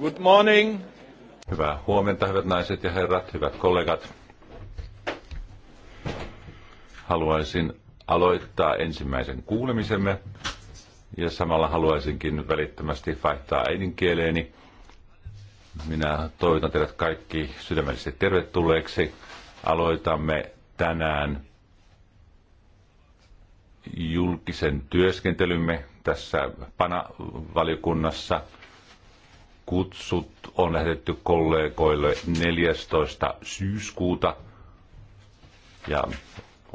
Good morning. Hyvää huomenta, hyvät naiset ja herrat, hyvät kollegat. Haluaisin aloittaa ensimmäisen kuulemisemme ja samalla haluaisinkin välittömästi vaihtaa äidinkieleeni. Minä toivotan teidät kaikki sydämellisesti tervetulleeksi. Aloitamme tänään julkisen työskentelymme tässä PANA-valiokunnassa – kutsut on lähetetty kollegoille 14. syyskuuta. Ja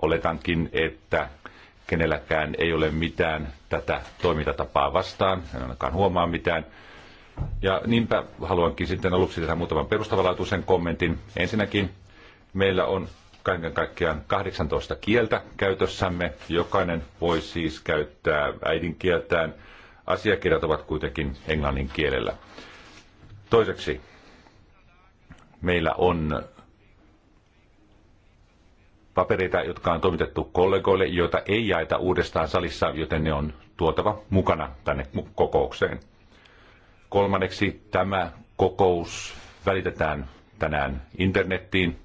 oletankin, että kenelläkään ei ole mitään tätä toimintatapaa vastaan, en ainakaan huomaa mitään. Ja niinpä haluankin sitten aluksi tehdä muutaman perustavanlaatuisen kommentin. Ensinnäkin meillä on kaiken kaikkiaan 18 kieltä käytössämme. Jokainen voi siis käyttää äidinkieltään. Asiakirjat ovat kuitenkin englannin kielellä. Toiseksi, meillä on papereita, jotka on toimitettu kollegoille, joita ei jaeta uudestaan salissa, joten ne on tuotava mukana tänne kokoukseen. Kolmanneksi tämä kokous välitetään tänään internettiin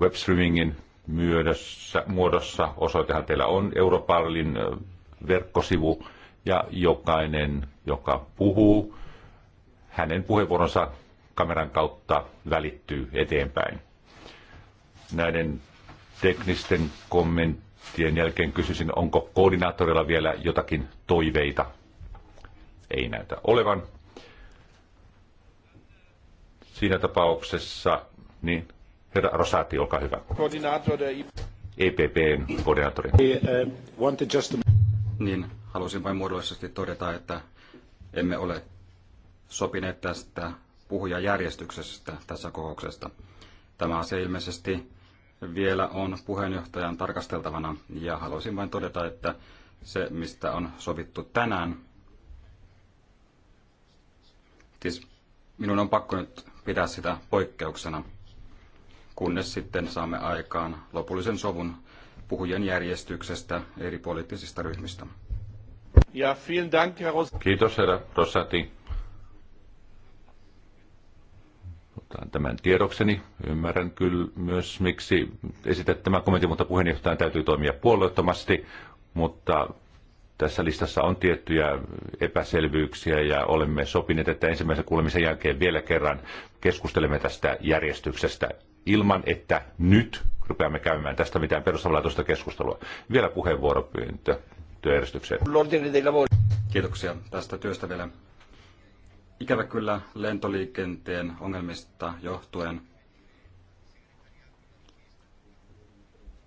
webstreamingin myödössä, muodossa. Osoitehan teillä on Europarlin verkkosivu ja jokainen, joka puhuu, hänen puheenvuoronsa kameran kautta välittyy eteenpäin. Näiden teknisten kommenttien jälkeen kysyisin, onko koordinaattorilla vielä jotakin toiveita? Ei näytä olevan. Siinä tapauksessa, niin herra Rosati, olkaa hyvä. EPPn koordinaattori. E uh, niin, halusin vain muodollisesti todeta, että emme ole sopineet tästä puhujajärjestyksestä tässä kokouksesta. Tämä asia ilmeisesti vielä on puheenjohtajan tarkasteltavana ja haluaisin vain todeta, että se mistä on sovittu tänään, siis minun on pakko nyt pitää sitä poikkeuksena, kunnes sitten saamme aikaan lopullisen sovun puhujen järjestyksestä eri poliittisista ryhmistä. Ja vielen dank, Herr Kiitos, herra Rosati. Otan tämän tiedokseni. Ymmärrän kyllä myös, miksi esität tämän kommentin, mutta puheenjohtajan täytyy toimia puolueettomasti. Mutta tässä listassa on tiettyjä epäselvyyksiä ja olemme sopineet, että ensimmäisen kuulemisen jälkeen vielä kerran keskustelemme tästä järjestyksestä ilman, että nyt rupeamme käymään tästä mitään perustavanlaatuista keskustelua. Vielä puheenvuoropyyntö työjärjestykseen. Kiitoksia tästä työstä vielä. Ikävä kyllä lentoliikenteen ongelmista johtuen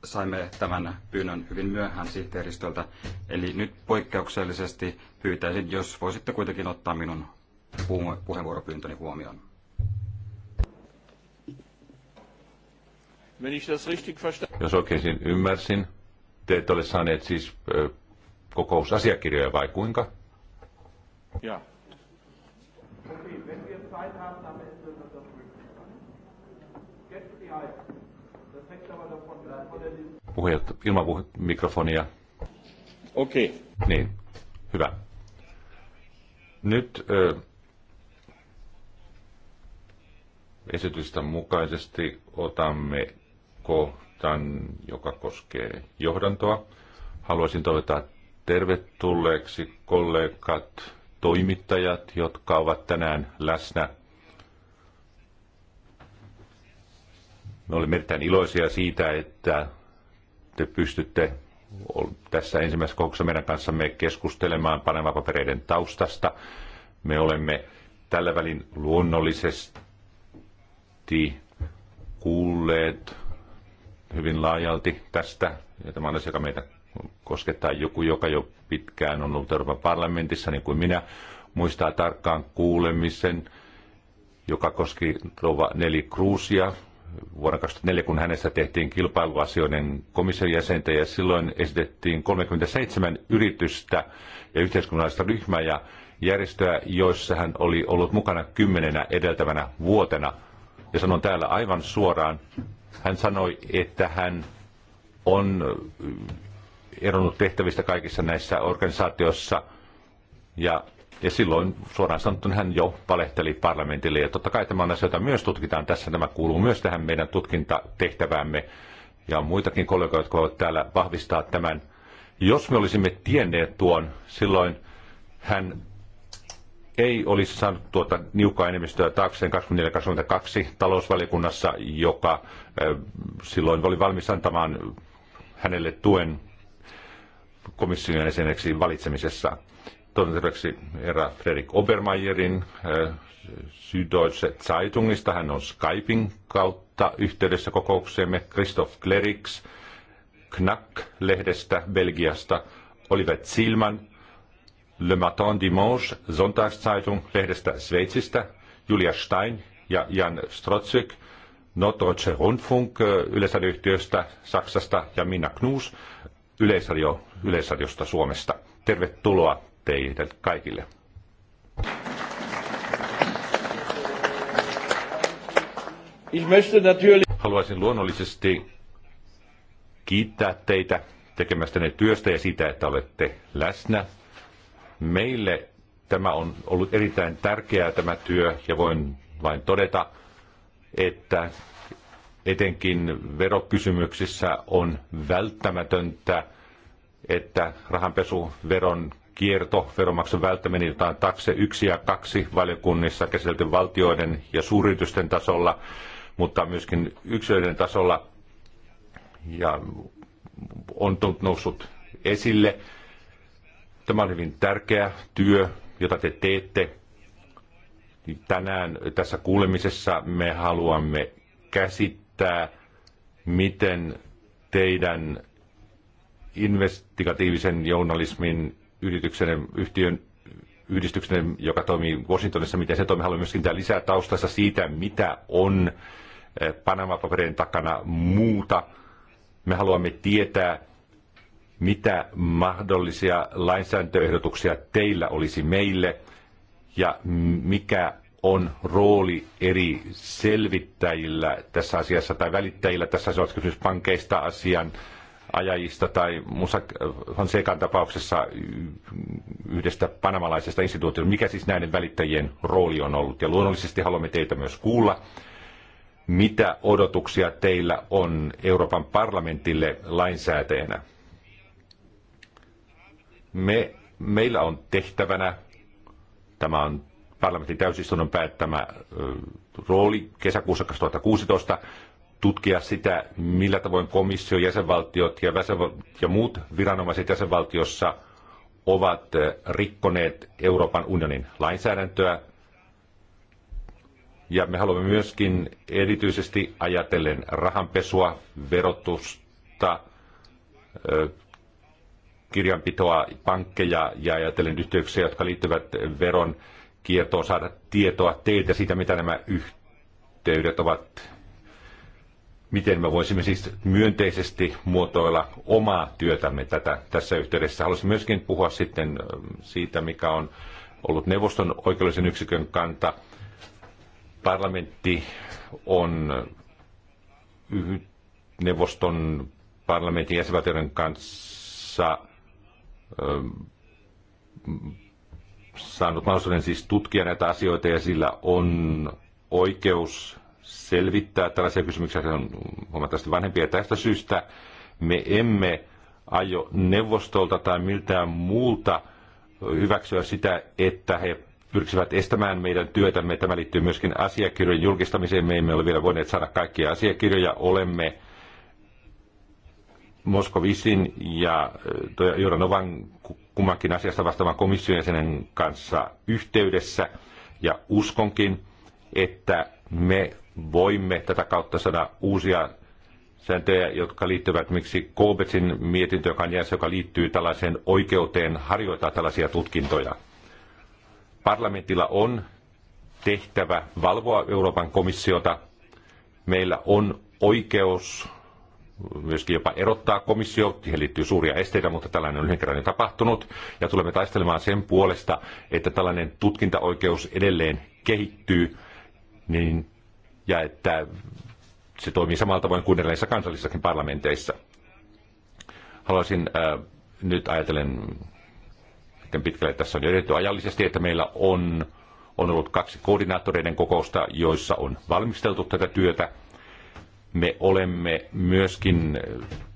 saimme tämän pyynnön hyvin myöhään sihteeristöltä. Eli nyt poikkeuksellisesti pyytäisin, jos voisitte kuitenkin ottaa minun puheenvuoropyyntöni huomioon. Jos oikein ymmärsin, te ette ole saaneet siis kokousasiakirjoja vai kuinka? Ja. Okay, wenn wir Zeit haben, am Ende wird das möglich sein. Jetzt die Das hängt aber davon ab, von der Liste. ilman puhe mikrofonia. Okei. Okay. Niin, hyvä. Nyt ö, esitystä mukaisesti otamme kohtan, joka koskee johdantoa. Haluaisin toivottaa tervetulleeksi kollegat toimittajat, jotka ovat tänään läsnä. Me olemme erittäin iloisia siitä, että te pystytte tässä ensimmäisessä kokouksessa meidän kanssamme keskustelemaan Panama-papereiden taustasta. Me olemme tällä välin luonnollisesti kuulleet hyvin laajalti tästä, ja tämä on asia, joka meitä koskettaa joku, joka jo pitkään on ollut Euroopan parlamentissa, niin kuin minä, muistaa tarkkaan kuulemisen, joka koski Rova Neli Kruusia vuonna 2004, kun hänestä tehtiin kilpailuasioiden komission jäsentä, ja silloin esitettiin 37 yritystä ja yhteiskunnallista ryhmää ja järjestöä, joissa hän oli ollut mukana kymmenenä edeltävänä vuotena. Ja sanon täällä aivan suoraan, hän sanoi, että hän on eronnut tehtävistä kaikissa näissä organisaatioissa. Ja, ja silloin suoraan sanottuna hän jo valehteli parlamentille. Ja totta kai tämä on asioita myös tutkitaan tässä. Tämä kuuluu myös tähän meidän tutkintatehtäväämme. Ja on muitakin kollegoita, jotka voivat täällä vahvistaa tämän. Jos me olisimme tienneet tuon, silloin hän ei olisi saanut tuota niukkaa enemmistöä taakseen 24-22 talousvaliokunnassa, joka silloin oli valmis antamaan hänelle tuen komission jäseneksi valitsemisessa. todennäköisesti herra Fredrik Obermeierin äh, Süddeutsche Zeitungista. Hän on Skypein kautta yhteydessä kokoukseemme. Christoph Kleriks Knack-lehdestä Belgiasta. Oliver Zilman Le Matin Dimanche Sonntagszeitung lehdestä Sveitsistä. Julia Stein ja Jan Strotzig Norddeutsche Rundfunk äh, yleisradioyhtiöstä Saksasta ja Minna Knus. Yleisradio, Yleisradiosta Suomesta. Tervetuloa teille kaikille. Haluaisin luonnollisesti kiittää teitä tekemästänne työstä ja siitä, että olette läsnä. Meille tämä on ollut erittäin tärkeää tämä työ ja voin vain todeta, että etenkin verokysymyksissä on välttämätöntä, että rahanpesuveron kierto, veromaksun välttäminen, jota on takse yksi ja kaksi valiokunnissa käsitelty valtioiden ja suuritysten tasolla, mutta myöskin yksilöiden tasolla ja on noussut esille. Tämä on hyvin tärkeä työ, jota te teette. Tänään tässä kuulemisessa me haluamme käsittää että miten teidän investigatiivisen journalismin yrityksen, yhtiön yhdistyksen, joka toimii Washingtonissa, miten se toimii. Haluan myöskin tämä lisää taustassa siitä, mitä on eh, Panama-paperien takana muuta. Me haluamme tietää, mitä mahdollisia lainsääntöehdotuksia teillä olisi meille ja mikä on rooli eri selvittäjillä tässä asiassa tai välittäjillä tässä asiassa, kysymys pankeista asian ajajista tai Musak- Fonsecan tapauksessa yhdestä panamalaisesta instituutiosta. Mikä siis näiden välittäjien rooli on ollut? Ja luonnollisesti haluamme teitä myös kuulla, mitä odotuksia teillä on Euroopan parlamentille lainsäätäjänä. Me, meillä on tehtävänä, tämä on parlamentin täysistunnon päättämä rooli kesäkuussa 2016 tutkia sitä, millä tavoin komissio, jäsenvaltiot ja, ja muut viranomaiset jäsenvaltiossa ovat rikkoneet Euroopan unionin lainsäädäntöä. Ja me haluamme myöskin erityisesti ajatellen rahanpesua, verotusta, kirjanpitoa, pankkeja ja ajatellen yhteyksiä, jotka liittyvät veron kiertoon saada tietoa teiltä siitä, mitä nämä yhteydet ovat. Miten me voisimme siis myönteisesti muotoilla omaa työtämme tätä, tässä yhteydessä. Haluaisin myöskin puhua sitten siitä, mikä on ollut neuvoston oikeudellisen yksikön kanta. Parlamentti on neuvoston parlamentin jäsenvaltioiden kanssa saanut mahdollisuuden siis tutkia näitä asioita ja sillä on oikeus selvittää tällaisia kysymyksiä. Se on huomattavasti vanhempia. Tästä syystä me emme aio neuvostolta tai miltään muulta hyväksyä sitä, että he pyrkisivät estämään meidän työtämme. Tämä liittyy myöskin asiakirjojen julkistamiseen. Me emme ole vielä voineet saada kaikkia asiakirjoja. Olemme Moskovisin ja Joranovan kummankin asiasta vastaavan komission jäsenen kanssa yhteydessä. Ja uskonkin, että me voimme tätä kautta saada uusia sääntöjä, jotka liittyvät miksi Kolbetsin mietintö, joka on jäänyt, joka liittyy tällaiseen oikeuteen harjoittaa tällaisia tutkintoja. Parlamentilla on tehtävä valvoa Euroopan komissiota. Meillä on oikeus myöskin jopa erottaa komissio. Siihen liittyy suuria esteitä, mutta tällainen on yhden kerran jo tapahtunut. Ja tulemme taistelemaan sen puolesta, että tällainen tutkintaoikeus edelleen kehittyy niin, ja että se toimii samalla tavoin kuin erilaisissa kansallisissakin parlamenteissa. Haluaisin äh, nyt ajatellen, miten pitkälle tässä on edetty ajallisesti, että meillä on, on ollut kaksi koordinaattoreiden kokousta, joissa on valmisteltu tätä työtä – me olemme myöskin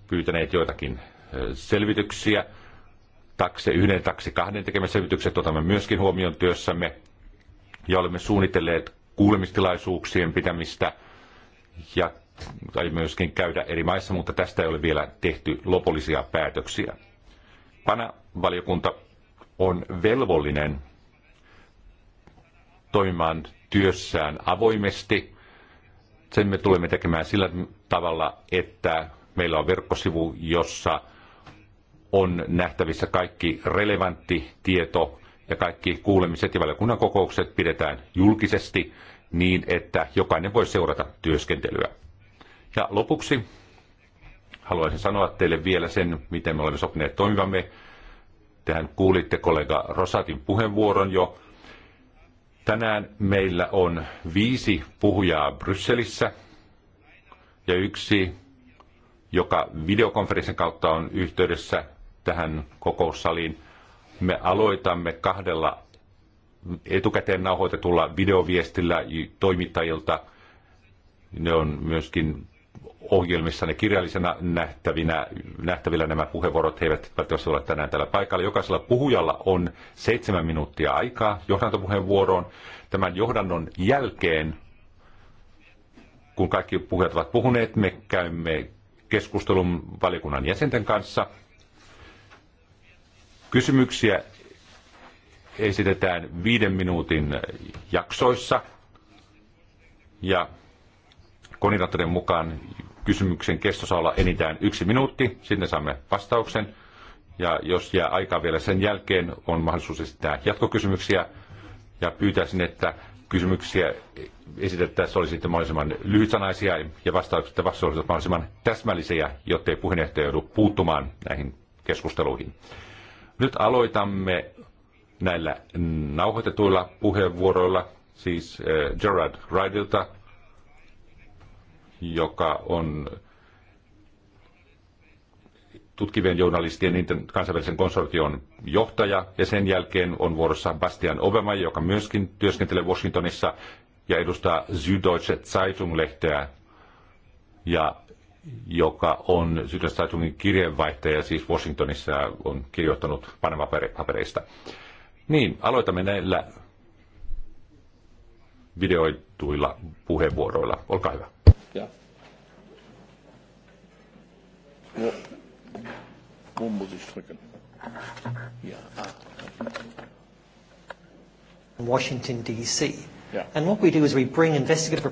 pyytäneet joitakin selvityksiä. Takse yhden, taksi kahden tekemät selvitykset otamme myöskin huomioon työssämme. Ja olemme suunnitelleet kuulemistilaisuuksien pitämistä ja tai myöskin käydä eri maissa, mutta tästä ei ole vielä tehty lopullisia päätöksiä. PANA-valiokunta on velvollinen toimimaan työssään avoimesti sen me tulemme tekemään sillä tavalla, että meillä on verkkosivu, jossa on nähtävissä kaikki relevantti tieto ja kaikki kuulemiset ja valiokunnan kokoukset pidetään julkisesti niin, että jokainen voi seurata työskentelyä. Ja lopuksi haluaisin sanoa teille vielä sen, miten me olemme sopineet toimivamme. Tähän kuulitte kollega Rosatin puheenvuoron jo. Tänään meillä on viisi puhujaa Brysselissä ja yksi, joka videokonferenssin kautta on yhteydessä tähän kokoussaliin. Me aloitamme kahdella etukäteen nauhoitetulla videoviestillä toimittajilta. Ne on myöskin ohjelmissanne kirjallisena nähtävinä, nähtävillä nämä puheenvuorot he eivät välttämättä ole tänään täällä paikalla. Jokaisella puhujalla on seitsemän minuuttia aikaa johdantopuheenvuoroon. Tämän johdannon jälkeen, kun kaikki puhujat ovat puhuneet, me käymme keskustelun valiokunnan jäsenten kanssa. Kysymyksiä esitetään viiden minuutin jaksoissa. Ja koordinaattorin mukaan kysymyksen kesto saa olla enintään yksi minuutti, sinne saamme vastauksen. Ja jos jää aikaa vielä sen jälkeen, on mahdollisuus esittää jatkokysymyksiä. Ja pyytäisin, että kysymyksiä esitettäessä olisi sitten mahdollisimman lyhytsanaisia ja vastaukset olisivat mahdollisimman täsmällisiä, ei puheenjohtaja joudu puuttumaan näihin keskusteluihin. Nyt aloitamme näillä nauhoitetuilla puheenvuoroilla, siis eh, Gerard Rydilta, joka on tutkivien journalistien niiden kansainvälisen konsortion johtaja, ja sen jälkeen on vuorossa Bastian Obama, joka myöskin työskentelee Washingtonissa ja edustaa Süddeutsche Zeitung-lehteä, ja joka on Süddeutsche Zeitungin kirjeenvaihtaja, siis Washingtonissa on kirjoittanut Panama-papereista. Niin, aloitamme näillä videoituilla puheenvuoroilla. Olkaa hyvä. Wo, wo muss ich drücken? Ja, Ah. Washington, D.C. Yeah. And what we do is we bring investigative,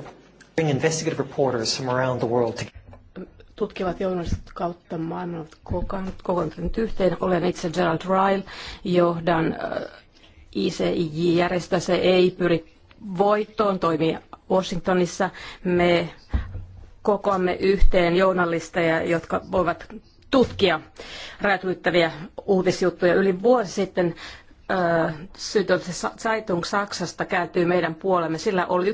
bring investigative reporters from around the world together tutkivat journalistit kautta maailman kokoontunut yhteen. Olen itse Gerald Ryle, johdan äh, ICIJ-järjestöä. Se ei pyri voittoon, toimii Washingtonissa. Me kokoamme yhteen journalisteja, jotka voivat tutkia räätyyttäviä uutisjuttuja. Yli vuosi sitten Süddeutsche Zeitung Saksasta kääntyi meidän puolemme. Sillä oli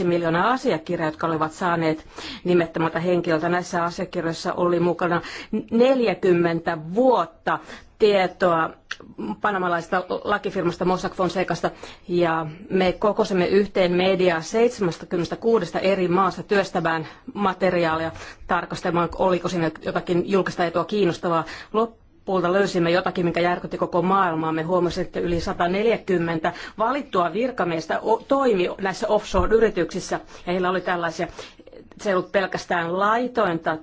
11,5 miljoonaa asiakirjaa, jotka olivat saaneet nimettömältä henkilöltä. Näissä asiakirjoissa oli mukana 40 vuotta tietoa panamalaisesta lakifirmasta Mossack Fonsecasta ja me kokosimme yhteen mediaa 76 eri maassa työstämään materiaalia tarkastamaan, oliko siinä jotakin julkista etua kiinnostavaa. Lopulta löysimme jotakin, mikä järkytti koko maailmaa. Me huomasimme, että yli 140 valittua virkamiestä toimi näissä offshore-yrityksissä ja heillä oli tällaisia, se ei ollut pelkästään laitointa,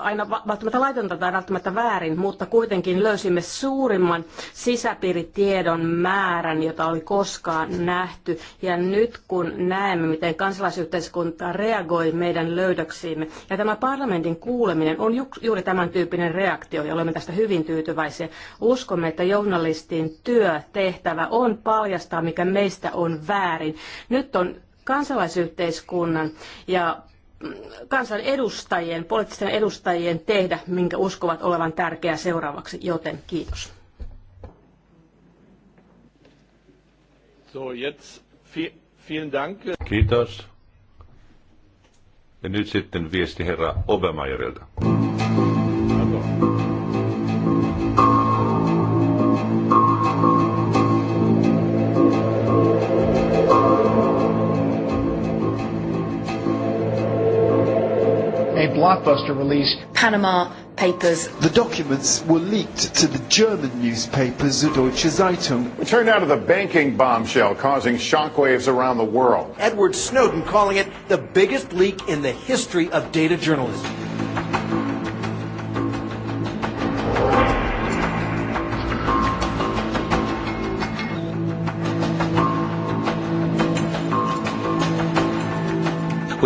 aina välttämättä laitonta tai välttämättä väärin, mutta kuitenkin löysimme suurimman sisäpiiritiedon määrän, jota oli koskaan nähty. Ja nyt kun näemme, miten kansalaisyhteiskunta reagoi meidän löydöksiimme, ja tämä parlamentin kuuleminen on ju- juuri tämän tyyppinen reaktio, ja olemme tästä hyvin tyytyväisiä. Uskomme, että journalistin työtehtävä on paljastaa, mikä meistä on väärin. Nyt on kansalaisyhteiskunnan ja kansan edustajien, poliittisten edustajien tehdä, minkä uskovat olevan tärkeää seuraavaksi, joten kiitos. So, jetzt vielen Dank. Kiitos. Ja nyt sitten viesti herra Obermeierilta. blockbuster release. Panama Papers. The documents were leaked to the German newspaper Süddeutsche Zeitung. We turned out to the banking bombshell causing shockwaves around the world. Edward Snowden calling it the biggest leak in the history of data journalism.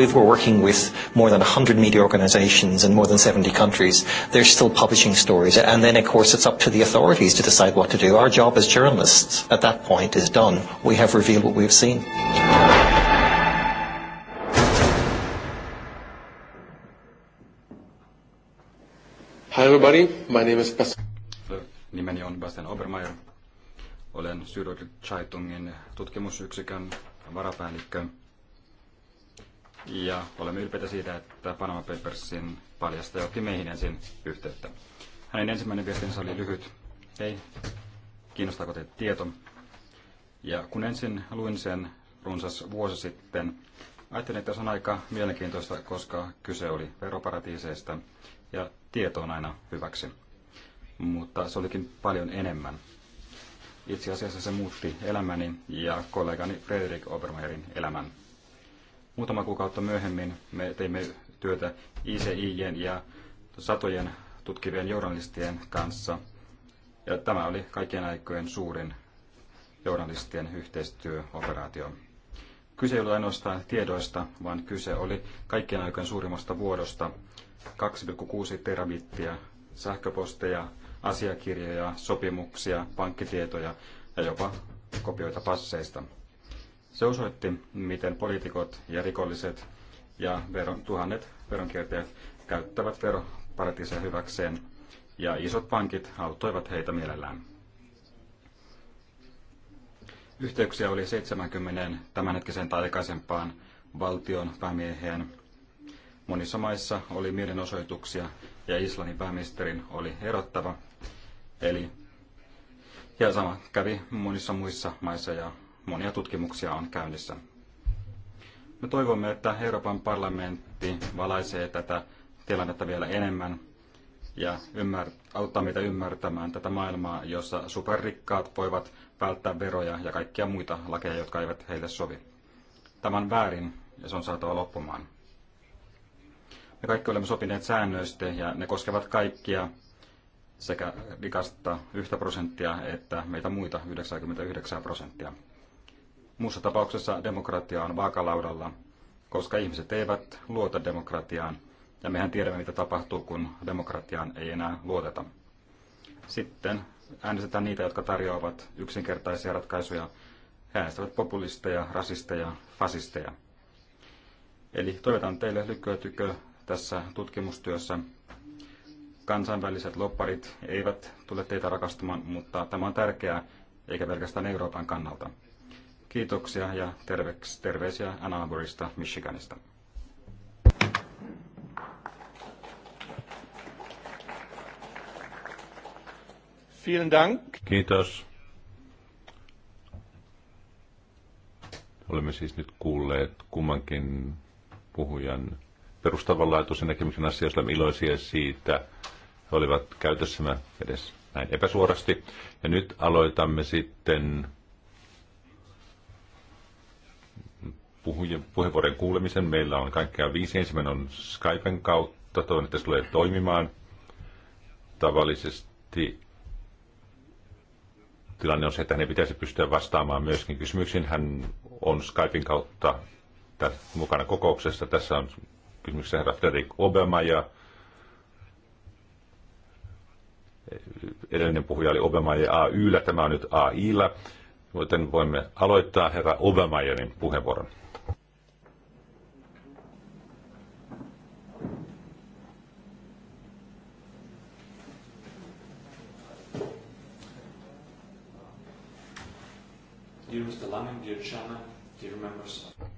we've, We're working with more than 100 media organisations in more than 70 countries. They're still publishing stories. And then, of course, it's up to the authorities to decide what to do. Our job as journalists at that point is done. We have revealed what we've seen. Hi everybody, my name is Bastian. Nimeni on Bastian Obermeier. Olen Südold Chaitungin tutkimusyksikön varapäällikkö. Ja olemme ylpeitä siitä, että Panama Papersin paljastaja otti meihin ensin yhteyttä. Hänen ensimmäinen viestinsä oli lyhyt. Hei, kiinnostaako teitä tieto? Ja kun ensin luin sen runsas vuosi sitten, ajattelin, että se on aika mielenkiintoista, koska kyse oli veroparatiiseista ja tieto on aina hyväksi. Mutta se olikin paljon enemmän. Itse asiassa se muutti elämäni ja kollegani Frederik Obermeierin elämän muutama kuukautta myöhemmin me teimme työtä ICIjen ja satojen tutkivien journalistien kanssa. Ja tämä oli kaikkien aikojen suurin journalistien yhteistyöoperaatio. Kyse ei ollut ainoastaan tiedoista, vaan kyse oli kaikkien aikojen suurimmasta vuodosta 2,6 terabittiä sähköposteja, asiakirjoja, sopimuksia, pankkitietoja ja jopa kopioita passeista. Se osoitti, miten poliitikot ja rikolliset ja veron, tuhannet veronkiertäjät käyttävät veroparatiisia hyväkseen, ja isot pankit auttoivat heitä mielellään. Yhteyksiä oli 70 tämänhetkisen tai aikaisempaan valtion päämieheen. Monissa maissa oli mielenosoituksia ja Islannin pääministerin oli erottava. Eli ja sama kävi monissa muissa maissa ja monia tutkimuksia on käynnissä. Me toivomme, että Euroopan parlamentti valaisee tätä tilannetta vielä enemmän ja ymmär- auttaa meitä ymmärtämään tätä maailmaa, jossa superrikkaat voivat välttää veroja ja kaikkia muita lakeja, jotka eivät heille sovi. Tämä on väärin ja se on saatava loppumaan. Me kaikki olemme sopineet säännöistä ja ne koskevat kaikkia sekä rikasta 1 prosenttia että meitä muita 99 prosenttia. Muussa tapauksessa demokratia on vaakalaudalla, koska ihmiset eivät luota demokratiaan, ja mehän tiedämme, mitä tapahtuu, kun demokratiaan ei enää luoteta. Sitten äänestetään niitä, jotka tarjoavat yksinkertaisia ratkaisuja. He äänestävät populisteja, rasisteja, fasisteja. Eli toivotan teille lykkyä tykö tässä tutkimustyössä. Kansainväliset lopparit eivät tule teitä rakastamaan, mutta tämä on tärkeää, eikä pelkästään Euroopan kannalta. Kiitoksia ja terveks, terveisiä Ann Arborista, Michiganista. Vielen Dank. Kiitos. Olemme siis nyt kuulleet kummankin puhujan perustavanlaatuisen näkemyksen asiassa. Olemme iloisia siitä. He olivat käytössämme edes näin epäsuorasti. Ja nyt aloitamme sitten Puhujen puheenvuorojen kuulemisen. Meillä on kaikkea viisi. Ensimmäinen on Skypen kautta. Toivon, että se tulee toimimaan. Tavallisesti tilanne on se, että hänen pitäisi pystyä vastaamaan myöskin kysymyksiin. Hän on Skypein kautta mukana kokouksessa. Tässä on kysymyksessä herra Fredrik Obama ja edellinen puhuja oli Obama ja AYllä, tämä on nyt AIllä, joten voimme aloittaa herra Obamajanin puheenvuoron.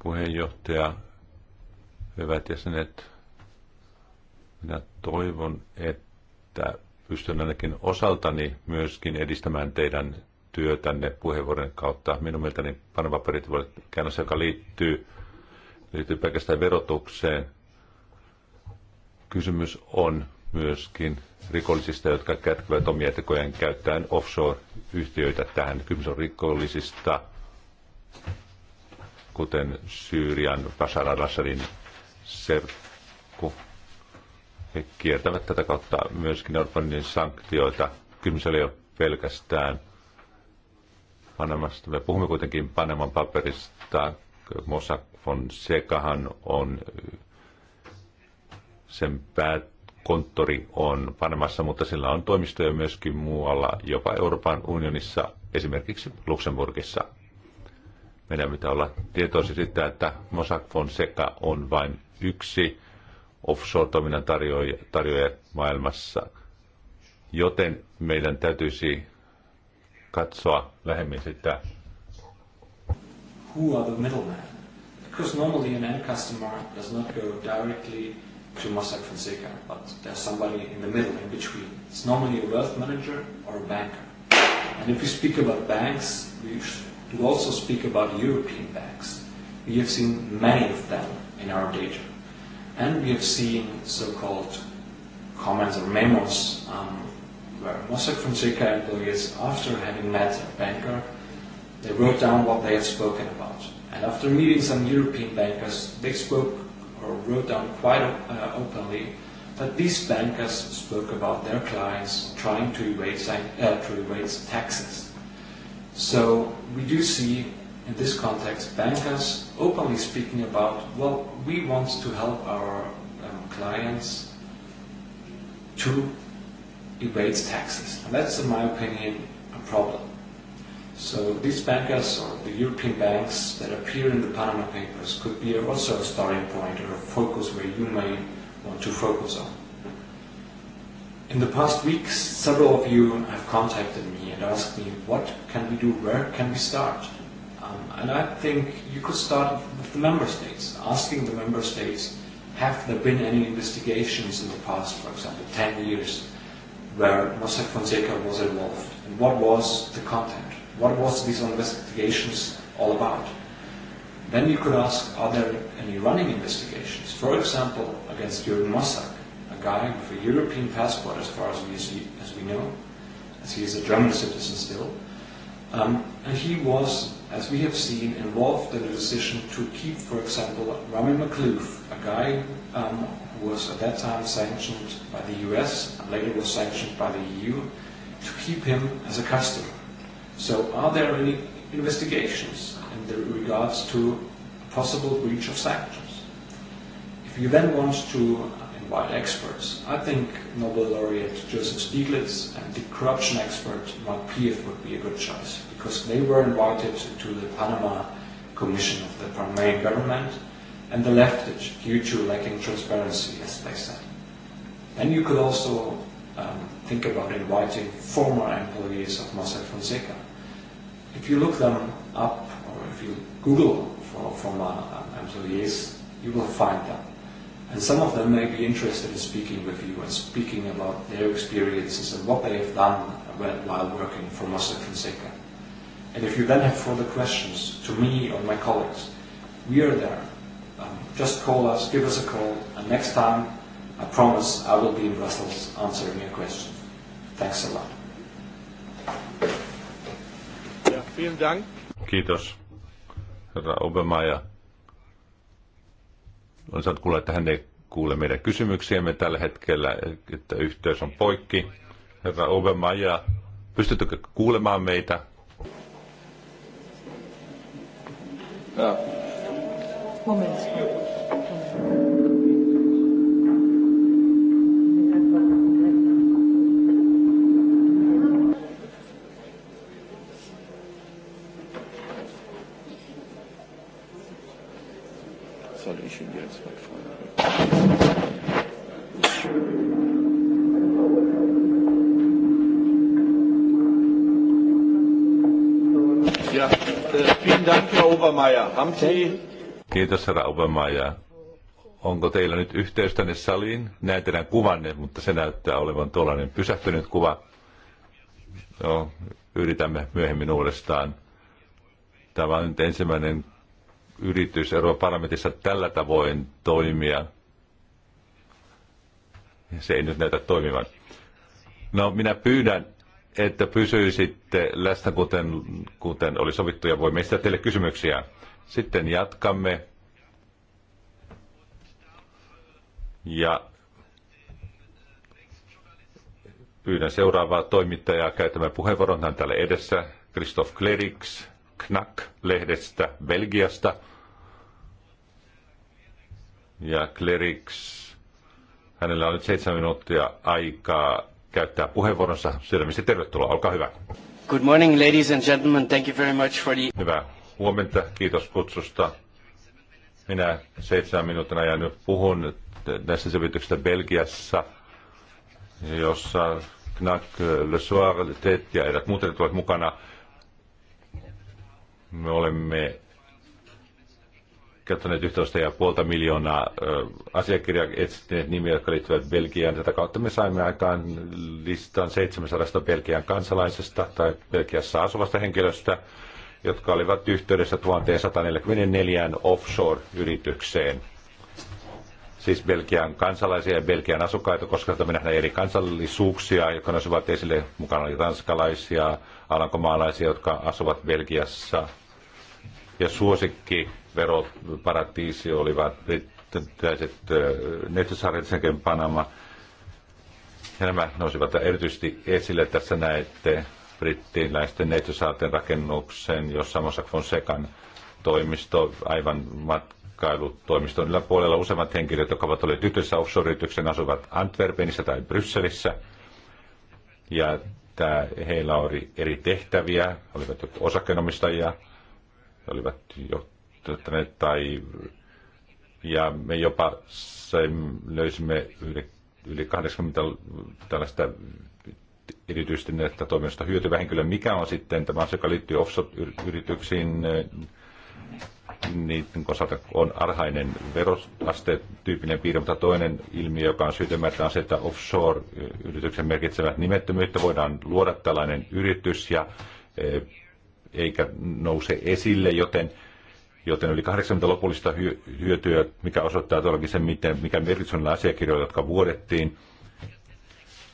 Puheenjohtaja, hyvät jäsenet, minä toivon, että pystyn ainakin osaltani myöskin edistämään teidän työtänne puheenvuoron kautta. Minun mielestäni panopaperit voi käännös, joka liittyy, liittyy pelkästään verotukseen. Kysymys on myöskin rikollisista, jotka kätkevät omia tekojen käyttäen offshore-yhtiöitä tähän. Kysymys on rikollisista, kuten Syyrian Bashar al-Assadin serkku. He kiertävät tätä kautta myöskin Euroopan sanktioita. Kysymys ei ole pelkästään Panamasta. Me puhumme kuitenkin Panaman paperista. Mossack sekahan on sen päät konttori on Panamassa, mutta sillä on toimistoja myöskin muualla, jopa Euroopan unionissa, esimerkiksi Luxemburgissa. Meidän pitää olla tietoisia siitä, että Mossack Fonseca on vain yksi offshore-toiminnan tarjoaja, tarjoaja maailmassa, joten meidän täytyisi katsoa lähemmin sitä. Who are the middlemen? Because normally an end customer does not go directly to Mossack Fonseca, but there's somebody in the middle, in between. It's normally a wealth manager or a banker. And if you speak about banks, we should also speak about European banks. We have seen many of them in our data. And we have seen so-called comments or memos um, where Mossack Fonseca employees, after having met a banker, they wrote down what they had spoken about. And after meeting some European bankers, they spoke or wrote down quite uh, openly that these bankers spoke about their clients trying to evade, uh, to evade taxes. So we do see in this context bankers openly speaking about, well, we want to help our um, clients to evade taxes. And that's, in my opinion, a problem. So these bankers uh, or the European banks that appear in the Panama Papers could be also a starting point or a focus where you may want to focus on. In the past weeks, several of you have contacted me and asked me, what can we do, where can we start? Um, and I think you could start with the member states, asking the member states, have there been any investigations in the past, for example, 10 years, where Mossack Fonseca was involved? And what was the content? What was these investigations all about? Then you could ask, are there any running investigations? For example, against Jürgen Mossack, a guy with a European passport as far as we, see, as we know, as he is a German citizen still. Um, and he was, as we have seen, involved in the decision to keep, for example, Rami McClough, a guy um, who was at that time sanctioned by the US and later was sanctioned by the EU, to keep him as a customer. So are there any investigations in regards to possible breach of sanctions? If you then want to invite experts, I think Nobel laureate Joseph Stiglitz and the corruption expert Mark Pief would be a good choice because they were invited to the Panama Commission of the Panamanian government and they left it due to lacking transparency, as they said. Then you could also um, think about inviting former employees of Mossack Fonseca if you look them up, or if you Google for, for Mana um, you will find them. And some of them may be interested in speaking with you and speaking about their experiences and what they have done while working for Mossack Fonseca. And if you then have further questions to me or my colleagues, we are there. Um, just call us, give us a call, and next time, I promise I will be in Brussels answering your questions. Thanks a lot. Vielen Dank. Kiitos, herra Obermeier. On saanut kuulla, että hän ei kuule meidän kysymyksiämme tällä hetkellä, että yhteys on poikki. Herra Obermeier, pystyttekö kuulemaan meitä? Ja. Moment. Obermeier, haben Sie... Kiitos, herra Obermeier. Onko teillä nyt yhteys tänne saliin? Näen teidän kuvanne, mutta se näyttää olevan tuollainen pysähtynyt kuva. No, yritämme myöhemmin uudestaan. Tämä on nyt ensimmäinen yritys Euroopan parlamentissa tällä tavoin toimia. Se ei nyt näytä toimivan. No, minä pyydän, että pysyisitte läsnä, kuten, kuten oli sovittu, ja voimme esittää teille kysymyksiä. Sitten jatkamme. Ja pyydän seuraavaa toimittajaa käyttämään puheenvuoron. Hän täällä edessä, Christoph Kleriks, Knack-lehdestä Belgiasta. Ja Kleriks, hänellä on nyt seitsemän minuuttia aikaa käyttää puheenvuoronsa. Sydämisesti tervetuloa, olkaa hyvä. Good morning, ladies and gentlemen. Thank you very much for the... Hyvää huomenta, kiitos kutsusta. Minä seitsemän minuutin ajan nyt puhun näistä selvityksistä Belgiassa, jossa Knack, Le Soir, Tet ja eräät muut tulevat mukana. Me olemme kirjoittaneet 11,5 miljoonaa asiakirjaa, etsineet nimiä, jotka liittyvät Belgiaan. Tätä kautta me saimme aikaan listan 700 Belgian kansalaisesta tai Belgiassa asuvasta henkilöstä, jotka olivat yhteydessä 1144 offshore-yritykseen. Siis Belgian kansalaisia ja Belgian asukkaita, koska me nähdään eri kansallisuuksia, jotka nousivat esille. Mukana oli tanskalaisia, alankomaalaisia, jotka asuvat Belgiassa. Ja suosikki veroparatiisi olivat brittiläiset nettosarjat, sen Panama. Ja nämä nousivat erityisesti esille. Tässä näette brittiläisten neitsysaarten rakennuksen, jossa Mossack Fonsecan toimisto, aivan matkailutoimiston yläpuolella useimmat henkilöt, jotka ovat olleet yhdessä offshore-yrityksen, asuvat Antwerpenissä tai Brysselissä. Ja tämä, heillä oli eri tehtäviä, olivat osakkeenomistajia, olivat jo työttäneet tai ja me jopa löysimme yli, yli 80 tällaista erityisesti näistä toiminnasta hyötyvä henkilö. Mikä on sitten tämä asia, joka liittyy offshore-yrityksiin, niiden osalta on arhainen veroaste tyyppinen piirre, mutta toinen ilmiö, joka on syytä on se, että offshore-yrityksen merkitsevät nimettömyyttä voidaan luoda tällainen yritys ja eh, eikä nouse esille, joten joten yli 80 lopullista hyötyä, mikä osoittaa todellakin sen, miten, mikä merkitys on asiakirjoilla, jotka vuodettiin.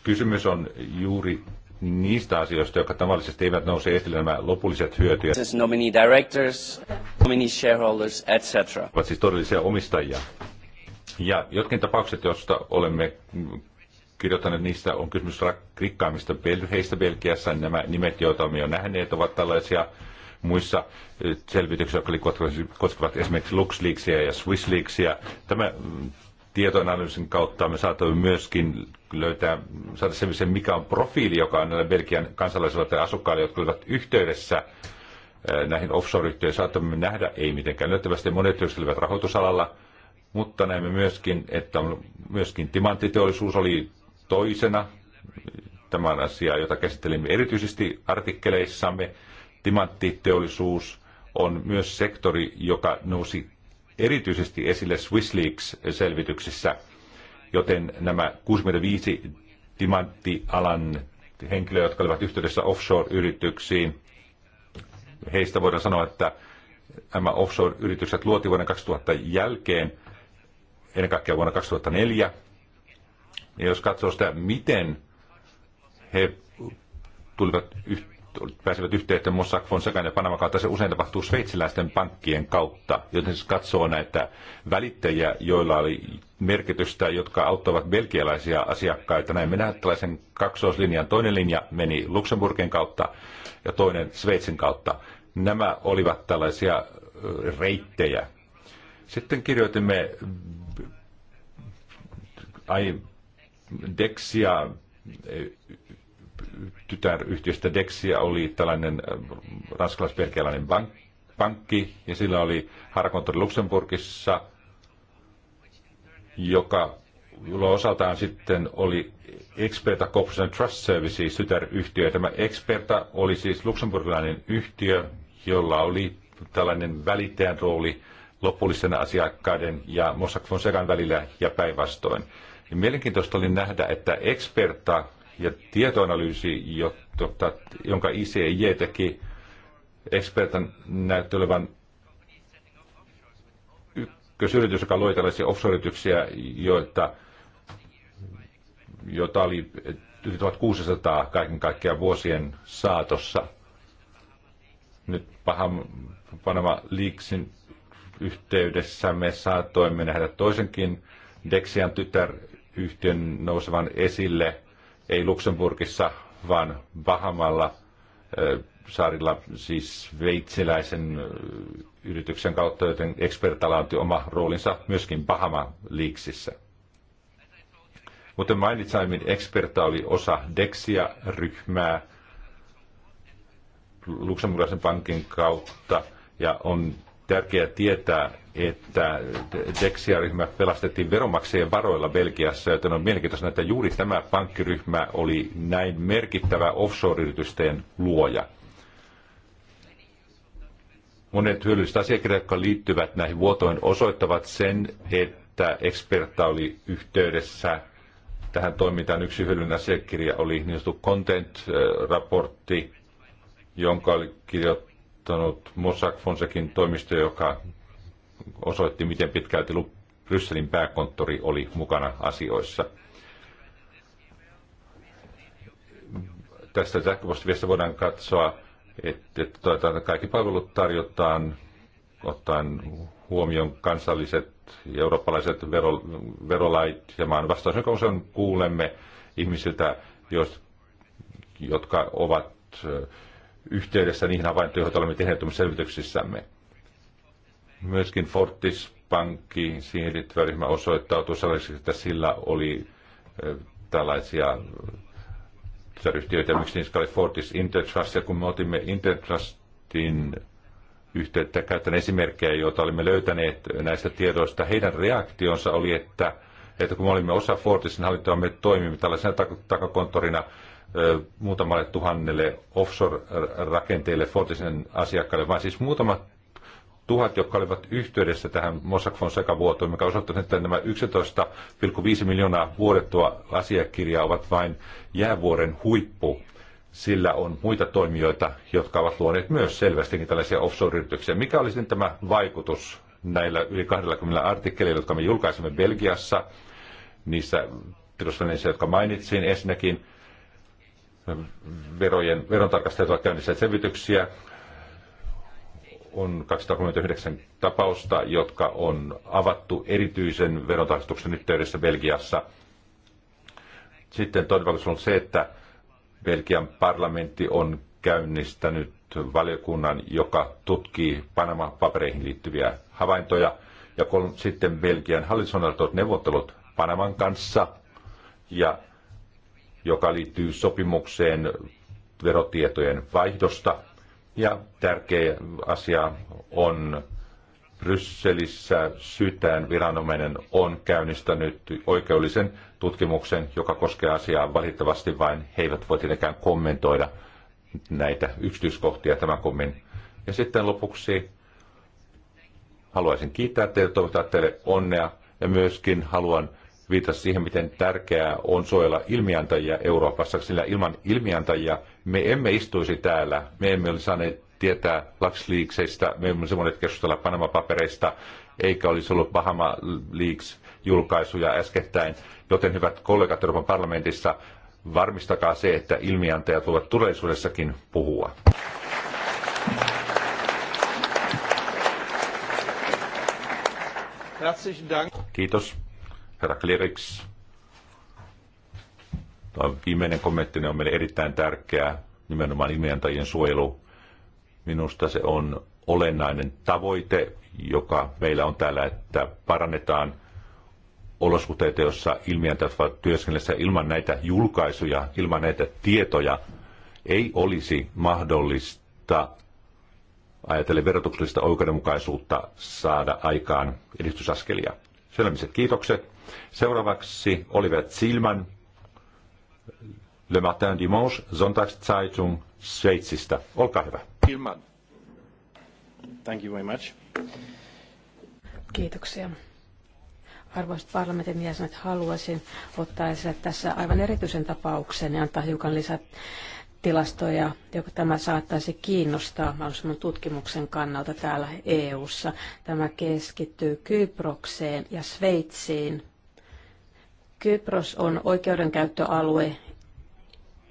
Kysymys on juuri niistä asioista, jotka tavallisesti eivät nouse esille nämä lopulliset hyötyjä. Nominee directors, nominee shareholders, etc. Ovat siis todellisia omistajia. Ja jotkin tapaukset, joista olemme kirjoittaneet, niistä on kysymys rikkaimmista perheistä Belgiassa. Nämä nimet, joita olemme jo nähneet, ovat tällaisia muissa eh, selvityksissä, jotka koskevat esimerkiksi LuxLeaksia ja SwissLeaksia. Tämä mm, tietoanalyysin kautta me saatoimme myöskin löytää, saada selvisen, mikä on profiili, joka on näillä Belgian kansalaisilla tai asukkailla, jotka olivat yhteydessä eh, näihin offshore-yhtiöihin. Saatamme nähdä, ei mitenkään. Löytävästi monet työskentelevät rahoitusalalla, mutta näemme myöskin, että myöskin timanttiteollisuus oli toisena. Tämä on asia, jota käsittelimme erityisesti artikkeleissamme timanttiteollisuus on myös sektori, joka nousi erityisesti esille swissleaks selvityksessä. joten nämä 65 timanttialan henkilöä, jotka olivat yhteydessä offshore-yrityksiin, heistä voidaan sanoa, että nämä offshore-yritykset luotiin vuoden 2000 jälkeen, ennen kaikkea vuonna 2004. Ja jos katsoo sitä, miten he tulivat yhteen, pääsevät yhteyteen Mossack Fonsecan ja Panama kautta. Se usein tapahtuu sveitsiläisten pankkien kautta, joten se katsoo näitä välittäjiä, joilla oli merkitystä, jotka auttavat belgialaisia asiakkaita. Näin mennään tällaisen kaksoislinjan. Toinen linja meni Luxemburgin kautta ja toinen Sveitsin kautta. Nämä olivat tällaisia reittejä. Sitten kirjoitimme ai, Dexia tytäryhtiöstä Dexia oli tällainen äh, ranskalaisperkeläinen bank, pankki, ja sillä oli harakontori Luxemburgissa, joka jolla osaltaan sitten oli Experta Corporation Trust Services tytäryhtiö. Tämä Experta oli siis luxemburgilainen yhtiö, jolla oli tällainen välittäjän rooli lopullisten asiakkaiden ja Mossack Fonsegan välillä ja päinvastoin. mielenkiintoista oli nähdä, että Experta ja tietoanalyysi, jotta tota, jonka ICJ teki, ekspertan näytti olevan ykkösyritys, joka loi tällaisia offshore-yrityksiä, joita, joita oli 1600 kaiken kaikkiaan vuosien saatossa. Nyt Paham, Panama Leaksin yhteydessä me saatoimme nähdä toisenkin Dexian tytäryhtiön nousevan esille – ei Luxemburgissa, vaan Bahamalla saarilla siis veitsiläisen yrityksen kautta, joten Expertalla on oma roolinsa myöskin Bahama-liiksissä. Kuten mainitsin, Experta oli osa Dexia-ryhmää Luxemburgisen pankin kautta, ja on tärkeää tietää, että Dexia-ryhmä pelastettiin veronmaksajien varoilla Belgiassa, joten on mielenkiintoista, että juuri tämä pankkiryhmä oli näin merkittävä offshore-yritysten luoja. Monet hyödylliset asiakirjat, jotka liittyvät näihin vuotoihin, osoittavat sen, että ekspertta oli yhteydessä tähän toimintaan. Yksi hyödyllinen asiakirja oli niin sanottu content-raportti, jonka oli kirjoittanut Mossack Fonsekin toimisto, joka osoitti, miten pitkälti Brysselin pääkonttori oli mukana asioissa. Tästä sähköpostiviestä voidaan katsoa, että tuota, kaikki palvelut tarjotaan ottaen huomioon kansalliset ja eurooppalaiset vero, verolait ja maan vastaus, jonka usein kuulemme ihmisiltä, jos, jotka ovat yhteydessä niihin havaintoihin, joita olemme tehneet selvityksissämme. Myöskin Fortis pankki, siihen liittyvä ryhmä osoittautui sellaiseksi, että sillä oli tällaisia tytäryhtiöitä, miksi niissä oli Fortis Intertrust, ja kun me otimme Intertrustin yhteyttä, käytän esimerkkejä, joita olimme löytäneet näistä tiedoista, heidän reaktionsa oli, että, että kun me olimme osa Fortisin hallintoa, me toimimme tällaisena takakonttorina muutamalle tuhannelle offshore-rakenteille Fortisen asiakkaille, vaan siis muutamat tuhat, jotka olivat yhteydessä tähän Mossack Fonseca-vuotoon, mikä osoittaa, että nämä 11,5 miljoonaa vuodettua asiakirjaa ovat vain jäävuoren huippu. Sillä on muita toimijoita, jotka ovat luoneet myös selvästikin tällaisia offshore-yrityksiä. Mikä oli sitten tämä vaikutus näillä yli 20 artikkeleilla, jotka me julkaisimme Belgiassa, niissä tiedotusvälineissä, jotka mainitsin ensinnäkin, verojen, verontarkastajat ovat käynnissä selvityksiä, on 239 tapausta, jotka on avattu erityisen verotarkastuksen yhteydessä Belgiassa. Sitten toinen on se, että Belgian parlamentti on käynnistänyt valiokunnan, joka tutkii Panama-papereihin liittyviä havaintoja. Ja kolme, sitten Belgian hallitus on neuvottelut Panaman kanssa, ja joka liittyy sopimukseen verotietojen vaihdosta ja tärkeä asia on Brysselissä syyttäjän viranomainen on käynnistänyt oikeudellisen tutkimuksen, joka koskee asiaa valitettavasti vain. He eivät voi tietenkään kommentoida näitä yksityiskohtia tämä kummin. Ja sitten lopuksi haluaisin kiittää teitä, toivottaa teille onnea ja myöskin haluan viitasi siihen, miten tärkeää on suojella ilmiantajia Euroopassa, sillä ilman ilmiantajia me emme istuisi täällä, me emme olisi saaneet tietää LuxLeaksista, me emme olisi voineet keskustella Panama-papereista, eikä olisi ollut Bahama Leaks julkaisuja äskettäin. Joten hyvät kollegat Euroopan parlamentissa, varmistakaa se, että ilmiantajat voivat tulevaisuudessakin puhua. Kiitos herra Kleriks. Tämä viimeinen kommentti on meille erittäin tärkeää, nimenomaan imeantajien suojelu. Minusta se on olennainen tavoite, joka meillä on täällä, että parannetaan olosuhteita, joissa ilmiöntäjät ovat työskennellessä ilman näitä julkaisuja, ilman näitä tietoja, ei olisi mahdollista ajatellen verotuksellista oikeudenmukaisuutta saada aikaan edistysaskelia. Selvämiset kiitokset. Seuraavaksi Oliver Zilman, Le Matin Dimanche, Sonntagszeitung Sveitsistä. Olkaa hyvä. Zilman. Thank you very much. Kiitoksia. Arvoisat parlamentin jäsenet, haluaisin ottaa esille tässä aivan erityisen tapauksen ja antaa hiukan lisää tilastoja, joka tämä saattaisi kiinnostaa mahdollisimman tutkimuksen kannalta täällä EU:ssa. Tämä keskittyy Kyprokseen ja Sveitsiin Kypros on oikeudenkäyttöalue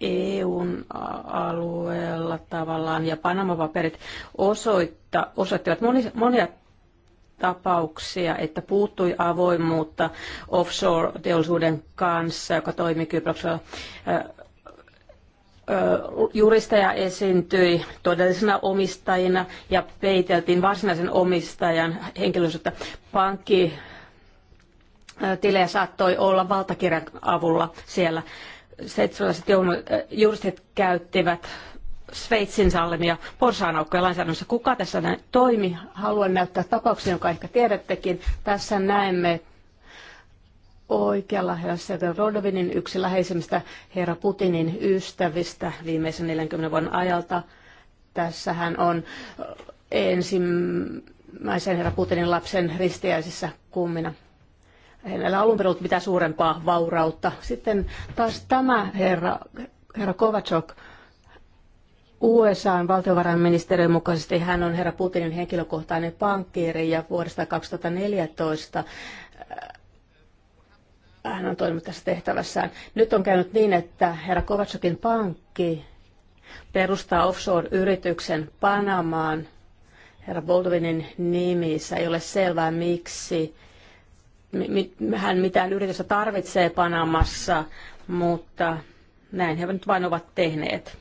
EUn alueella tavallaan ja Panama-paperit osoitta, osoittivat moni, monia tapauksia, että puuttui avoimuutta offshore-teollisuuden kanssa, joka toimi Kyproksella. Juristeja esiintyi todellisena omistajina ja peiteltiin varsinaisen omistajan henkilöllisyyttä. Pankki tilejä saattoi olla valtakirjan avulla siellä. Sveitsiläiset eh, juristit käyttivät Sveitsin sallimia porsaanaukkoja lainsäädännössä. Kuka tässä näin toimi? Haluan näyttää tapauksen, jonka ehkä tiedättekin. Tässä näemme oikealla herra Rodovinin yksi läheisimmistä herra Putinin ystävistä viimeisen 40 vuoden ajalta. Tässä hän on eh, ensimmäisen herra Putinin lapsen ristiäisissä kummina heillä alun perin ollut mitään suurempaa vaurautta. Sitten taas tämä herra, herra Kovacok, USAn valtiovarainministeriön mukaisesti hän on herra Putinin henkilökohtainen pankkiiri ja vuodesta 2014 äh, hän on toiminut tässä tehtävässään. Nyt on käynyt niin, että herra Kovatsokin pankki perustaa offshore-yrityksen Panamaan herra Boldovinin nimissä. Ei ole selvää, miksi hän mitään yritystä tarvitsee Panamassa, mutta näin he nyt vain ovat tehneet.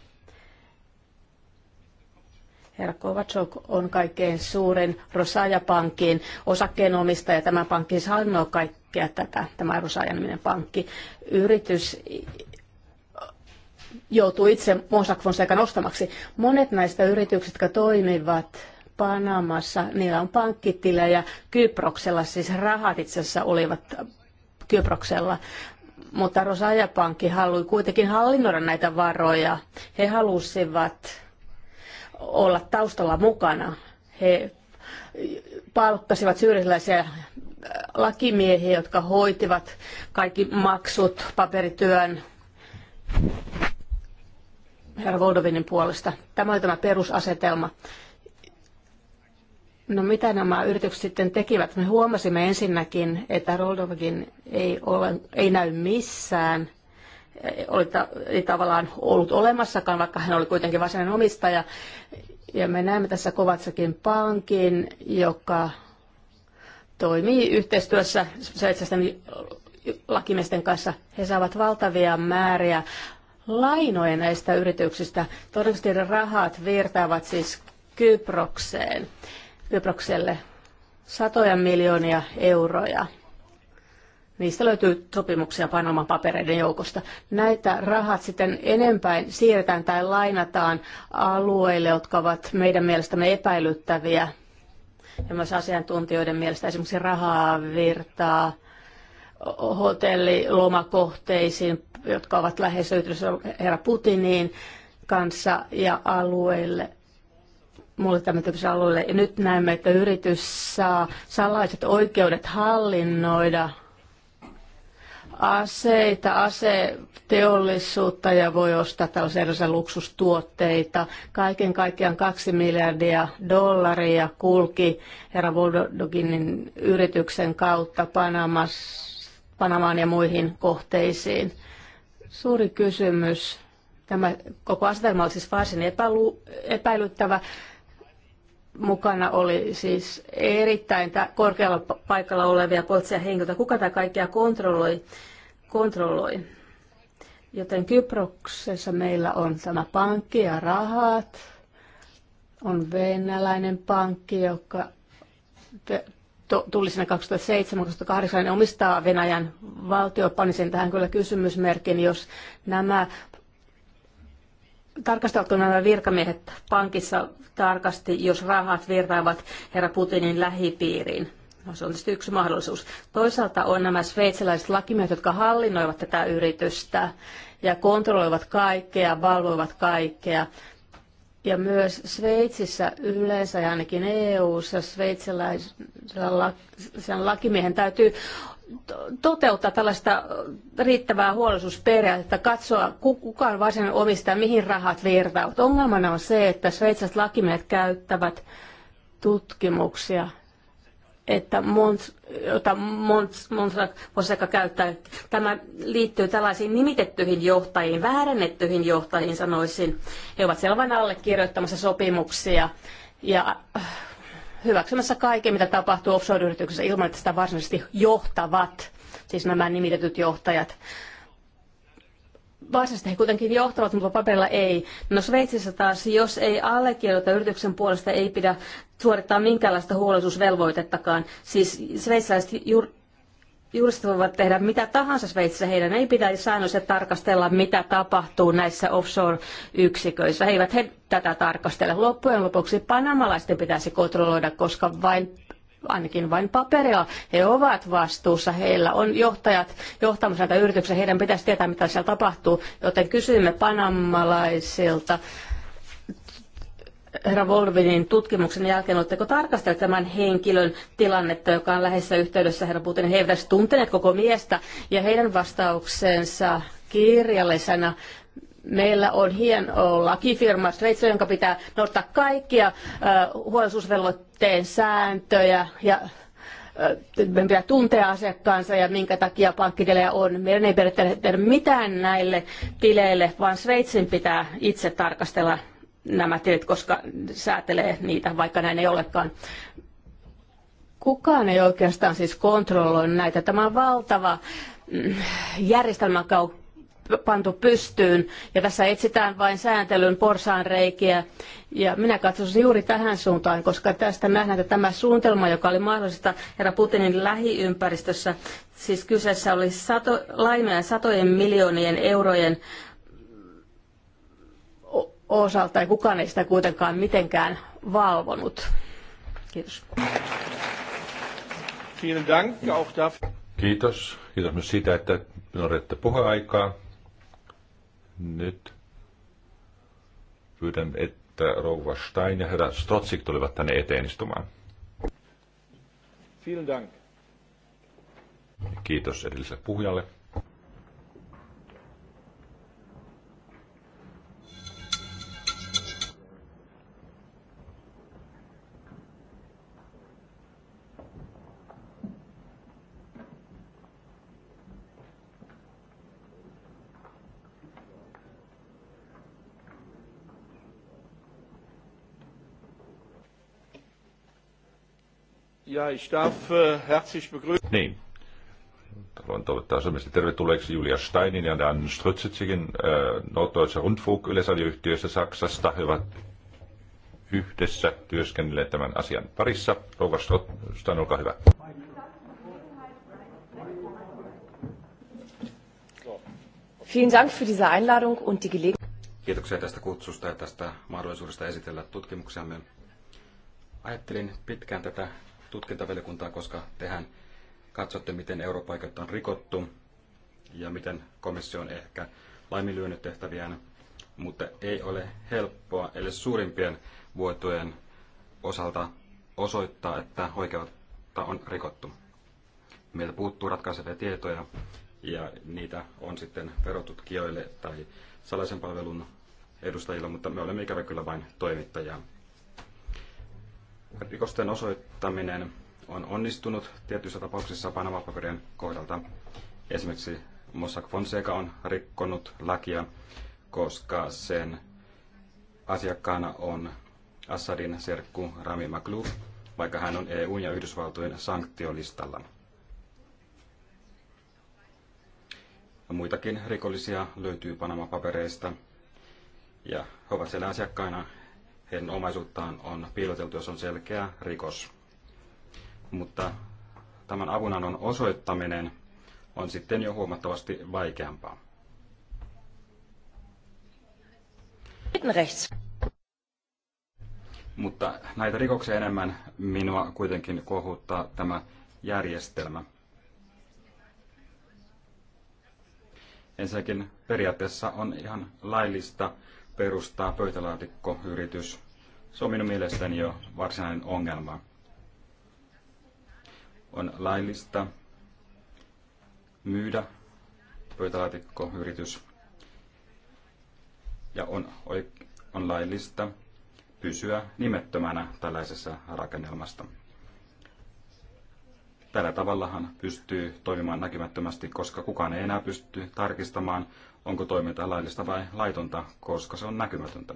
Herra Kovacok on kaikkein suurin Rosaja-pankin osakkeenomistaja. Tämä pankki sanoo siis kaikkea tätä, tämä Rosaja-niminen pankki. Yritys joutuu itse Mossack Fonsecan ostamaksi. Monet näistä yrityksistä, jotka toimivat Panamassa, niillä on pankkitilejä, Kyproksella siis rahat itse asiassa olivat Kyproksella, mutta Rosaja-pankki halui kuitenkin hallinnoida näitä varoja. He halusivat olla taustalla mukana. He palkkasivat syyrialaisia lakimiehiä, jotka hoitivat kaikki maksut, paperityön herra Voldovinin puolesta. Tämä oli tämä perusasetelma. No mitä nämä yritykset sitten tekivät? Me huomasimme ensinnäkin, että Roldovakin ei, ole, ei näy missään. Oli ta, ei tavallaan ollut olemassakaan, vaikka hän oli kuitenkin varsinainen omistaja. Ja me näemme tässä Kovatsakin pankin, joka toimii yhteistyössä seitsemän lakimiesten kanssa. He saavat valtavia määriä lainoja näistä yrityksistä. Todennäköisesti rahat virtaavat siis Kyprokseen. Kyprokselle satoja miljoonia euroja. Niistä löytyy sopimuksia Panaman papereiden joukosta. Näitä rahat sitten enempäin siirretään tai lainataan alueille, jotka ovat meidän mielestämme epäilyttäviä. Ja myös asiantuntijoiden mielestä esimerkiksi rahaa virtaa hotellilomakohteisiin, jotka ovat lähes herra Putiniin kanssa ja alueille, mulle tämän tyyppisille alueille. Ja nyt näemme, että yritys saa salaiset oikeudet hallinnoida aseita, aseteollisuutta ja voi ostaa tällaisia erilaisia luksustuotteita. Kaiken kaikkiaan kaksi miljardia dollaria kulki herra Voldoginin yrityksen kautta Panamas, Panamaan ja muihin kohteisiin. Suuri kysymys. Tämä koko asetelma on siis varsin epäilyttävä mukana oli siis erittäin korkealla paikalla olevia poliittisia henkilöitä. Kuka tämä kaikkea kontrolloi? kontrolloi. Joten Kyproksessa meillä on tämä pankki ja rahat. On venäläinen pankki, joka tuli sinne 2007-2008, omistaa Venäjän valtio. Pani sen tähän kyllä kysymysmerkin, jos nämä Tarkasteltuna nämä virkamiehet pankissa tarkasti, jos rahat virtaavat herra Putinin lähipiiriin? No, se on tietysti yksi mahdollisuus. Toisaalta on nämä sveitsiläiset lakimiehet, jotka hallinnoivat tätä yritystä ja kontrolloivat kaikkea, valvoivat kaikkea. Ja myös Sveitsissä yleensä ja ainakin EU-ssa sveitsiläisen lakimiehen täytyy toteuttaa tällaista riittävää huolellisuusperiaatetta, katsoa kuka on varsinainen omistaja, mihin rahat virtaavat. Ongelmana on se, että sveitsiläiset lakimiehet käyttävät tutkimuksia, että Mons, jota Mons, Monsra Fonseca käyttää. Tämä liittyy tällaisiin nimitettyihin johtajiin, väärennettyihin johtajiin sanoisin. He ovat siellä vain allekirjoittamassa sopimuksia ja äh, hyväksymässä kaiken, mitä tapahtuu offshore-yrityksessä ilman, että sitä varsinaisesti johtavat, siis nämä nimitetyt johtajat. Varsinaisesti he kuitenkin johtavat, mutta paperilla ei. No Sveitsissä taas, jos ei allekirjoita yrityksen puolesta, ei pidä suorittaa minkäänlaista huolellisuusvelvoitettakaan. Siis sveitsiläiset Juristit voivat tehdä mitä tahansa Sveitsissä. Heidän ei pitäisi säännöllisesti tarkastella, mitä tapahtuu näissä offshore-yksiköissä. He eivät he tätä tarkastele. Loppujen lopuksi panamalaisten pitäisi kontrolloida, koska vain ainakin vain paperilla. He ovat vastuussa, heillä on johtajat johtamassa näitä yrityksiä, heidän pitäisi tietää, mitä siellä tapahtuu, joten kysymme panammalaisilta herra Volvinin tutkimuksen jälkeen, oletteko tarkastelleet tämän henkilön tilannetta, joka on läheisessä yhteydessä herra Putinin? He eivät tunteneet koko miestä ja heidän vastauksensa kirjallisena meillä on hieno lakifirma Sveitsi, jonka pitää noudattaa kaikkia huolellisuusvelvoitteen sääntöjä ja meidän pitää tuntea asiakkaansa ja minkä takia pankkitilejä on. Meidän ei periaatteessa tehdä mitään näille tileille, vaan Sveitsin pitää itse tarkastella nämä teet, koska säätelee niitä, vaikka näin ei olekaan. Kukaan ei oikeastaan siis kontrolloi näitä. Tämä on valtava mm, järjestelmä pantu pystyyn ja tässä etsitään vain sääntelyn porsaanreikiä ja minä katsoisin juuri tähän suuntaan, koska tästä nähdään, että tämä suunnitelma, joka oli mahdollista herra Putinin lähiympäristössä, siis kyseessä oli sato, laimeen satojen miljoonien eurojen osalta ja kukaan ei sitä kuitenkaan mitenkään valvonut. Kiitos. Kiitos. Kiitos myös siitä, että noudatte puheaikaa. Nyt pyydän, että rouva Stein ja herra Strotsik tulivat tänne eteen istumaan. Vielen Dank. Kiitos edelliselle puhujalle. Ja, ich darf äh, herzlich begrüßen. Niin. Haluan toivottaa sydämesti tervetulleeksi Julia Steinin ja Dan Strötsitsikin äh, Norddeutsche Rundfunk yleisradioyhtiössä Saksasta. He ovat yhdessä työskennelleet tämän asian parissa. Rouva Stein, olkaa hyvä. Vielen Dank für diese Einladung und die Gelegenheit. Kiitoksia tästä kutsusta ja tästä mahdollisuudesta esitellä tutkimuksiamme. Ajattelin pitkään tätä tutkintavelikuntaa, koska tehän katsotte, miten europaikat on rikottu ja miten komissio on ehkä laiminlyönyt tehtäviään, mutta ei ole helppoa, eli suurimpien vuotojen osalta osoittaa, että oikeutta on rikottu. Meiltä puuttuu ratkaisevia tietoja ja niitä on sitten verotutkijoille tai salaisen palvelun edustajilla, mutta me olemme ikävä kyllä vain toimittajia. Rikosten osoittaa karkottaminen on onnistunut tietyissä tapauksissa Panama-paperien kohdalta. Esimerkiksi Mossack Fonseca on rikkonut lakia, koska sen asiakkaana on Assadin serkku Rami Maklou, vaikka hän on EUn ja Yhdysvaltojen sanktiolistalla. Muitakin rikollisia löytyy Panama-papereista, ja he ovat siellä asiakkaina. Heidän omaisuuttaan on piiloteltu, jos on selkeä rikos mutta tämän avunannon osoittaminen on sitten jo huomattavasti vaikeampaa. Mutta näitä rikoksia enemmän minua kuitenkin kohuttaa tämä järjestelmä. Ensinnäkin periaatteessa on ihan laillista perustaa pöytälaatikkoyritys. Se on minun mielestäni jo varsinainen ongelma on laillista myydä pöytälaatikkoyritys ja on, on laillista pysyä nimettömänä tällaisessa rakennelmasta. Tällä tavallahan pystyy toimimaan näkymättömästi, koska kukaan ei enää pysty tarkistamaan, onko toiminta laillista vai laitonta, koska se on näkymätöntä.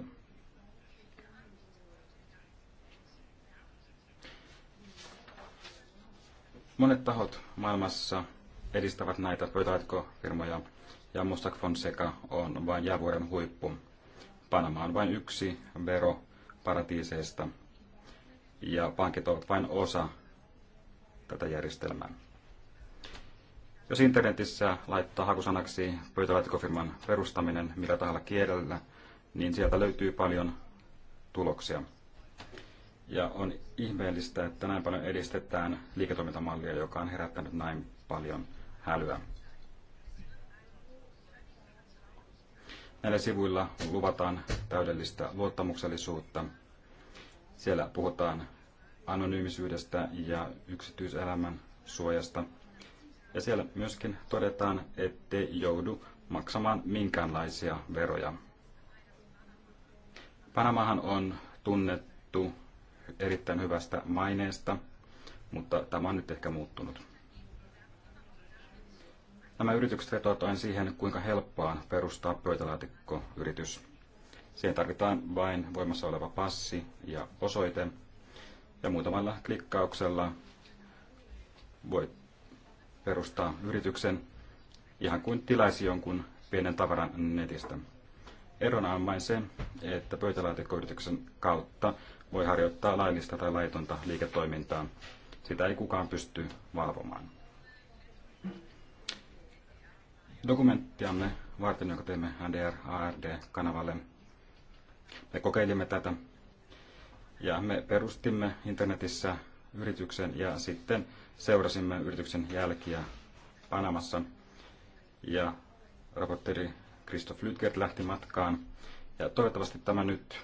Monet tahot maailmassa edistävät näitä pöytälaatikkofirmoja ja Mossack Fonseca on vain jäävuoren huippu. Panama on vain yksi vero paratiiseista, ja pankit ovat vain osa tätä järjestelmää. Jos internetissä laittaa hakusanaksi pöytälaatikkofirman perustaminen millä tahalla kielellä, niin sieltä löytyy paljon tuloksia. Ja on ihmeellistä, että näin paljon edistetään liiketoimintamallia, joka on herättänyt näin paljon hälyä. Näillä sivuilla luvataan täydellistä luottamuksellisuutta. Siellä puhutaan anonyymisyydestä ja yksityiselämän suojasta. Ja siellä myöskin todetaan, ettei joudu maksamaan minkäänlaisia veroja. Panamahan on tunnettu erittäin hyvästä maineesta, mutta tämä on nyt ehkä muuttunut. Nämä yritykset vetoavat aina siihen, kuinka helppoa on perustaa pöytälaatikkoyritys. Siihen tarvitaan vain voimassa oleva passi ja osoite, ja muutamalla klikkauksella voi perustaa yrityksen ihan kuin tilaisi jonkun pienen tavaran netistä. Erona on vain se, että pöytälaatikkoyrityksen kautta voi harjoittaa laillista tai laitonta liiketoimintaa. Sitä ei kukaan pysty valvomaan. Dokumenttiamme varten, jonka teemme NDR-ARD-kanavalle, me kokeilimme tätä ja me perustimme internetissä yrityksen ja sitten seurasimme yrityksen jälkiä Panamassa. Ja raportteri Christoph Lütgert lähti matkaan. Ja toivottavasti tämä nyt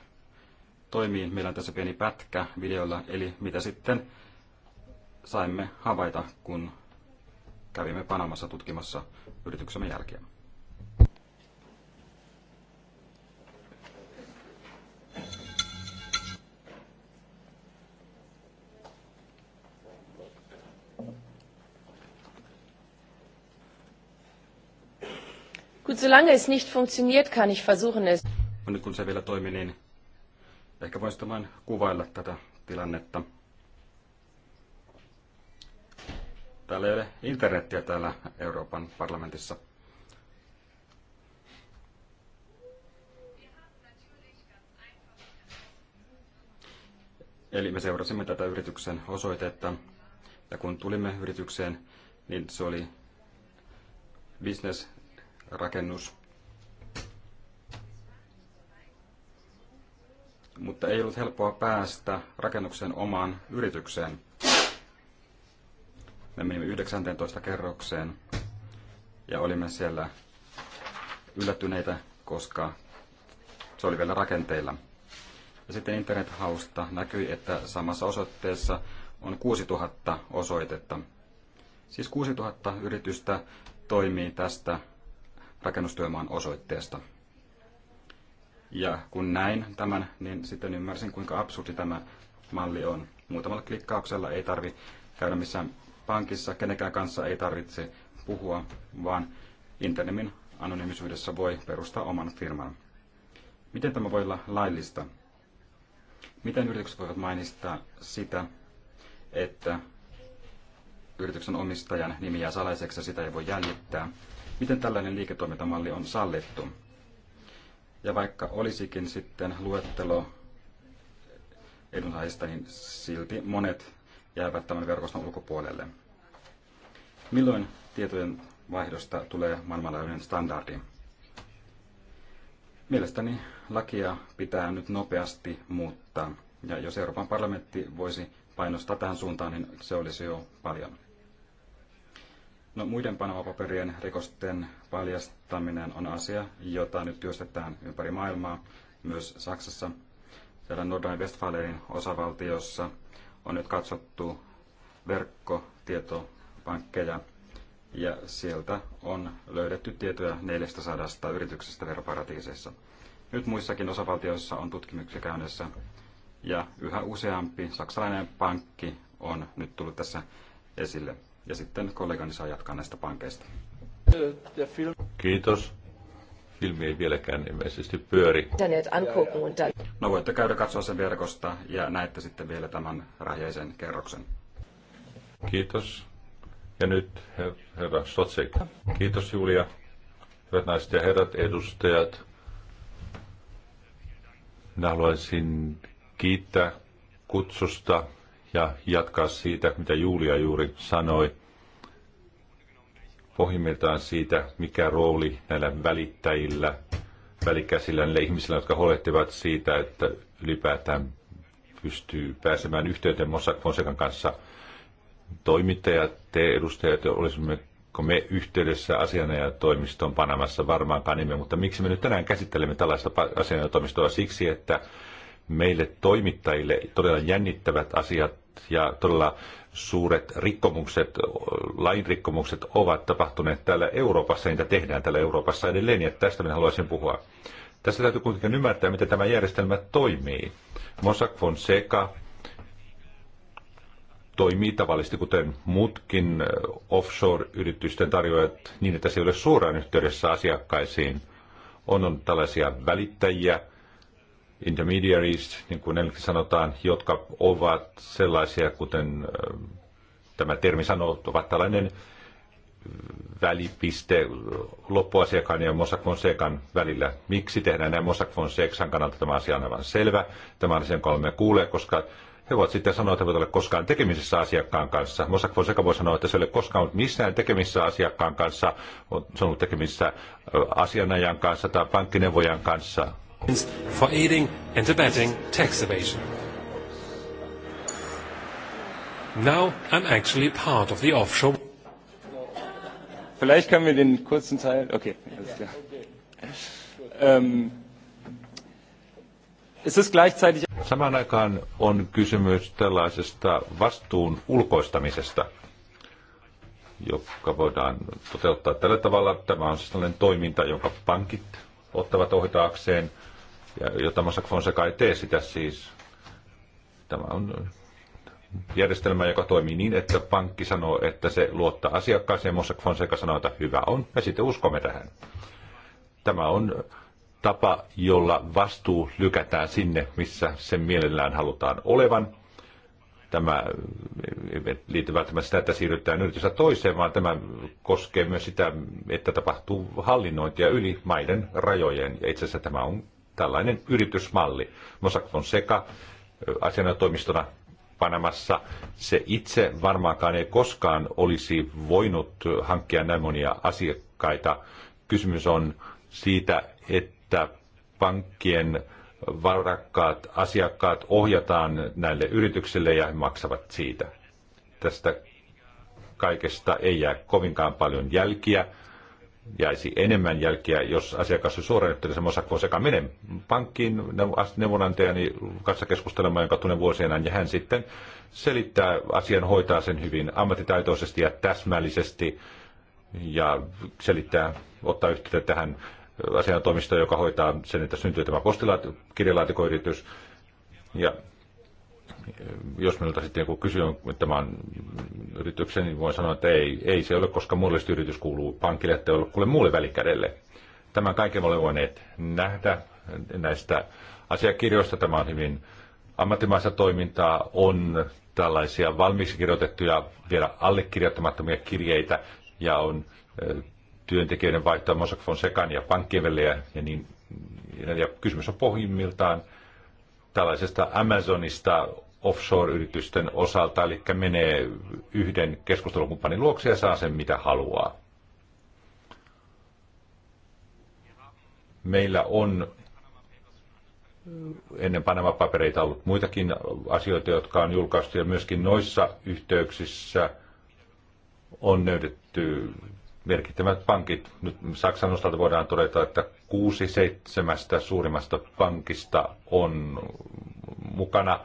toimii Meillä on tässä pieni pätkä videolla, eli mitä sitten saimme havaita, kun kävimme Panamassa tutkimassa yrityksemme jälkeen. Gut, solange es nicht funktioniert, kann ich versuchen es. Und kun se vielä toimii, niin Ehkä voisit vain kuvailla tätä tilannetta. Täällä ei ole internettiä täällä Euroopan parlamentissa. Eli me seurasimme tätä yrityksen osoitetta, ja kun tulimme yritykseen, niin se oli bisnesrakennus, mutta ei ollut helppoa päästä rakennuksen omaan yritykseen. Me menimme 19 kerrokseen ja olimme siellä yllättyneitä, koska se oli vielä rakenteilla. Ja sitten internethausta näkyi, että samassa osoitteessa on 6000 osoitetta. Siis 6000 yritystä toimii tästä rakennustyömaan osoitteesta. Ja kun näin tämän, niin sitten ymmärsin, kuinka absurdi tämä malli on. Muutamalla klikkauksella ei tarvi käydä missään pankissa, kenenkään kanssa ei tarvitse puhua, vaan internetin anonyymisuudessa voi perustaa oman firman. Miten tämä voi olla laillista? Miten yritykset voivat mainistaa sitä, että yrityksen omistajan nimi jää salaiseksi ja sitä ei voi jäljittää? Miten tällainen liiketoimintamalli on sallittu? Ja vaikka olisikin sitten luettelo edunsaajista, niin silti monet jäävät tämän verkoston ulkopuolelle. Milloin tietojen vaihdosta tulee maailmanlaajuinen standardi? Mielestäni lakia pitää nyt nopeasti muuttaa, ja jos Euroopan parlamentti voisi painostaa tähän suuntaan, niin se olisi jo paljon. No, muiden panamapaperien rikosten paljastaminen on asia, jota nyt työstetään ympäri maailmaa, myös Saksassa. Siellä Nordrhein-Westfalenin osavaltiossa on nyt katsottu verkkotietopankkeja ja sieltä on löydetty tietoja 400 yrityksestä veroparatiiseissa. Nyt muissakin osavaltioissa on tutkimuksia käynnissä ja yhä useampi saksalainen pankki on nyt tullut tässä esille. Ja sitten kollegani saa jatkaa näistä pankeista. Kiitos. Filmi ei vieläkään ilmeisesti pyöri. No voitte käydä katsoa sen verkosta ja näette sitten vielä tämän räjäisen kerroksen. Kiitos. Ja nyt herra Sotsek. Kiitos Julia. Hyvät naiset ja herrat, edustajat. Minä haluaisin kiittää kutsusta ja jatkaa siitä, mitä Julia juuri sanoi, pohjimmiltaan siitä, mikä rooli näillä välittäjillä, välikäsillä, näillä ihmisillä, jotka huolehtivat siitä, että ylipäätään pystyy pääsemään yhteyteen Mossack Fonsekan kanssa. Toimittajat, te edustajat, olisimme kun me yhteydessä asianajotoimistoon Panamassa varmaankaan nimeä, mutta miksi me nyt tänään käsittelemme tällaista asianajatoimistoa Siksi, että meille toimittajille todella jännittävät asiat ja todella suuret rikkomukset, lainrikkomukset ovat tapahtuneet täällä Euroopassa, niitä tehdään täällä Euroopassa edelleen, ja tästä minä haluaisin puhua. Tässä täytyy kuitenkin ymmärtää, miten tämä järjestelmä toimii. Mossack Fonseca toimii tavallisesti kuten muutkin offshore-yritysten tarjoajat niin, että se ei ole suoraan yhteydessä asiakkaisiin. On, on tällaisia välittäjiä, intermediaries, niin kuin ennenkin sanotaan, jotka ovat sellaisia, kuten tämä termi sanoo, ovat tällainen välipiste loppuasiakkaan ja Mossack Fonsecan välillä. Miksi tehdään näin Mossack Fonsecan kannalta tämä asia on aivan selvä. Tämä on asia, jonka kuulee, koska he voivat sitten sanoa, että he olla koskaan tekemisissä asiakkaan kanssa. Mossack Fonseca voi sanoa, että se ei ole koskaan ollut missään tekemisissä asiakkaan kanssa, on, se on ollut tekemisissä asianajan kanssa tai pankkineuvojan kanssa for aiding and abetting tax evasion. Now I'm actually part of the offshore. Vielleicht können wir den kurzen Teil. Okay, alles klar. Ähm, es ist gleichzeitig. Samaan aikaan on kysymys tällaisesta vastuun ulkoistamisesta, joka voidaan toteuttaa tällä tavalla. Tämä on siis sellainen toiminta, jonka pankit ottavat ohjataakseen ja, jota Mossack Fonseca ei tee sitä siis. Tämä on järjestelmä, joka toimii niin, että pankki sanoo, että se luottaa asiakkaaseen, Mossack Fonseca sanoo, että hyvä on, ja sitten uskomme tähän. Tämä on tapa, jolla vastuu lykätään sinne, missä sen mielellään halutaan olevan. Tämä liittyy välttämättä sitä, että siirrytään yritystä toiseen, vaan tämä koskee myös sitä, että tapahtuu hallinnointia yli maiden rajojen. Ja itse asiassa tämä on tällainen yritysmalli. Mossack Fonseca asianajotoimistona Panamassa. Se itse varmaankaan ei koskaan olisi voinut hankkia näin monia asiakkaita. Kysymys on siitä, että pankkien varakkaat asiakkaat ohjataan näille yrityksille ja he maksavat siitä. Tästä kaikesta ei jää kovinkaan paljon jälkiä jäisi enemmän jälkiä, jos asiakas on suoraan niin yhteydessä osakkoon sekä menen pankkiin neuvonantajani kanssa keskustelemaan, jonka tunnen vuosien ajan, ja hän sitten selittää asian, hoitaa sen hyvin ammattitaitoisesti ja täsmällisesti, ja selittää, ottaa yhteyttä tähän asiantoimistoon, joka hoitaa sen, että syntyy tämä postilaatikirjalaatikoyritys, ja jos minulta sitten joku kysyy, että tämä on yrityksen, niin voin sanoa, että ei, ei se ole, koska muille yritys kuuluu pankille, että ei ole kuule muulle välikädelle. Tämän kaiken olen voineet nähdä näistä asiakirjoista. Tämä on hyvin ammattimaista toimintaa, on tällaisia valmiiksi kirjoitettuja, vielä allekirjoittamattomia kirjeitä ja on työntekijöiden vaihtoa Mossack Fonsecan ja pankkien ja niin ja kysymys on pohjimmiltaan – tällaisesta Amazonista offshore-yritysten osalta, eli menee yhden keskustelukumppanin luokse ja saa sen mitä haluaa. Meillä on ennen Panama-papereita ollut muitakin asioita, jotka on julkaistu, ja myöskin noissa yhteyksissä on löydetty merkittävät pankit. Nyt Saksan osalta voidaan todeta, että Kuusi seitsemästä suurimmasta pankista on mukana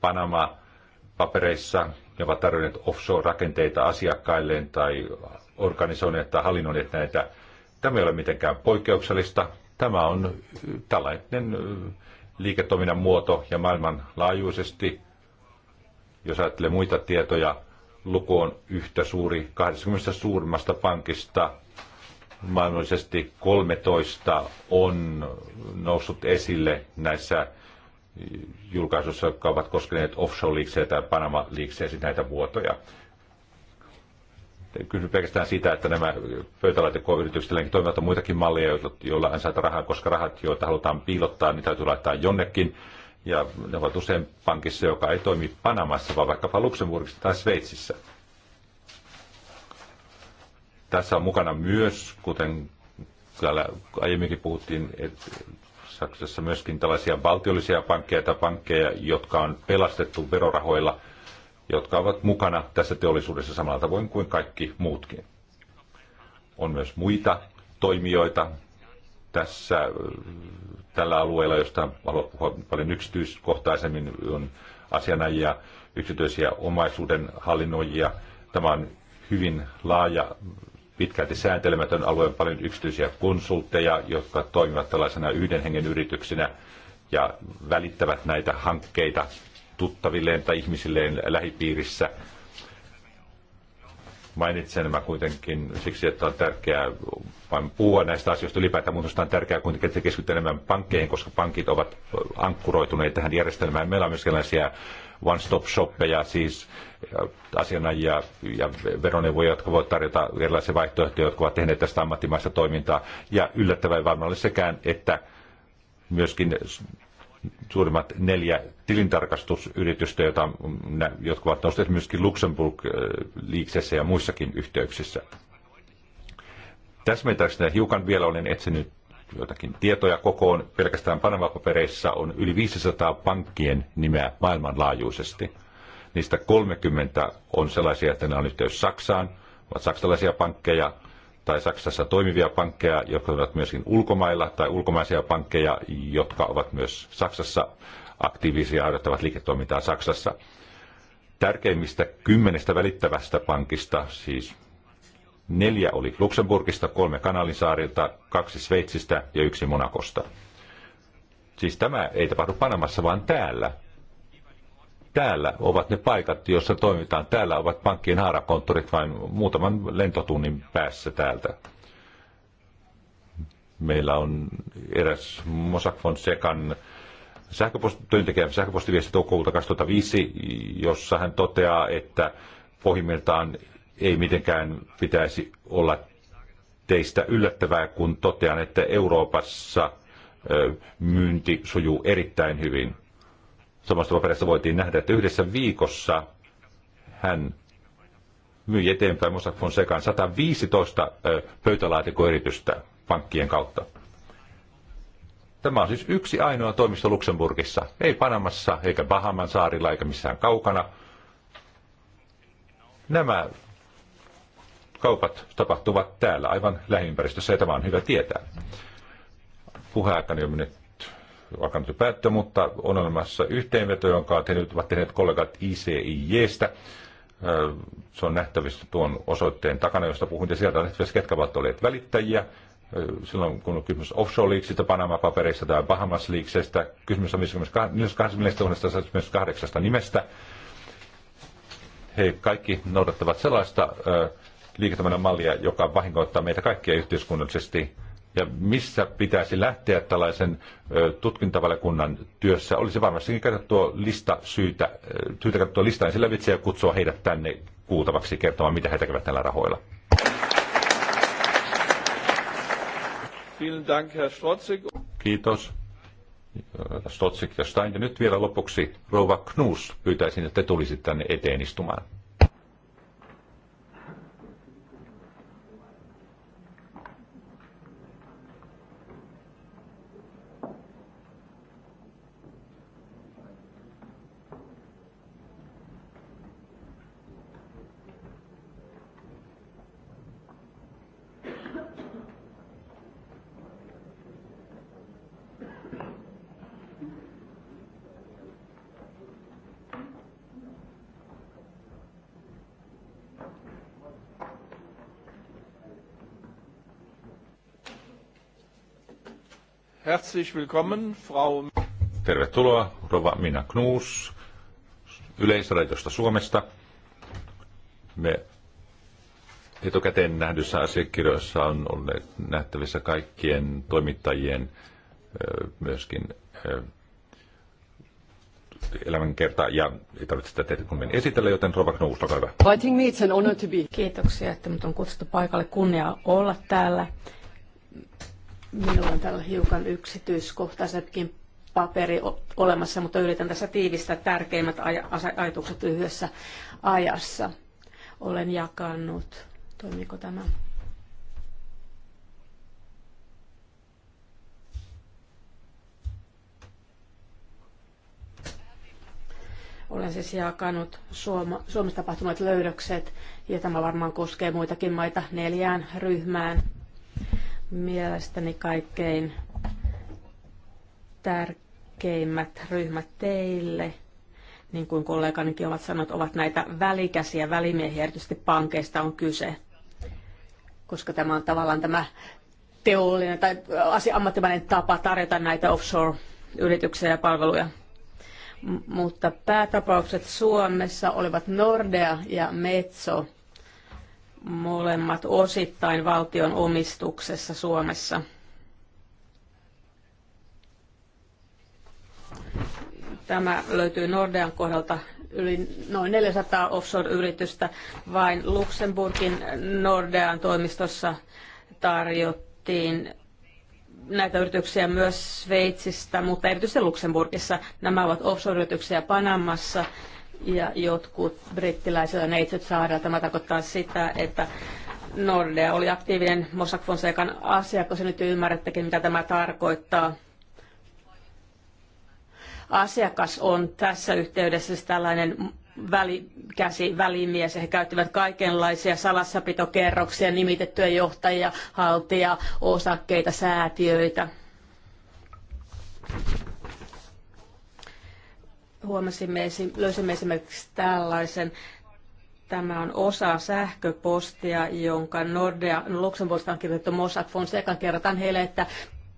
Panama-papereissa. Ne ovat tarjonneet offshore-rakenteita asiakkailleen tai organisoineet tai hallinnoineet näitä. Tämä ei ole mitenkään poikkeuksellista. Tämä on tällainen liiketoiminnan muoto ja maailmanlaajuisesti, jos ajattelee muita tietoja, luku on yhtä suuri 20 suurimmasta pankista maailmallisesti 13 on noussut esille näissä julkaisuissa, jotka ovat koskeneet offshore-liiksejä tai Panama-liiksejä, näitä vuotoja. Kysyn pelkästään sitä, että nämä pöytälaitekoyritykset toimivat muitakin malleja, joilla ansaita rahaa, koska rahat, joita halutaan piilottaa, niitä täytyy laittaa jonnekin. Ja ne ovat usein pankissa, joka ei toimi Panamassa, vaan vaikkapa Luxemburgissa tai Sveitsissä. Tässä on mukana myös, kuten täällä aiemminkin puhuttiin, että Saksassa myöskin tällaisia valtiollisia pankkeja tai pankkeja, jotka on pelastettu verorahoilla, jotka ovat mukana tässä teollisuudessa samalla tavoin kuin kaikki muutkin. On myös muita toimijoita tässä, tällä alueella, josta haluan puhua paljon yksityiskohtaisemmin, on asianajia, yksityisiä omaisuuden hallinnoijia. Tämä on hyvin laaja pitkälti sääntelemätön alue, paljon yksityisiä konsultteja, jotka toimivat tällaisena yhden hengen yrityksinä ja välittävät näitä hankkeita tuttavilleen tai ihmisilleen lähipiirissä. Mainitsen nämä kuitenkin siksi, että on tärkeää vain puhua näistä asioista ylipäätään, mutta on tärkeää kuitenkin, että keskittyy enemmän pankkeihin, koska pankit ovat ankkuroituneet tähän järjestelmään. Meillä on myös sellaisia one-stop-shoppeja, siis asianajia ja veroneuvoja, jotka voivat tarjota erilaisia vaihtoehtoja, jotka ovat tehneet tästä ammattimaista toimintaa. Ja yllättävän varmaan oli sekään, että myöskin suurimmat neljä tilintarkastusyritystä, joita, jotka ovat nousseet myöskin Luxemburg-liiksessä äh, ja muissakin yhteyksissä. Täsmentäkseni hiukan vielä olen etsinyt joitakin tietoja kokoon. Pelkästään Panama-papereissa on yli 500 pankkien nimeä maailmanlaajuisesti – Niistä 30 on sellaisia, että ne on yhteys Saksaan, ovat saksalaisia pankkeja tai Saksassa toimivia pankkeja, jotka ovat myöskin ulkomailla, tai ulkomaisia pankkeja, jotka ovat myös Saksassa aktiivisia ja harjoittavat liiketoimintaa Saksassa. Tärkeimmistä kymmenestä välittävästä pankista, siis neljä oli Luxemburgista, kolme Kanalin saarilta, kaksi Sveitsistä ja yksi Monakosta. Siis tämä ei tapahdu Panamassa, vaan täällä täällä ovat ne paikat, joissa toimitaan. Täällä ovat pankkien haarakonttorit vain muutaman lentotunnin päässä täältä. Meillä on eräs Mossack Fonsecan sähköpost, työntekijän sähköpostiviesti toukokuuta 2005, jossa hän toteaa, että pohjimmiltaan ei mitenkään pitäisi olla teistä yllättävää, kun totean, että Euroopassa myynti sujuu erittäin hyvin. Samasta paperissa voitiin nähdä, että yhdessä viikossa hän myi eteenpäin Mossack Fonsecaan 115 pöytälaatikoyritystä pankkien kautta. Tämä on siis yksi ainoa toimisto Luxemburgissa, ei Panamassa, eikä Bahaman saarilla, eikä missään kaukana. Nämä kaupat tapahtuvat täällä aivan lähiympäristössä, ja tämä on hyvä tietää. Puheaikani on alkanut jo päättyä, mutta on olemassa yhteenveto, jonka tehnyt, ovat tehneet kollegat ICIJstä. Se on nähtävissä tuon osoitteen takana, josta puhuin, ja sieltä on nähtävissä, ketkä ovat olleet välittäjiä. Silloin kun on kysymys offshore leaksista, Panama-papereista tai Bahamas-liiksestä, kysymys on 24 kahdeksasta nimestä. He kaikki noudattavat sellaista liiketoiminnan mallia, joka vahingoittaa meitä kaikkia yhteiskunnallisesti ja missä pitäisi lähteä tällaisen tutkintavaliokunnan työssä. Olisi varmastikin katsottua lista syytä, syytä katsottua listaa ensin lävitse ja kutsua heidät tänne kuultavaksi kertomaan, mitä he tekevät tällä rahoilla. Kiitos. Stotsik ja Stein. Ja nyt vielä lopuksi rova Knus pyytäisin, että te tulisitte tänne eteen istumaan. Herzlich willkommen, Frau... Tervetuloa, Rova Mina Knuus, yleisradiosta Suomesta. Me etukäteen nähdyssä asiakirjoissa on ollut nähtävissä kaikkien toimittajien myöskin elämänkerta ja ei tarvitse sitä tehdä kun esitellä, joten Rova Knuus, olkaa hyvä. I think it's an honor to be. Kiitoksia, että minut on kutsuttu paikalle. Kunnia olla täällä. Minulla on täällä hiukan yksityiskohtaisetkin paperi olemassa, mutta yritän tässä tiivistää tärkeimmät ajatukset lyhyessä ajassa. Olen jakanut. Toimiiko tämä? Olen siis jakanut Suoma, Suomessa tapahtuneet löydökset, ja tämä varmaan koskee muitakin maita neljään ryhmään. Mielestäni kaikkein tärkeimmät ryhmät teille, niin kuin kolleganikin ovat sanoneet, ovat näitä välikäsiä, välimiehiä, erityisesti pankeista on kyse, koska tämä on tavallaan tämä teollinen tai ammattimainen tapa tarjota näitä offshore-yrityksiä ja palveluja. M mutta päätapaukset Suomessa olivat Nordea ja Metso molemmat osittain valtion omistuksessa Suomessa. Tämä löytyy Nordean kohdalta yli noin 400 offshore-yritystä. Vain Luxemburgin Nordean toimistossa tarjottiin näitä yrityksiä myös Sveitsistä, mutta erityisesti Luxemburgissa. Nämä ovat offshore-yrityksiä Panamassa ja jotkut brittiläisillä neitsyt saadaan. Tämä tarkoittaa sitä, että Nordea oli aktiivinen Mossack Fonsecan asiakas, nyt ymmärrättekin, mitä tämä tarkoittaa. Asiakas on tässä yhteydessä siis tällainen välikäsi, välimies. He käyttivät kaikenlaisia salassapitokerroksia, nimitettyjä johtajia, haltia, osakkeita, säätiöitä huomasimme, löysimme esimerkiksi tällaisen Tämä on osa sähköpostia, jonka Nordea Luxemburgista on kirjoitettu Mossack Fonseca. Kerrotaan heille, että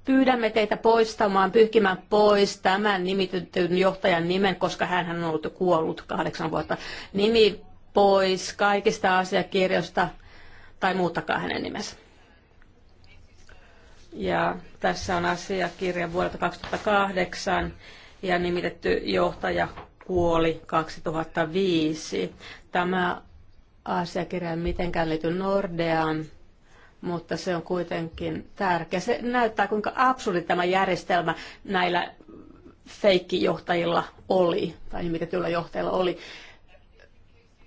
pyydämme teitä poistamaan, pyyhkimään pois tämän nimitetyn johtajan nimen, koska hän on ollut kuollut kahdeksan vuotta. Nimi pois kaikista asiakirjoista tai muuttakaa hänen nimensä. Ja tässä on asiakirja vuodelta 2008 ja nimitetty johtaja kuoli 2005. Tämä asiakirja ei mitenkään liity Nordeaan, mutta se on kuitenkin tärkeä. Se näyttää, kuinka absurdi tämä järjestelmä näillä feikkijohtajilla oli, tai nimitetyillä johtajilla oli.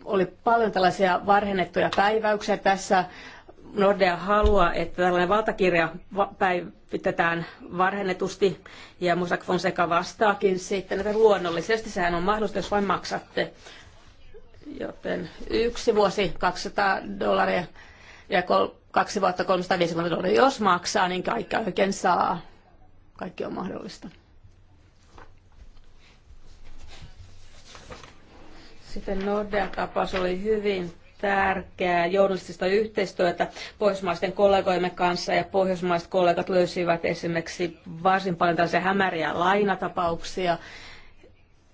Oli paljon tällaisia varhennettuja päiväyksiä tässä Nordea haluaa, että tällainen valtakirja päivitetään varhennetusti ja Mossack Fonseca vastaakin sitten, että luonnollisesti sehän on mahdollista, jos vain maksatte. Joten yksi vuosi 200 dollaria ja kol- kaksi vuotta 350 dollaria. Jos maksaa, niin kaikki oikein saa. Kaikki on mahdollista. Sitten Nordea-tapaus oli hyvin tärkeää journalistista yhteistyötä pohjoismaisten kollegoimme kanssa ja pohjoismaiset kollegat löysivät esimerkiksi varsin paljon tällaisia hämäriä lainatapauksia.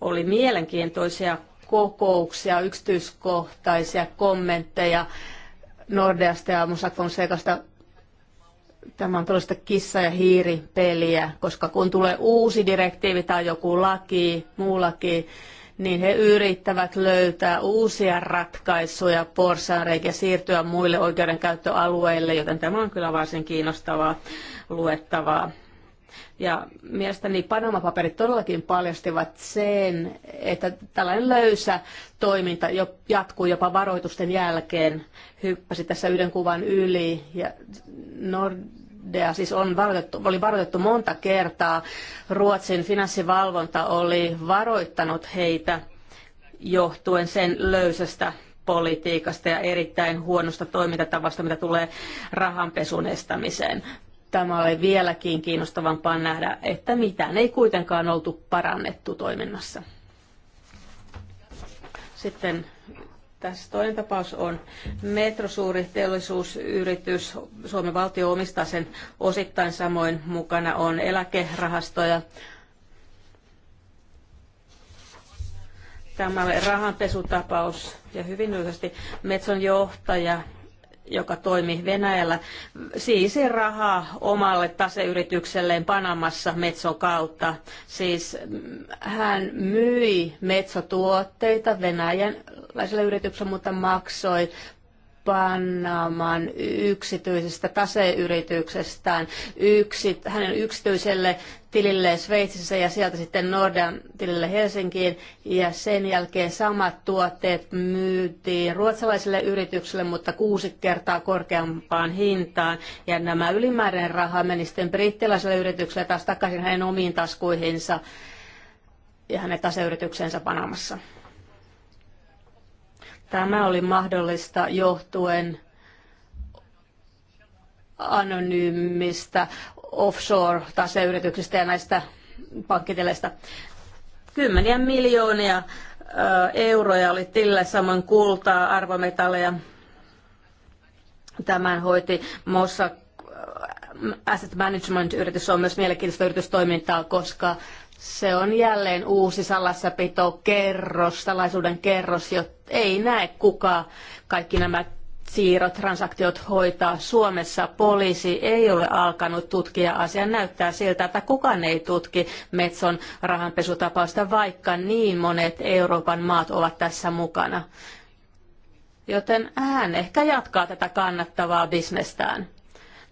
Oli mielenkiintoisia kokouksia, yksityiskohtaisia kommentteja Nordeasta ja Musa Fonsecasta tämä on tällaista kissa- ja hiiripeliä, koska kun tulee uusi direktiivi tai joku laki, muu laki, niin he yrittävät löytää uusia ratkaisuja porsaanreikiä siirtyä muille oikeudenkäyttöalueille, joten tämä on kyllä varsin kiinnostavaa luettavaa. Ja mielestäni Panama-paperit todellakin paljastivat sen, että tällainen löysä toiminta jo jatkuu jopa varoitusten jälkeen. Hyppäsi tässä yhden kuvan yli ja Nord- Nordea siis on varoitettu, oli varoitettu monta kertaa. Ruotsin finanssivalvonta oli varoittanut heitä johtuen sen löysästä politiikasta ja erittäin huonosta toimintatavasta, mitä tulee rahanpesun estämiseen. Tämä oli vieläkin kiinnostavampaa nähdä, että mitään ei kuitenkaan oltu parannettu toiminnassa. Sitten tässä toinen tapaus on metrosuuri teollisuusyritys. Suomen valtio omistaa sen osittain samoin. Mukana on eläkerahastoja. Tämä oli rahanpesutapaus ja hyvin lyhyesti Metson johtaja joka toimi Venäjällä, siisi rahaa omalle taseyritykselleen Panamassa Metson kautta. Siis mm, hän myi metsotuotteita Venäjän yritykselle, mutta maksoi Panaman yksityisestä taseyrityksestään yksi, hänen yksityiselle tilille Sveitsissä ja sieltä sitten Nordean tilille Helsinkiin. Ja sen jälkeen samat tuotteet myytiin ruotsalaiselle yritykselle mutta kuusi kertaa korkeampaan hintaan. Ja nämä ylimääräinen raha meni sitten brittiläiselle yritykselle taas takaisin hänen omiin taskuihinsa ja hänen taseyrityksensä Panamassa. Tämä oli mahdollista johtuen anonyymistä offshore-taseyrityksistä ja näistä pankkitileistä. Kymmeniä miljoonia euroja oli tilillä saman kultaa, arvometalleja. Tämän hoiti Mossack Asset Management-yritys. on myös mielenkiintoista yritystoimintaa, koska se on jälleen uusi salassapito kerros, salaisuuden kerros, jo ei näe kuka kaikki nämä siirrot, transaktiot hoitaa. Suomessa poliisi ei ole alkanut tutkia asiaa. Näyttää siltä, että kukaan ei tutki Metson rahanpesutapausta, vaikka niin monet Euroopan maat ovat tässä mukana. Joten hän ehkä jatkaa tätä kannattavaa bisnestään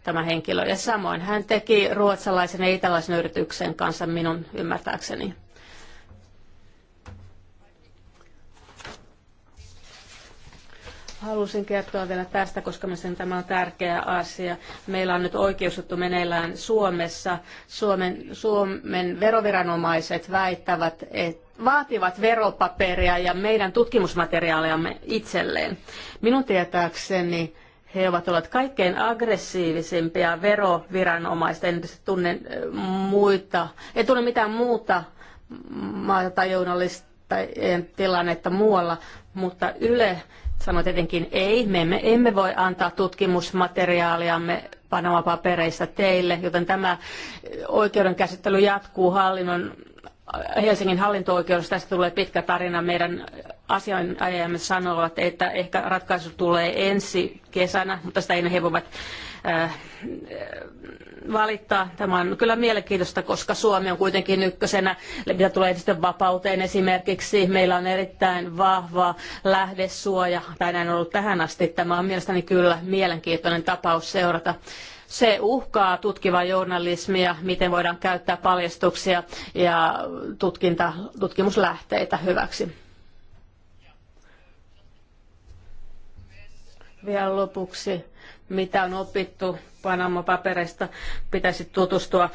tämä henkilö. Ja samoin hän teki ruotsalaisen ja italaisen yrityksen kanssa minun ymmärtääkseni. Halusin kertoa vielä tästä, koska sen tämä on tärkeä asia. Meillä on nyt oikeusjuttu meneillään Suomessa. Suomen, Suomen veroviranomaiset väittävät, että vaativat veropaperia ja meidän tutkimusmateriaaliamme itselleen. Minun tietääkseni he ovat olleet kaikkein aggressiivisimpia veroviranomaista. En tietysti tunne eh, muita, Ei tunne mitään muuta maata tilannetta muualla, mutta Yle sanoi tietenkin ei, me emme, emme voi antaa tutkimusmateriaaliamme Panama-papereista teille, joten tämä eh, oikeudenkäsittely jatkuu hallinnon Helsingin hallinto-oikeudessa tästä tulee pitkä tarina. Meidän asianajajamme sanovat, että ehkä ratkaisu tulee ensi kesänä, mutta sitä ennen he voivat äh, valittaa. Tämä on kyllä mielenkiintoista, koska Suomi on kuitenkin ykkösenä, mitä tulee sitten vapauteen esimerkiksi. Meillä on erittäin vahva lähdesuoja, tai näin on ollut tähän asti. Tämä on mielestäni kyllä mielenkiintoinen tapaus seurata. Se uhkaa tutkivaa journalismia, miten voidaan käyttää paljastuksia ja tutkinta, tutkimuslähteitä hyväksi. Vielä lopuksi mitä on opittu Panama-papereista. Pitäisi tutustua,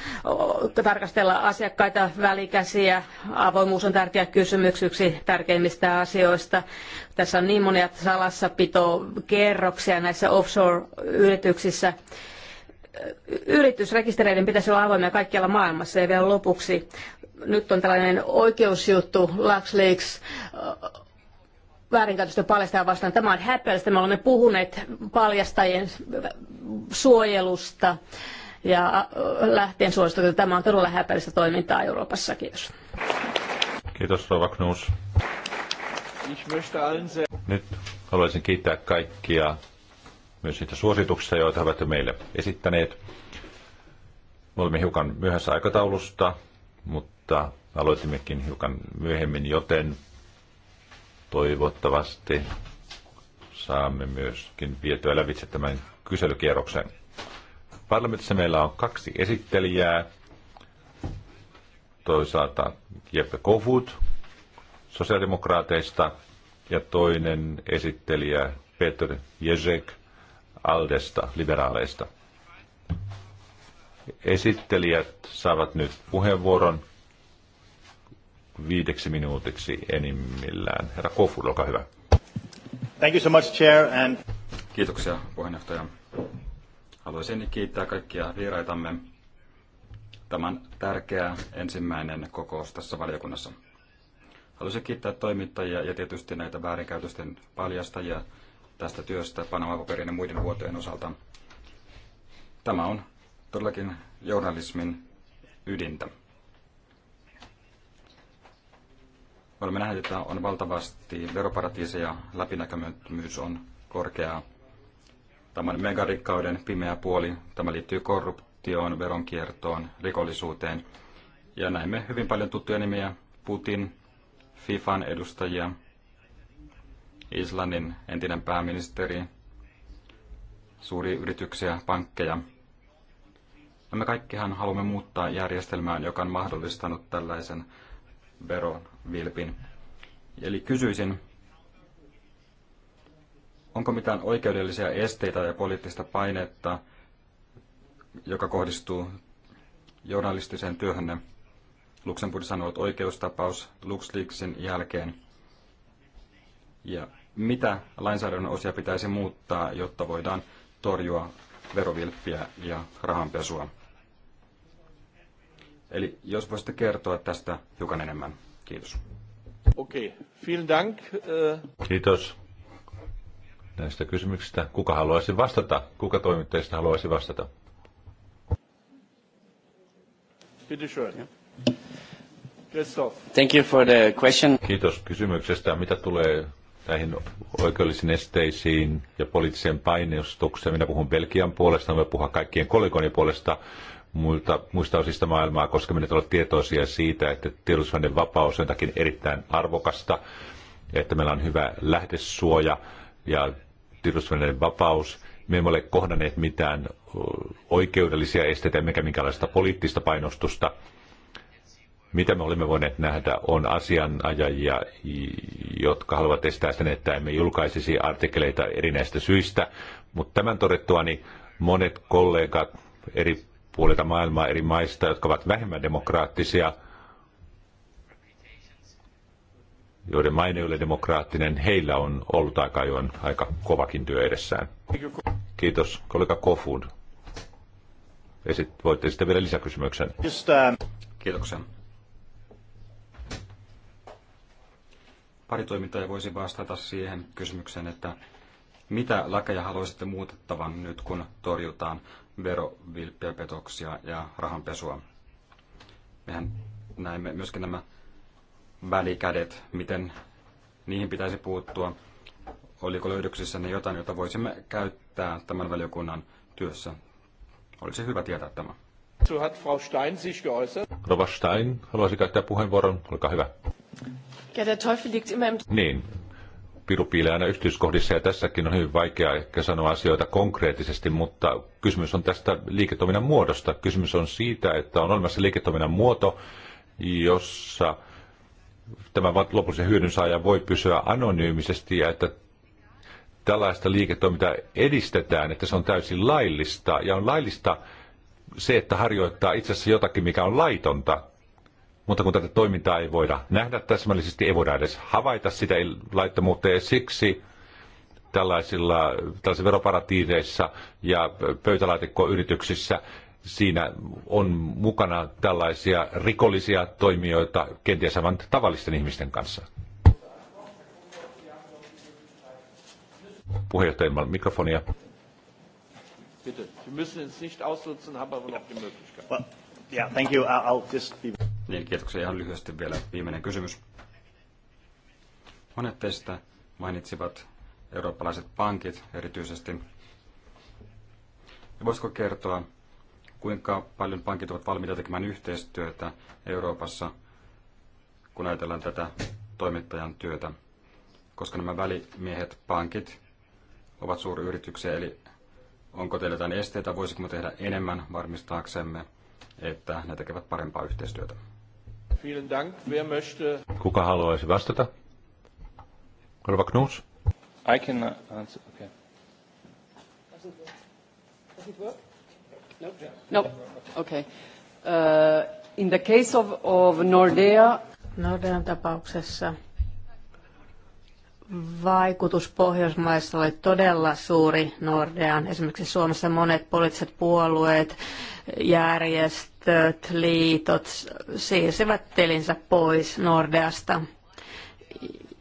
tarkastella asiakkaita, välikäsiä. Avoimuus on tärkeä kysymys, yksi tärkeimmistä asioista. Tässä on niin monia salassapitokerroksia näissä offshore-yrityksissä yritysrekistereiden pitäisi olla avoimia kaikkialla maailmassa. Ja vielä lopuksi, nyt on tällainen oikeusjuttu LuxLeaks äh, väärinkäytöstä paljastajan vastaan. Tämä on häpeällistä. Me olemme puhuneet paljastajien suojelusta ja äh, lähtien suosituksesta. Tämä on todella häpeällistä toimintaa Euroopassa. Kiitos. Kiitos Rova Knus. Nyt haluaisin kiittää kaikkia myös niitä suosituksia joita he ovat meille esittäneet. Me olemme hiukan myöhässä aikataulusta, mutta aloitimmekin hiukan myöhemmin, joten toivottavasti saamme myöskin vietyä lävitse tämän kyselykierroksen. Parlamentissa meillä on kaksi esittelijää. Toisaalta Jeppe Kofut sosiaalidemokraateista ja toinen esittelijä Peter Jezek Aldesta, liberaaleista. Esittelijät saavat nyt puheenvuoron viideksi minuutiksi enimmillään. Herra Kofur, olkaa hyvä. Thank you so much, Chair, and... Kiitoksia puheenjohtaja. Haluaisin kiittää kaikkia vieraitamme. tämän tärkeä ensimmäinen kokous tässä valiokunnassa. Haluaisin kiittää toimittajia ja tietysti näitä väärinkäytösten paljastajia, tästä työstä panama paperin ja muiden vuotojen osalta. Tämä on todellakin journalismin ydintä. Olemme nähneet, että on valtavasti veroparatiiseja, läpinäkymättömyys on korkeaa. Tämä on megarikkauden pimeä puoli. Tämä liittyy korruptioon, veronkiertoon, rikollisuuteen. Ja näemme hyvin paljon tuttuja nimiä. Putin, FIFAn edustajia, Islannin entinen pääministeri, suuri yrityksiä, pankkeja. Ja me kaikkihan haluamme muuttaa järjestelmää, joka on mahdollistanut tällaisen vero-vilpin. Eli kysyisin, onko mitään oikeudellisia esteitä ja poliittista painetta, joka kohdistuu journalistiseen työhönne? Luxemburgissa on ollut oikeustapaus LuxLeaksin jälkeen. Ja mitä lainsäädännön osia pitäisi muuttaa, jotta voidaan torjua verovilppiä ja rahanpesua. Eli jos voisitte kertoa tästä hiukan enemmän. Kiitos. Okei, okay. vielen dank. Äh. Kiitos näistä kysymyksistä. Kuka haluaisi vastata? Kuka toimittajista haluaisi vastata? Thank you for the question. Kiitos kysymyksestä. Mitä tulee näihin oikeudellisiin esteisiin ja poliittiseen painostukseen. Minä puhun Belgian puolesta, minä puhun kaikkien kollegoni puolesta muilta, muista osista maailmaa, koska minä nyt olla tietoisia siitä, että tiedotusvälineen vapaus on jotakin erittäin arvokasta, että meillä on hyvä lähdesuoja ja tiedotusvälineen vapaus. Me emme ole kohdanneet mitään oikeudellisia esteitä, emmekä minkäänlaista poliittista painostusta mitä me olemme voineet nähdä, on asianajajia, jotka haluavat estää sen, että emme julkaisisi artikkeleita erinäistä syistä. Mutta tämän todettua, niin monet kollegat eri puolilta maailmaa, eri maista, jotka ovat vähemmän demokraattisia, joiden maine ole demokraattinen, heillä on ollut aika ajoin aika kovakin työ edessään. Kiitos, kollega Kofun. Ja sit voitte sitten vielä lisäkysymyksen. Äh, Kiitoksia. paritoimittaja voisi vastata siihen kysymykseen, että mitä lakeja haluaisitte muutettavan nyt, kun torjutaan verovilppiä, petoksia ja rahanpesua? Mehän näemme myöskin nämä välikädet, miten niihin pitäisi puuttua. Oliko ne jotain, jota voisimme käyttää tämän valiokunnan työssä? Olisi hyvä tietää tämä. Rova Stein, haluaisi käyttää puheenvuoron. Olkaa hyvä. Ja der Teufel liegt immer im... Niin, piru piilee aina yksityiskohdissa ja tässäkin on hyvin vaikea ehkä sanoa asioita konkreettisesti, mutta kysymys on tästä liiketoiminnan muodosta. Kysymys on siitä, että on olemassa liiketoiminnan muoto, jossa tämä lopullisen hyödyn saaja voi pysyä anonyymisesti ja että tällaista liiketoimintaa edistetään, että se on täysin laillista ja on laillista se, että harjoittaa itse asiassa jotakin, mikä on laitonta mutta kun tätä toimintaa ei voida nähdä täsmällisesti, ei voida edes havaita sitä laittomuutta, ja siksi tällaisilla, tällaisilla veroparatiiseissa ja pöytälaatikkoyrityksissä siinä on mukana tällaisia rikollisia toimijoita kenties aivan tavallisten ihmisten kanssa. Puheenjohtaja ilman mikrofonia. Bitte. Sie müssen es nicht ausnutzen, haben aber noch die Möglichkeit. Well, yeah, thank you. I'll just be... Niin, kiitoksia. Ihan lyhyesti vielä viimeinen kysymys. Monet teistä mainitsivat eurooppalaiset pankit erityisesti. Voisiko kertoa, kuinka paljon pankit ovat valmiita tekemään yhteistyötä Euroopassa, kun ajatellaan tätä toimittajan työtä? Koska nämä välimiehet pankit ovat suuryrityksiä, eli onko teillä jotain esteitä, me tehdä enemmän varmistaaksemme, että ne tekevät parempaa yhteistyötä? Kuka haluaisi vastata? Rova Knus? I can uh, answer. Okay. Does it work? Does it work? No. No. Okay. Uh, in the case of, of Nordea... Nordean tapauksessa vaikutus Pohjoismaissa oli todella suuri Nordean. Esimerkiksi Suomessa monet poliittiset puolueet, järjestöt, järjestöt, liitot siirsivät tilinsä pois Nordeasta.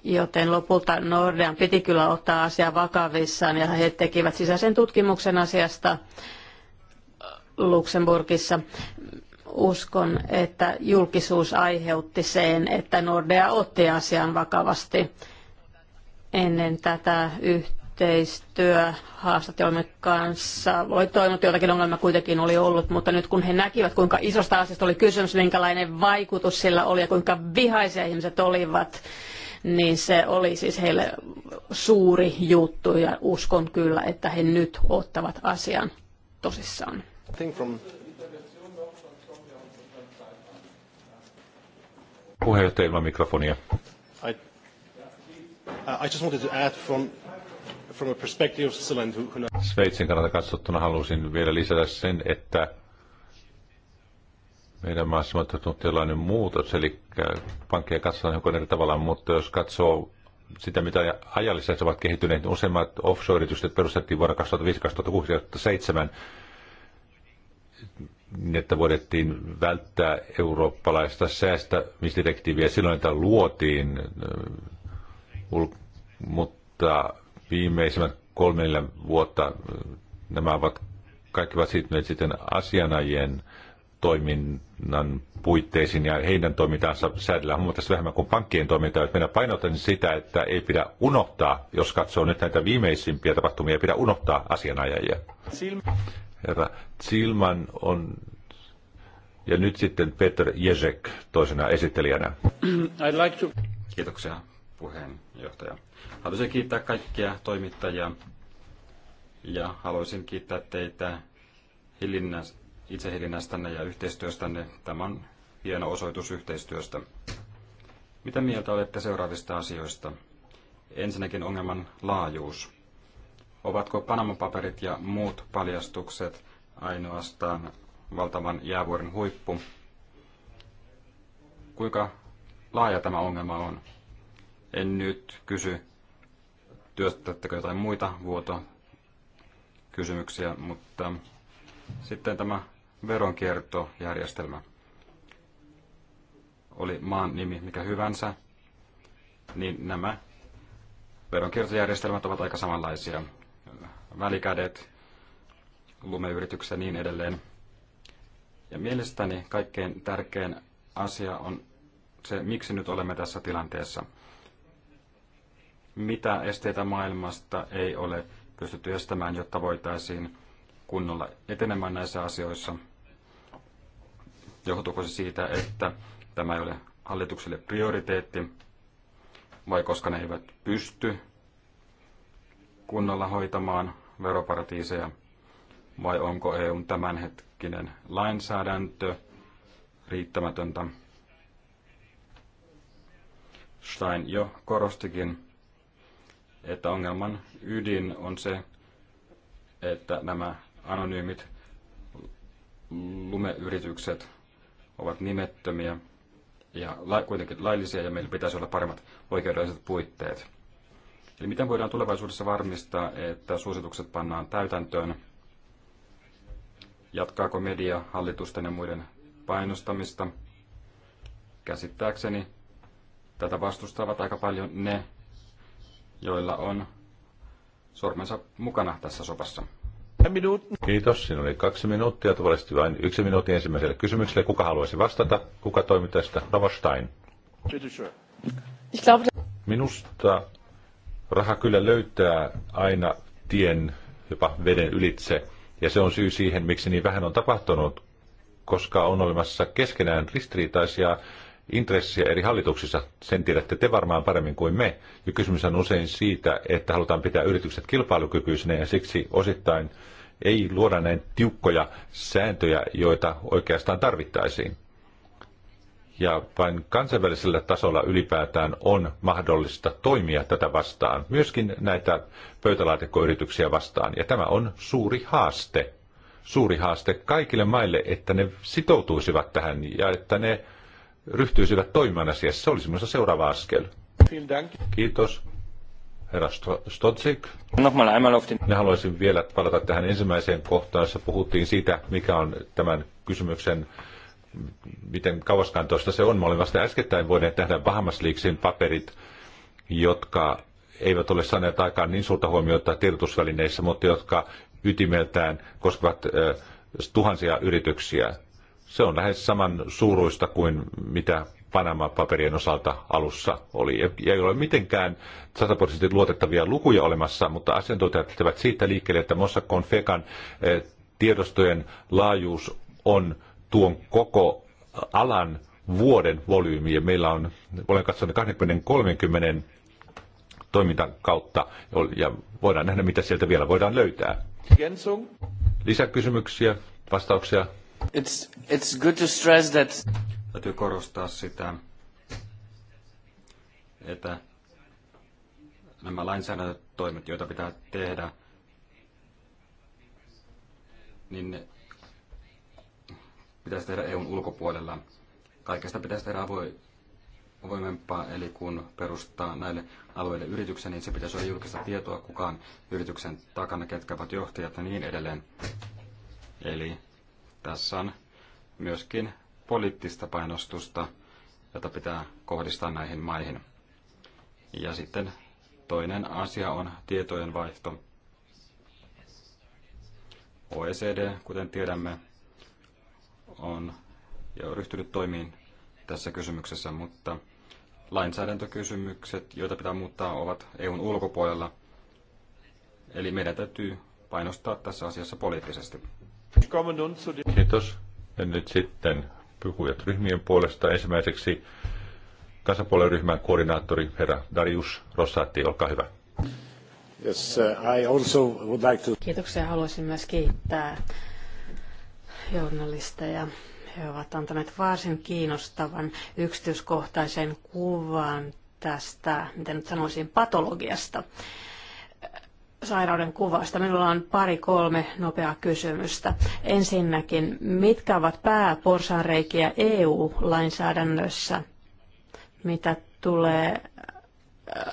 Joten lopulta Nordean piti kyllä ottaa asia vakavissaan ja he tekivät sisäisen tutkimuksen asiasta Luxemburgissa. Uskon, että julkisuus aiheutti sen, että Nordea otti asian vakavasti ennen tätä yhteyttä yhteistyö haastattelumme kanssa oli toiminut, jotakin ongelma kuitenkin oli ollut, mutta nyt kun he näkivät, kuinka isosta asiasta oli kysymys, minkälainen vaikutus sillä oli ja kuinka vihaisia ihmiset olivat, niin se oli siis heille suuri juttu ja uskon kyllä, että he nyt ottavat asian tosissaan. Puheenjohtaja ilman mikrofonia. Uh, I just wanted to add from from a perspective of Switzerland, who... Sveitsin kannalta katsottuna halusin vielä lisätä sen, että meidän maassa on tullut jollainen muutos, eli äh, pankkeja katsotaan hiukan eri tavalla, mutta jos katsoo sitä, mitä ajallisesti ovat kehittyneet, niin useimmat offshore-yritykset perustettiin vuonna 2005-2006 niin, että voidettiin välttää eurooppalaista säästämisdirektiiviä silloin, että luotiin, äh, mutta viimeisimmät kolme vuotta nämä ovat kaikki ovat siirtyneet sitten asianajien toiminnan puitteisiin ja heidän toimintaansa säädellä huomattavasti vähemmän kuin pankkien toimintaa. minä painotan sitä, että ei pidä unohtaa, jos katsoo nyt näitä viimeisimpiä tapahtumia, ei pidä unohtaa asianajajia. Herra Zilman on ja nyt sitten Peter Jezek toisena esittelijänä. I'd like to... Kiitoksia puheenjohtaja. Haluaisin kiittää kaikkia toimittajia ja haluaisin kiittää teitä hillinnä, itsehillinnästänne ja yhteistyöstänne. Tämä on hieno osoitus yhteistyöstä. Mitä mieltä olette seuraavista asioista? Ensinnäkin ongelman laajuus. Ovatko Panama-paperit ja muut paljastukset ainoastaan valtavan jäävuoren huippu? Kuinka laaja tämä ongelma on? En nyt kysy, työstättekö jotain muita vuotokysymyksiä, mutta sitten tämä veronkiertojärjestelmä oli maan nimi mikä hyvänsä, niin nämä veronkiertojärjestelmät ovat aika samanlaisia. Välikädet, lumeyrityksiä ja niin edelleen. Ja mielestäni kaikkein tärkein asia on se, miksi nyt olemme tässä tilanteessa – mitä esteitä maailmasta ei ole pystytty estämään, jotta voitaisiin kunnolla etenemään näissä asioissa. Johtuuko se siitä, että tämä ei ole hallitukselle prioriteetti, vai koska ne eivät pysty kunnolla hoitamaan veroparatiiseja, vai onko EUn tämänhetkinen lainsäädäntö riittämätöntä? Stein jo korostikin että ongelman ydin on se, että nämä anonyymit lumeyritykset ovat nimettömiä ja la- kuitenkin laillisia ja meillä pitäisi olla paremmat oikeudelliset puitteet. Eli miten voidaan tulevaisuudessa varmistaa, että suositukset pannaan täytäntöön? Jatkaako media hallitusten ja muiden painostamista? Käsittääkseni tätä vastustavat aika paljon ne, joilla on sormensa mukana tässä sopassa. Kiitos. Siinä oli kaksi minuuttia. Tavallisesti vain yksi minuutti ensimmäiselle kysymykselle. Kuka haluaisi vastata? Kuka toimi tästä? Ravostain. Minusta raha kyllä löytää aina tien jopa veden ylitse. Ja se on syy siihen, miksi niin vähän on tapahtunut, koska on olemassa keskenään ristiriitaisia intressiä eri hallituksissa. Sen tiedätte te varmaan paremmin kuin me. Ja kysymys on usein siitä, että halutaan pitää yritykset kilpailukykyisinä ja siksi osittain ei luoda näin tiukkoja sääntöjä, joita oikeastaan tarvittaisiin. Ja vain kansainvälisellä tasolla ylipäätään on mahdollista toimia tätä vastaan, myöskin näitä pöytälaatikkoyrityksiä vastaan. Ja tämä on suuri haaste. Suuri haaste kaikille maille, että ne sitoutuisivat tähän ja että ne ryhtyisivät toimimaan asiassa. Se olisi minusta seuraava askel. Kiitos. Herra Stotzik. Minä haluaisin vielä palata tähän ensimmäiseen kohtaan, jossa puhuttiin siitä, mikä on tämän kysymyksen miten kauaskantoista se on. Me olemme vasta äskettäin voineet tehdä Bahamasliiksin paperit, jotka eivät ole saaneet aikaan niin suurta huomiota tiedotusvälineissä, mutta jotka ytimeltään koskevat äh, tuhansia yrityksiä. Se on lähes saman suuruista kuin mitä Panama-paperien osalta alussa oli. Ja ei ole mitenkään sataprosenttisesti luotettavia lukuja olemassa, mutta asiantuntijat lähtevät siitä liikkeelle, että Mossack fekan eh, tiedostojen laajuus on tuon koko alan vuoden volyymi. Ja meillä on, olen katsonut 20-30 toimintan kautta, ja voidaan nähdä, mitä sieltä vielä voidaan löytää. Lisäkysymyksiä, vastauksia? It's, it's good to stress that... Täytyy korostaa sitä, että nämä lainsäädäntötoimet, joita pitää tehdä, niin ne pitäisi tehdä EUn ulkopuolella. Kaikesta pitäisi tehdä avoin, avoimempaa, eli kun perustaa näille alueille yrityksen, niin se pitäisi olla julkista tietoa, kukaan yrityksen takana, ketkä ovat johtajat ja niin edelleen. Eli tässä on myöskin poliittista painostusta, jota pitää kohdistaa näihin maihin. Ja sitten toinen asia on tietojen vaihto. OECD, kuten tiedämme, on jo ryhtynyt toimiin tässä kysymyksessä, mutta lainsäädäntökysymykset, joita pitää muuttaa, ovat EUn ulkopuolella. Eli meidän täytyy painostaa tässä asiassa poliittisesti. Kiitos. Ja nyt sitten puhujat ryhmien puolesta. Ensimmäiseksi kansanpuolen ryhmän koordinaattori herra Darius Rossatti, olkaa hyvä. Yes, uh, I also would like to... Kiitoksia. Haluaisin myös kiittää journalisteja. He ovat antaneet varsin kiinnostavan yksityiskohtaisen kuvan tästä, miten nyt sanoisin, patologiasta, sairauden kuvasta. Minulla on pari-kolme nopeaa kysymystä. Ensinnäkin, mitkä ovat pääporsanreikiä EU-lainsäädännössä, mitä tulee äh,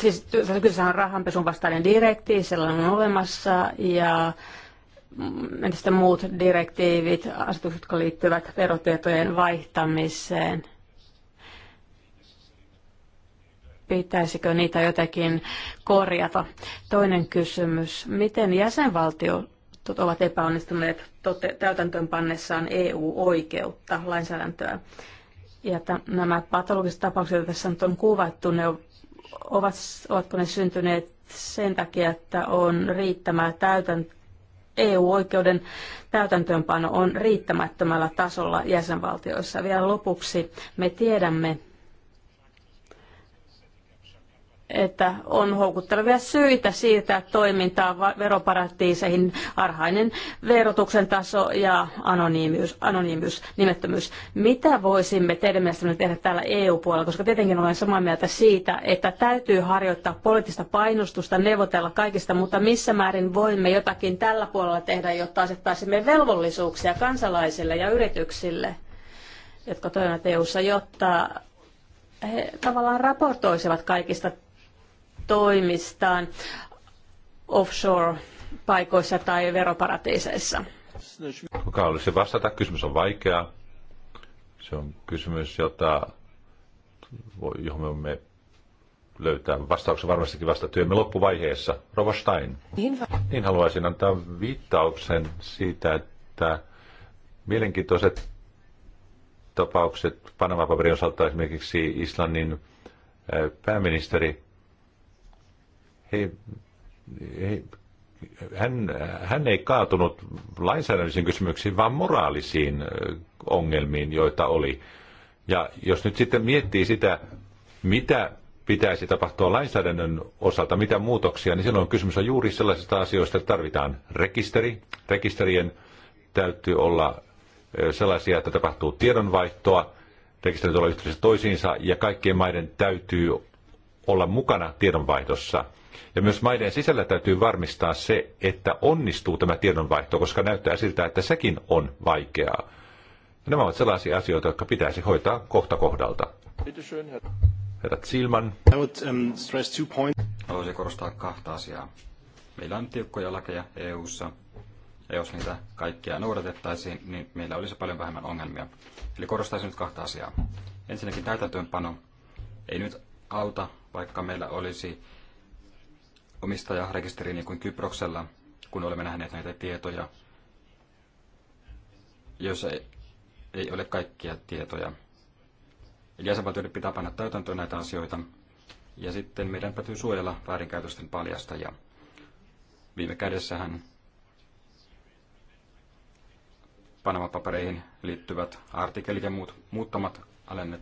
Siis, se on rahanpesun vastainen direktiivi, sellainen on olemassa, ja mm, entä muut direktiivit, asetukset, jotka liittyvät verotietojen vaihtamiseen. pitäisikö niitä jotenkin korjata. Toinen kysymys, miten jäsenvaltio ovat epäonnistuneet tote- täytäntöönpannessaan EU-oikeutta, lainsäädäntöä. Ja nämä patologiset tapaukset, joita tässä nyt on kuvattu, ne ovat, ovatko ne syntyneet sen takia, että on riittämää täytäntö, EU-oikeuden täytäntöönpano on riittämättömällä tasolla jäsenvaltioissa. Vielä lopuksi me tiedämme, että on houkuttelevia syitä siirtää toimintaa veroparatiiseihin arhainen verotuksen taso ja anonyymiys, anonyymiys nimettömyys. Mitä voisimme teidän mielestänne tehdä täällä EU-puolella, koska tietenkin olen samaa mieltä siitä, että täytyy harjoittaa poliittista painostusta, neuvotella kaikista, mutta missä määrin voimme jotakin tällä puolella tehdä, jotta asettaisimme velvollisuuksia kansalaisille ja yrityksille, jotka toimivat EU-ssa, jotta he tavallaan raportoisivat kaikista toimistaan offshore-paikoissa tai veroparatiiseissa? Kuka olisi vastata? Kysymys on vaikea. Se on kysymys, jota, johon me löytää vastauksen varmastikin vasta työmme loppuvaiheessa. Rova Stein. Niin, niin haluaisin antaa viittauksen siitä, että mielenkiintoiset tapaukset Panama-paperin osalta esimerkiksi Islannin pääministeri he, he, hän, hän ei kaatunut lainsäädännöllisiin kysymyksiin, vaan moraalisiin ongelmiin, joita oli. Ja jos nyt sitten miettii sitä, mitä pitäisi tapahtua lainsäädännön osalta, mitä muutoksia, niin silloin kysymys on juuri sellaisista asioista, että tarvitaan rekisteri. Rekisterien täytyy olla sellaisia, että tapahtuu tiedonvaihtoa, rekisterit olla yhteydessä toisiinsa ja kaikkien maiden täytyy olla mukana tiedonvaihdossa – ja myös maiden sisällä täytyy varmistaa se, että onnistuu tämä tiedonvaihto, koska näyttää siltä, että sekin on vaikeaa. Ja nämä ovat sellaisia asioita, jotka pitäisi hoitaa kohta kohdalta. Herra Silman. Um, Haluaisin korostaa kahta asiaa. Meillä on tiukkoja lakeja EU-ssa, ja jos niitä kaikkia noudatettaisiin, niin meillä olisi paljon vähemmän ongelmia. Eli korostaisin nyt kahta asiaa. Ensinnäkin täytäntöönpano ei nyt auta, vaikka meillä olisi omistajarekisteriin niin kuin Kyproksella, kun olemme nähneet näitä tietoja, jos ei, ei ole kaikkia tietoja. Eli jäsenvaltioiden pitää panna täytäntöön näitä asioita, ja sitten meidän täytyy suojella väärinkäytösten paljastajia. Viime kädessähän Panama-papereihin liittyvät artikkelit ja muut muuttamat alennet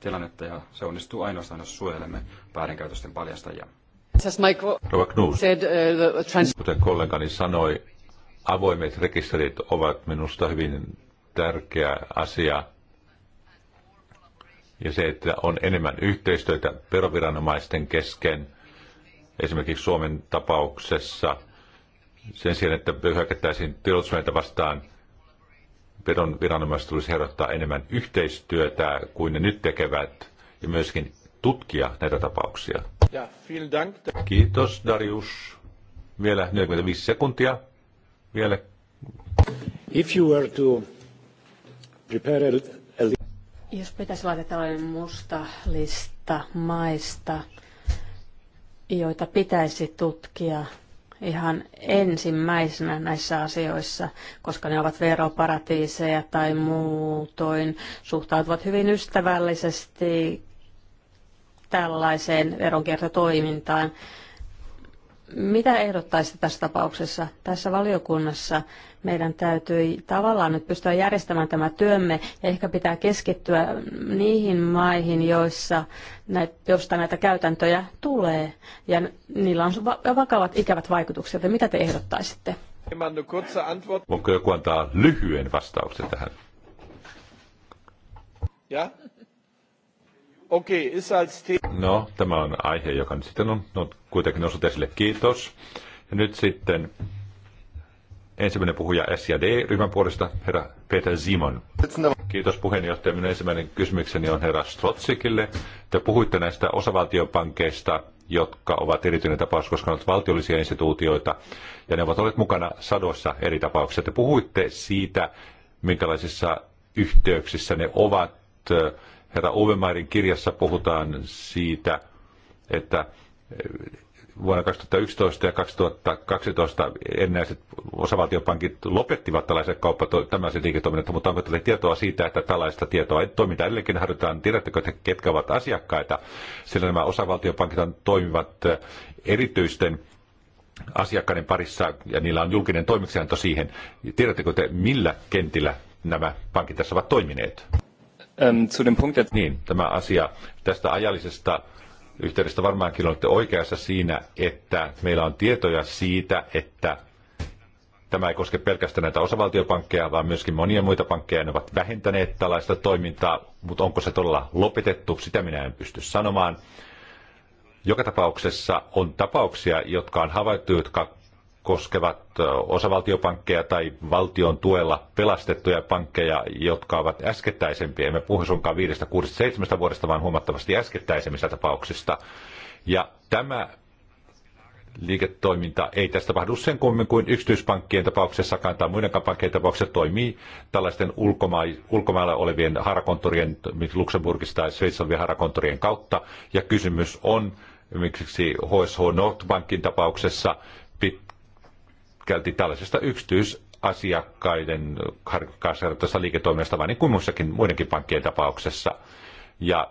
tilannetta, ja se onnistuu ainoastaan, jos suojelemme väärinkäytösten paljastajia. Rova Knuus, uh, kuten kollegani sanoi, avoimet rekisterit ovat minusta hyvin tärkeä asia. Ja se, että on enemmän yhteistyötä veroviranomaisten kesken, esimerkiksi Suomen tapauksessa, sen sijaan, että hyökättäisiin tilotusmeiltä vastaan, veron viranomaiset tulisi herottaa enemmän yhteistyötä kuin ne nyt tekevät, ja myöskin tutkia näitä tapauksia. Ja, dank. Kiitos Darius. Vielä 45 sekuntia. Vielä. If you were to prepare a... Jos pitäisi laittaa tällainen musta lista maista, joita pitäisi tutkia ihan ensimmäisenä näissä asioissa, koska ne ovat veroparatiiseja tai muutoin, suhtautuvat hyvin ystävällisesti tällaiseen veronkiertotoimintaan. Mitä ehdottaisitte tässä tapauksessa? Tässä valiokunnassa meidän täytyy tavallaan nyt pystyä järjestämään tämä työmme ja ehkä pitää keskittyä niihin maihin, joissa näitä, josta näitä käytäntöjä tulee. Ja niillä on vakavat ikävät vaikutukset, mitä te ehdottaisitte? Onko joku antaa lyhyen vastauksen tähän? Ja? Okei, okay, No, tämä on aihe, joka nyt sitten on no, kuitenkin noussut esille. Kiitos. Ja nyt sitten ensimmäinen puhuja SJD-ryhmän puolesta, herra Peter Simon. Kiitos puheenjohtaja. Minun ensimmäinen kysymykseni on herra Strotsikille. Te puhuitte näistä osavaltiopankkeista, jotka ovat erityinen tapaus, koska ne ovat valtiollisia instituutioita, ja ne ovat olleet mukana sadoissa eri tapauksissa. Te puhuitte siitä, minkälaisissa yhteyksissä ne ovat Herra Ovemairin kirjassa puhutaan siitä, että eh, vuonna 2011 ja 2012 ennäiset osavaltiopankit lopettivat tällaiset tämmöiset liiketoiminnan, mutta onko teille tietoa siitä, että tällaista tietoa toimintaa edelleenkin harjoitetaan? Tiedättekö, että ketkä ovat asiakkaita? Sillä nämä osavaltiopankit on, toimivat eh, erityisten asiakkaiden parissa ja niillä on julkinen toimeksianto siihen. Tiedättekö te, millä kentillä nämä pankit tässä ovat toimineet? ähm, zu dem Punkt, että... Niin, tämä asia tästä ajallisesta yhteydestä varmaankin olette oikeassa siinä, että meillä on tietoja siitä, että tämä ei koske pelkästään näitä osavaltiopankkeja, vaan myöskin monia muita pankkeja. Ne ovat vähentäneet tällaista toimintaa, mutta onko se todella lopetettu, sitä minä en pysty sanomaan. Joka tapauksessa on tapauksia, jotka on havaittu, jotka koskevat osavaltiopankkeja tai valtion tuella pelastettuja pankkeja, jotka ovat äskettäisempiä. Emme puhu sunkaan 5, 6, 7 vuodesta, vaan huomattavasti äskettäisemmistä tapauksista. Ja tämä liiketoiminta ei tästä tapahdu sen kummin kuin yksityispankkien tapauksessakaan tai muidenkaan pankkien tapauksessa toimii tällaisten ulkoma- ulkomailla olevien harakonttorien, Luxemburgista tai Sveitsalvien harakonttorien kautta. Ja kysymys on miksi HSH Nordbankin tapauksessa pitkälti tällaisesta yksityisasiakkaiden harkkaasarjoittajasta liiketoiminnasta, vaan niin kuin muissakin muidenkin pankkien tapauksessa. Ja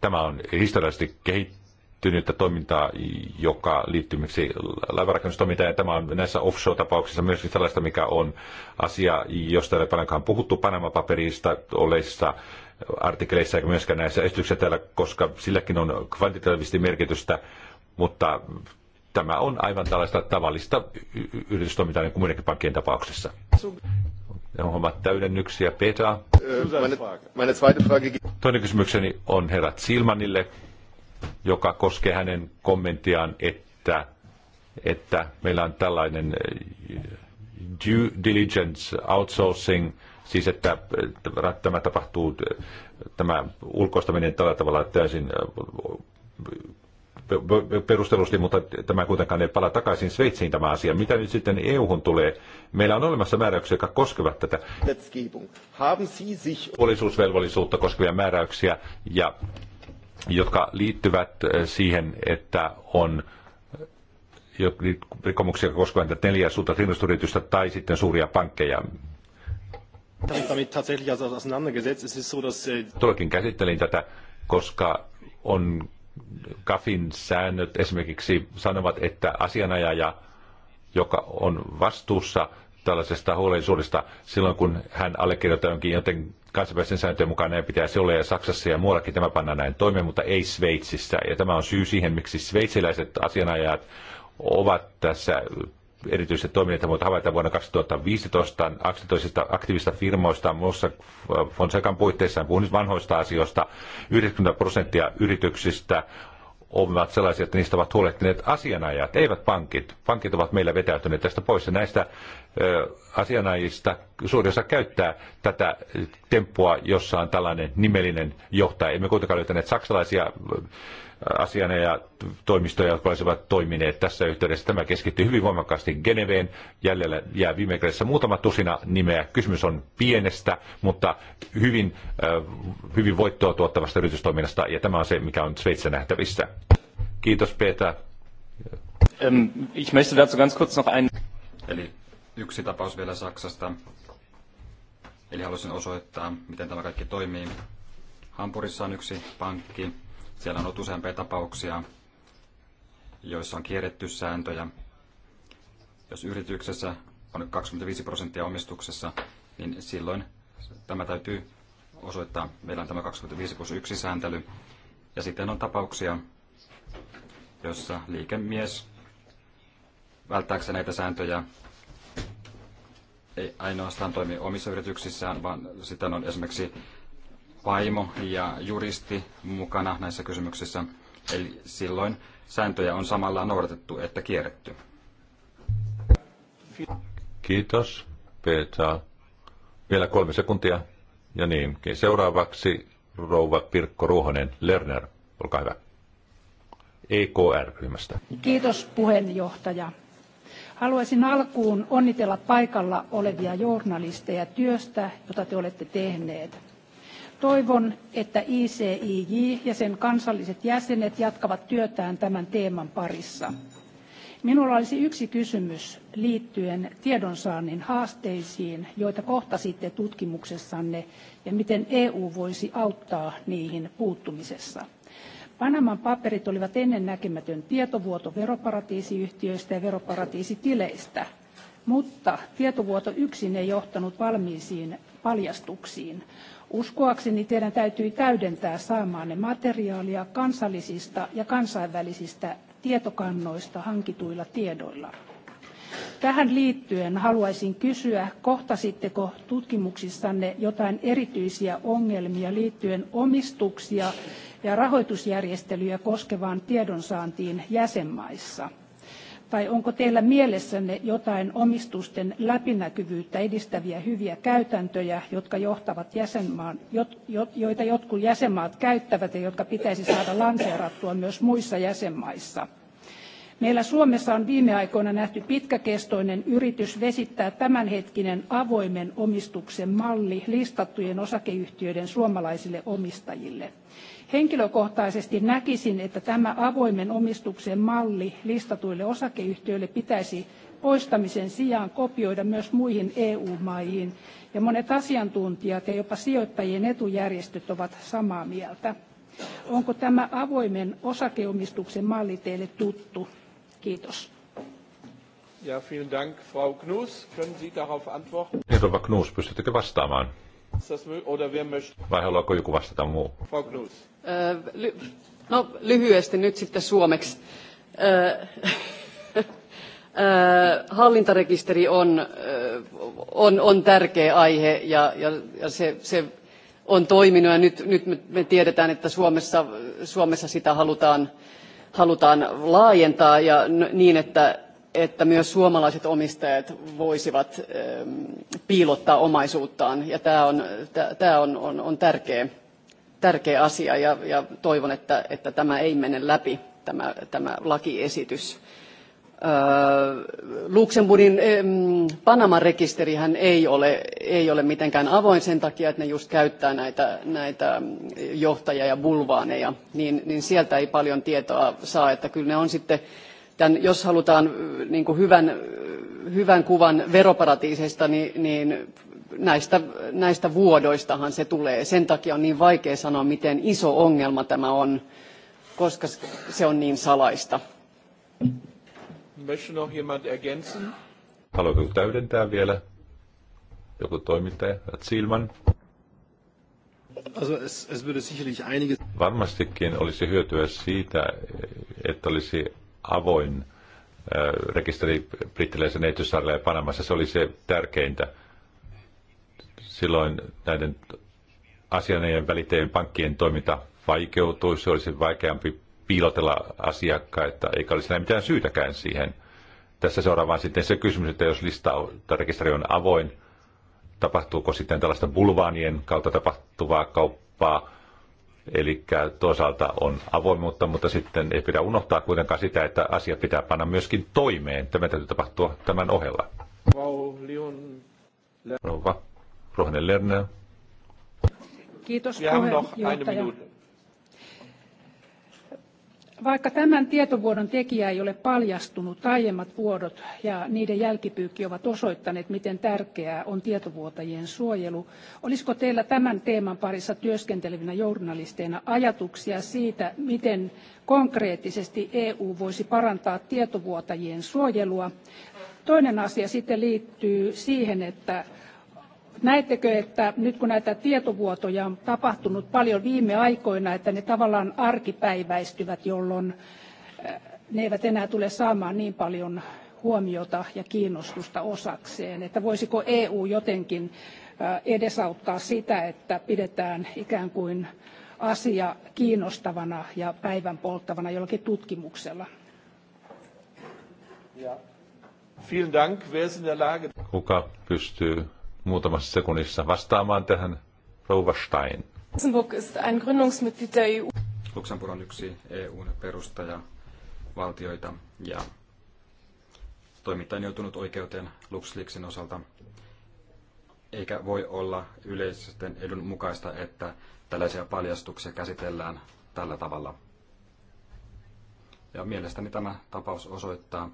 tämä on historiallisesti kehittynyttä toimintaa, joka liittyy miksi laivarakennustoimintaan, ja tämä on näissä offshore-tapauksissa myös sellaista, mikä on asia, josta ei ole paljonkaan puhuttu Panama-paperista oleissa artikkeleissa eikä myöskään näissä esityksissä täällä, koska silläkin on kvantitatiivisesti merkitystä, mutta tämä on aivan tällaista tavallista yritystoimintaa niin kuin muidenkin pankkien tapauksessa. Ne on Hommat täydennyksiä, Petra. Toinen kysymykseni on herrat Silmanille, joka koskee hänen kommenttiaan, että, että meillä on tällainen eh, due diligence outsourcing, siis että tämä tapahtuu, eh, tämä ulkoistaminen tällä tavalla täysin eh, perustelusti, mutta tämä kuitenkaan ei pala takaisin Sveitsiin tämä asia. Mitä nyt sitten EUhun tulee? Meillä on olemassa määräyksiä, jotka koskevat tätä puolisuusvelvollisuutta koskevia määräyksiä, ja jotka liittyvät äh, siihen, että on äh, rikkomuksia koskevan tätä neljä suurta yritystä tai sitten suuria pankkeja. Äh, Todellakin käsittelin tätä, koska on Kafin säännöt esimerkiksi sanovat, että asianajaja, joka on vastuussa tällaisesta huolellisuudesta silloin, kun hän allekirjoittaa jonkin, joten kansainvälisen sääntöjen mukaan näin pitäisi olla, ja Saksassa ja muuallakin tämä panna näin toimeen, mutta ei Sveitsissä. Ja tämä on syy siihen, miksi sveitsiläiset asianajajat ovat tässä erityisesti toimijat voivat havaita vuonna 2015 aktiivisista, aktiivisista firmoista, muussa Fonsecan puitteissa, puhun nyt vanhoista asioista, 90 prosenttia yrityksistä ovat sellaisia, että niistä ovat huolehtineet asianajat, eivät pankit. Pankit ovat meillä vetäytyneet tästä pois ja näistä ö, asianajista suuri osa käyttää tätä temppua, jossa on tällainen nimellinen johtaja. Emme kuitenkaan löytäneet saksalaisia asiana ja toimistoja, jotka olisivat toimineet tässä yhteydessä. Tämä keskittyy hyvin voimakkaasti Geneveen. Jäljellä jää viime kädessä muutama tusina nimeä. Kysymys on pienestä, mutta hyvin, äh, hyvin voittoa tuottavasta yritystoiminnasta, ja tämä on se, mikä on Sveitsissä nähtävissä. Kiitos, Peter. Ähm, ich möchte dazu ganz kurz noch ein... Eli yksi tapaus vielä Saksasta. Eli halusin osoittaa, miten tämä kaikki toimii. Hampurissa on yksi pankki, siellä on ollut useampia tapauksia, joissa on kierretty sääntöjä. Jos yrityksessä on 25 prosenttia omistuksessa, niin silloin tämä täytyy osoittaa. Meillä on tämä 25 plus 1 sääntely. Ja sitten on tapauksia, jossa liikemies välttääkseen näitä sääntöjä ei ainoastaan toimi omissa yrityksissään, vaan sitten on esimerkiksi vaimo ja juristi mukana näissä kysymyksissä, eli silloin sääntöjä on samalla noudatettu että kierretty. Kiitos, Peeta. Vielä kolme sekuntia. Ja niin, niin, seuraavaksi rouva Pirkko Ruohonen Lerner, olkaa hyvä. EKR-ryhmästä. Kiitos puheenjohtaja. Haluaisin alkuun onnitella paikalla olevia journalisteja työstä, jota te olette tehneet. Toivon, että ICIJ ja sen kansalliset jäsenet jatkavat työtään tämän teeman parissa. Minulla olisi yksi kysymys liittyen tiedonsaannin haasteisiin, joita kohtasitte tutkimuksessanne ja miten EU voisi auttaa niihin puuttumisessa. Panaman paperit olivat ennennäkemätön tietovuoto veroparatiisiyhtiöistä ja veroparatiisitileistä, mutta tietovuoto yksin ei johtanut valmiisiin paljastuksiin. Uskoakseni teidän täytyy täydentää saamaanne materiaalia kansallisista ja kansainvälisistä tietokannoista hankituilla tiedoilla. Tähän liittyen haluaisin kysyä, kohtasitteko tutkimuksissanne jotain erityisiä ongelmia liittyen omistuksia ja rahoitusjärjestelyjä koskevaan tiedonsaantiin jäsenmaissa? tai onko teillä mielessänne jotain omistusten läpinäkyvyyttä edistäviä hyviä käytäntöjä, jotka johtavat jäsenmaan, joita jotkut jäsenmaat käyttävät ja jotka pitäisi saada lanseerattua myös muissa jäsenmaissa? Meillä Suomessa on viime aikoina nähty pitkäkestoinen yritys vesittää tämänhetkinen avoimen omistuksen malli listattujen osakeyhtiöiden suomalaisille omistajille. Henkilökohtaisesti näkisin, että tämä avoimen omistuksen malli listatuille osakeyhtiöille pitäisi poistamisen sijaan kopioida myös muihin EU-maihin, ja monet asiantuntijat ja jopa sijoittajien etujärjestöt ovat samaa mieltä. Onko tämä avoimen osakeomistuksen malli teille tuttu? Kiitos. Ja, vielen Dank, Frau Knus. Können Sie darauf antworten? Niin, Rova Knus, pystyttekö vastaamaan? Vai haluaako joku vastata muu? Frau Knus. No lyhyesti nyt sitten suomeksi. Hallintarekisteri on, on, on tärkeä aihe ja, ja, ja se, se on toiminut ja nyt, nyt me tiedetään, että Suomessa, Suomessa sitä halutaan, halutaan laajentaa ja niin, että, että myös suomalaiset omistajat voisivat piilottaa omaisuuttaan ja tämä on, tämä on, on, on tärkeä tärkeä asia ja, ja toivon, että, että, tämä ei mene läpi, tämä, tämä lakiesitys. Öö, Luxemburgin Panaman rekisterihän ei ole, ei ole mitenkään avoin sen takia, että ne just käyttää näitä, näitä johtajia ja bulvaaneja, niin, niin sieltä ei paljon tietoa saa, että kyllä ne on sitten Tämän, jos halutaan niin hyvän, hyvän, kuvan veroparatiiseista, niin, niin näistä, näistä vuodoistahan se tulee. Sen takia on niin vaikea sanoa, miten iso ongelma tämä on, koska se on niin salaista. Haluatko täydentää vielä? Joku toimittaja, Silman. Varmastikin olisi hyötyä siitä, että olisi avoin äh, rekisteri brittiläisen neitsyyssaarella ja Panamassa. Se oli se tärkeintä silloin näiden asianajien välittäjien pankkien toiminta se olisi vaikeampi piilotella asiakkaita, eikä olisi näin mitään syytäkään siihen. Tässä seuraavaan sitten se kysymys, että jos lista tai rekisteri on avoin, tapahtuuko sitten tällaista bulvaanien kautta tapahtuvaa kauppaa, Eli toisaalta on avoimuutta, mutta sitten ei pidä unohtaa kuitenkaan sitä, että asia pitää panna myöskin toimeen. Tämä täytyy tapahtua tämän ohella. Rouva Lerner. Kiitos puheenjohtaja. Vaikka tämän tietovuodon tekijä ei ole paljastunut, aiemmat vuodot ja niiden jälkipyykki ovat osoittaneet, miten tärkeää on tietovuotajien suojelu. Olisiko teillä tämän teeman parissa työskentelevinä journalisteina ajatuksia siitä, miten konkreettisesti EU voisi parantaa tietovuotajien suojelua? Toinen asia sitten liittyy siihen, että näettekö että nyt kun näitä tietovuotoja on tapahtunut paljon viime aikoina että ne tavallaan arkipäiväistyvät jolloin eh, ne eivät enää tule saamaan niin paljon huomiota ja kiinnostusta osakseen että voisiko EU jotenkin eh, edesauttaa sitä että pidetään ikään kuin asia kiinnostavana ja päivän polttavana jollakin tutkimuksella. Kuka pystyy muutamassa sekunnissa vastaamaan tähän Rouva Stein. Luxemburg ist ein Gründungsmitglied der EU. Luxemburg on yksi EUn perustajavaltioita ja toimittaja on joutunut oikeuteen LuxLeaksin osalta. Eikä voi olla yleisten edun mukaista, että tällaisia paljastuksia käsitellään tällä tavalla. Ja mielestäni tämä tapaus osoittaa,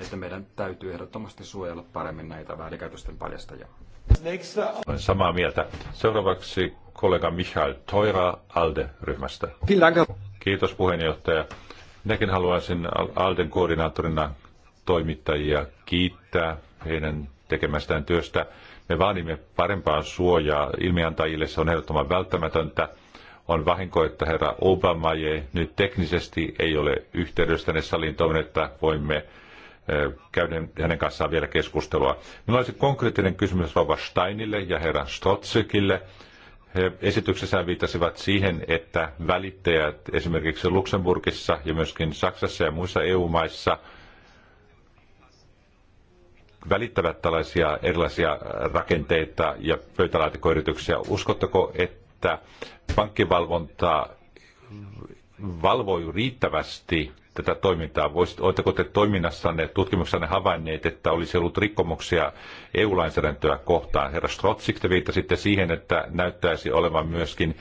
että meidän täytyy ehdottomasti suojella paremmin näitä väärinkäytösten paljastajia. Olen samaa mieltä. Seuraavaksi kollega Michael Toira ALDE-ryhmästä. Kiitos puheenjohtaja. Minäkin haluaisin ALDEn koordinaattorina toimittajia kiittää heidän tekemästään työstä. Me vaadimme parempaa suojaa ilmiantajille, se on ehdottoman välttämätöntä. On vahinko, että herra Obama nyt teknisesti ei ole yhteydessä tänne saliin toivon, että voimme käyden hänen kanssaan vielä keskustelua. Minulla olisi konkreettinen kysymys Vava Steinille ja herra Stotzekille. He esityksessään viittasivat siihen, että välittäjät esimerkiksi Luxemburgissa ja myöskin Saksassa ja muissa EU-maissa välittävät tällaisia erilaisia rakenteita ja pöytälaatikoyrityksiä. Uskotteko, että pankkivalvonta valvoi riittävästi tätä toimintaa. oletteko te toiminnassanne, tutkimuksessanne havainneet, että olisi ollut rikkomuksia EU-lainsäädäntöä kohtaan? Herra Strotsik, te viittasitte siihen, että näyttäisi olevan myöskin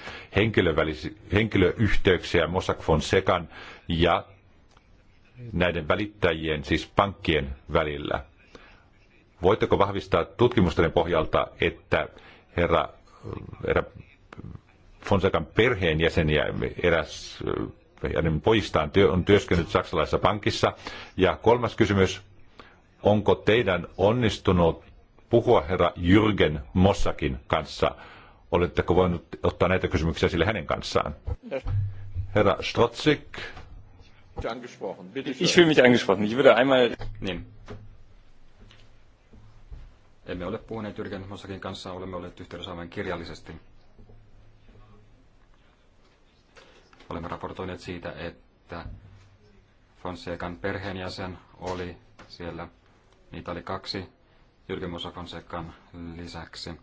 henkilöyhteyksiä Mossack Fonsecan ja näiden välittäjien, siis pankkien välillä. Voitteko vahvistaa tutkimusten pohjalta, että herra, herra Fonsekan perheenjäseniä eräs koska hänen niin pojistaan työ, on työskennellyt saksalaisessa pankissa. Ja kolmas kysymys, onko teidän onnistunut puhua herra Jürgen Mossakin kanssa? Oletteko voinut ottaa näitä kysymyksiä sille hänen kanssaan? Herra Strotzik. Ich fühle mich angesprochen. Ich würde einmal... Niin. Emme ole puhuneet Jürgen Mossakin kanssa, olemme olleet yhteydessä aivan kirjallisesti. Olemme raportoineet siitä, että Fonsecan perheenjäsen oli siellä. Niitä oli kaksi Jyrki Musa Fonsecan lisäksi.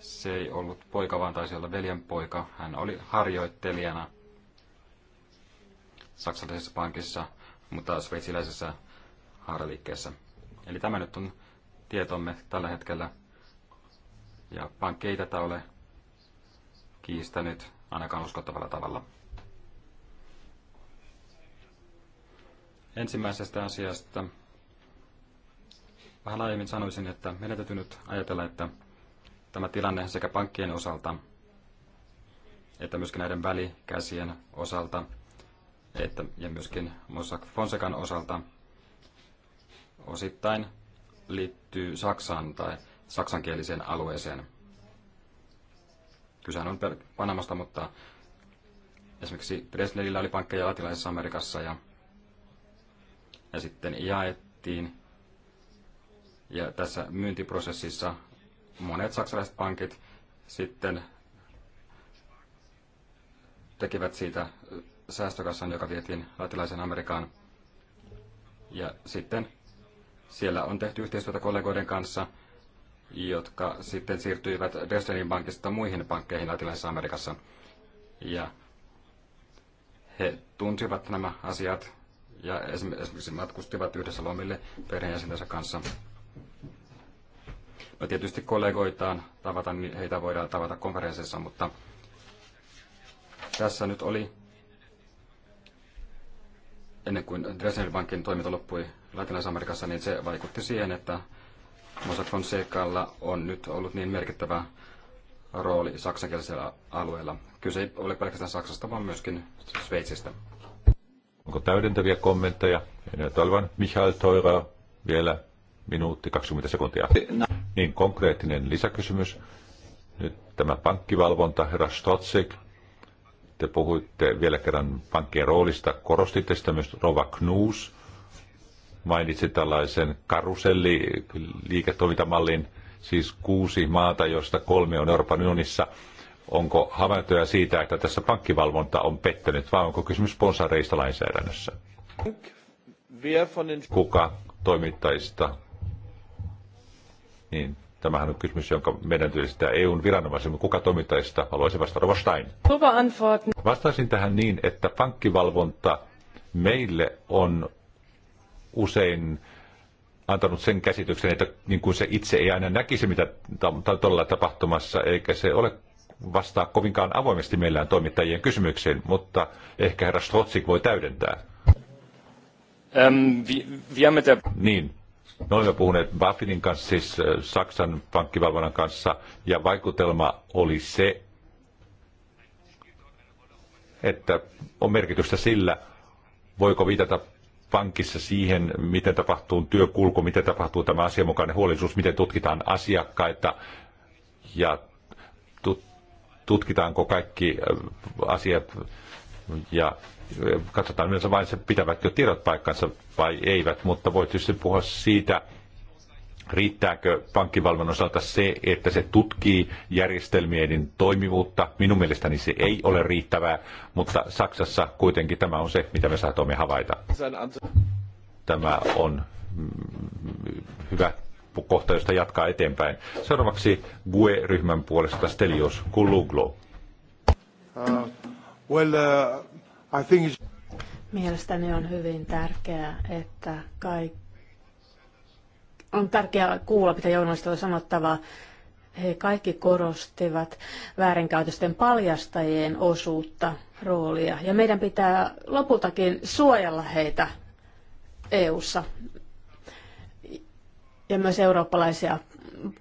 Se ei ollut poika, vaan taisi olla veljen poika. Hän oli harjoittelijana saksalaisessa pankissa, mutta sveitsiläisessä haaraliikkeessä. Eli tämä nyt on tietomme tällä hetkellä. Ja pankki ei tätä ole kiistänyt ainakaan uskottavalla tavalla. Ensimmäisestä asiasta vähän laajemmin sanoisin, että meidän täytyy nyt ajatella, että tämä tilanne sekä pankkien osalta että myöskin näiden välikäsien osalta että, ja myöskin Mossack Fonsecan osalta osittain liittyy Saksaan tai saksankieliseen alueeseen. Kysehän on Panamasta, mutta esimerkiksi Breslelillä oli pankkeja Latinalaisessa Amerikassa ja, ja sitten jaettiin. Ja tässä myyntiprosessissa monet saksalaiset pankit sitten tekivät siitä säästökassan, joka vietiin latinalaisen Amerikaan. Ja sitten siellä on tehty yhteistyötä kollegoiden kanssa – jotka sitten siirtyivät Dresdenin pankista muihin pankkeihin Latinalaisessa Amerikassa. Ja he tunsivat nämä asiat ja esimerkiksi matkustivat yhdessä lomille perheenjäsenensä kanssa. No tietysti kollegoitaan tavata, niin heitä voidaan tavata konferensseissa, mutta tässä nyt oli ennen kuin Dresden pankin toiminta loppui Latinalais-Amerikassa, niin se vaikutti siihen, että Mossack Fonsecalla on nyt ollut niin merkittävä rooli saksankielisellä alueella. Kyse ei ole pelkästään Saksasta, vaan myöskin Sveitsistä. Onko täydentäviä kommentteja? Enää toivon. Michael Toira vielä minuutti 20 sekuntia. Niin, konkreettinen lisäkysymys. Nyt tämä pankkivalvonta, herra Stotsik, te puhuitte vielä kerran pankkien roolista, korostitte sitä myös Rova Knuus mainitsi tällaisen karuselli-liiketoimintamallin, siis kuusi maata, joista kolme on Euroopan unionissa. Onko havaintoja siitä, että tässä pankkivalvonta on pettänyt vai onko kysymys sponsoreista lainsäädännössä? Kuka toimittajista? Niin, tämähän on kysymys, jonka meidän työllistää EUn viranomaisemme. Kuka toimittajista Haluaisin vastata? Rostain. Vastaisin tähän niin, että pankkivalvonta meille on usein antanut sen käsityksen, että niin kuin se itse ei aina näkisi, mitä todella tapahtumassa, eikä se ole vastaa kovinkaan avoimesti meillään toimittajien kysymyksiin, mutta ehkä herra Strotsik voi täydentää. Ähm, vi, vi te... Niin, me olemme puhuneet Baffinin kanssa, siis äh, Saksan pankkivalvonnan kanssa, ja vaikutelma oli se, että on merkitystä sillä, voiko viitata pankissa siihen, miten tapahtuu työkulku, miten tapahtuu tämä asianmukainen huolellisuus, miten tutkitaan asiakkaita ja tutkitaanko kaikki asiat ja katsotaan yleensä vain se, pitävätkö tiedot paikkansa vai eivät, mutta voi tietysti puhua siitä, riittääkö pankkivalvon osalta se, että se tutkii järjestelmien toimivuutta. Minun mielestäni se ei ole riittävää, mutta Saksassa kuitenkin tämä on se, mitä me saatoimme havaita. Tämä on mm, hyvä kohta, josta jatkaa eteenpäin. Seuraavaksi GUE-ryhmän puolesta Stelios Kuluglo. Uh, well, uh, I think Mielestäni on hyvin tärkeää, että kaikki on tärkeää kuulla, mitä journalistilla on sanottavaa. He kaikki korostivat väärinkäytösten paljastajien osuutta, roolia. Ja meidän pitää lopultakin suojella heitä EU-ssa ja myös eurooppalaisia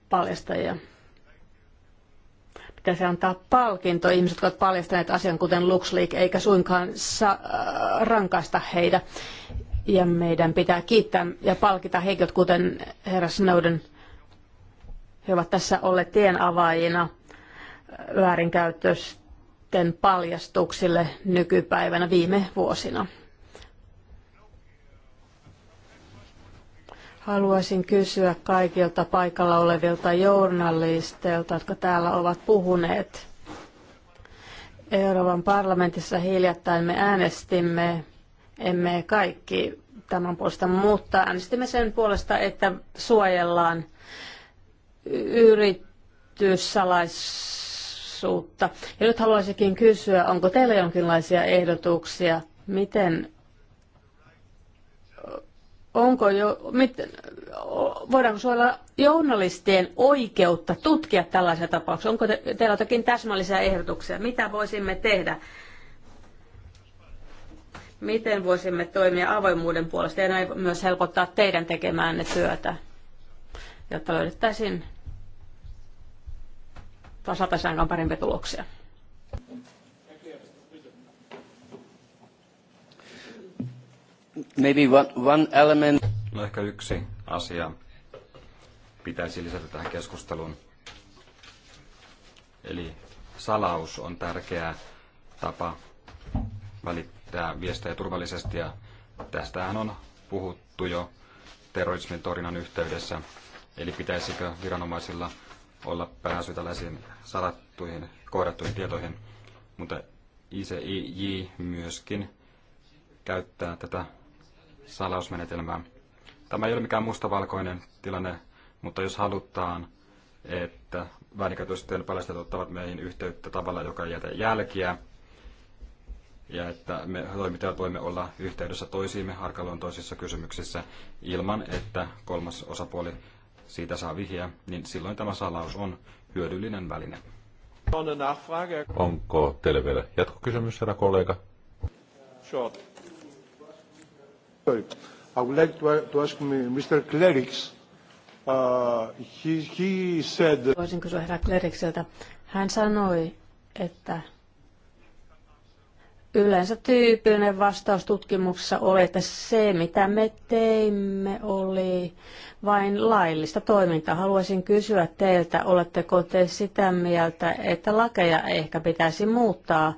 paljastajia. Pitäisi antaa palkinto ihmiset, jotka ovat paljastaneet asian, kuten LuxLeak, eikä suinkaan sa- äh, rankaista heitä ja meidän pitää kiittää ja palkita heikot, kuten herra Snowden. He ovat tässä olleet tien avaajina väärinkäytösten paljastuksille nykypäivänä viime vuosina. Haluaisin kysyä kaikilta paikalla olevilta journalisteilta, jotka täällä ovat puhuneet. Euroopan parlamentissa hiljattain me äänestimme emme kaikki tämän puolesta, mutta äänestimme sen puolesta, että suojellaan yrityssalaisuutta. Ja nyt haluaisinkin kysyä, onko teillä jonkinlaisia ehdotuksia, miten onko jo, mit voidaanko suojella journalistien oikeutta tutkia tällaisia tapauksia? Onko te, teillä jotakin täsmällisiä ehdotuksia? Mitä voisimme tehdä miten voisimme toimia avoimuuden puolesta ja näin myös helpottaa teidän tekemäänne työtä, jotta löydettäisiin saataisiin parempia tuloksia. Maybe one, one element. No ehkä yksi asia pitäisi lisätä tähän keskusteluun. Eli salaus on tärkeä tapa välittää lähettää viestejä turvallisesti ja tästähän on puhuttu jo terrorismin torjunnan yhteydessä. Eli pitäisikö viranomaisilla olla pääsy tällaisiin salattuihin, kohdattuihin tietoihin, mutta ICIJ myöskin käyttää tätä salausmenetelmää. Tämä ei ole mikään mustavalkoinen tilanne, mutta jos halutaan, että väärinkäytösten paljastajat ottavat meihin yhteyttä tavalla, joka ei jätä jälkiä, ja että me toimittajat voimme olla yhteydessä toisiimme arkaluontoisissa kysymyksissä ilman, että kolmas osapuoli siitä saa vihjeä, niin silloin tämä salaus on hyödyllinen väline. Onko teille vielä jatkokysymys, herra kollega? Short. I would like to ask Mr. Clerics. Uh, he, he said... Voisin kysyä herra Klerikseltä. Hän sanoi, että Yleensä tyypillinen vastaus tutkimuksessa oli, että se mitä me teimme oli vain laillista toimintaa. Haluaisin kysyä teiltä, oletteko te sitä mieltä, että lakeja ehkä pitäisi muuttaa,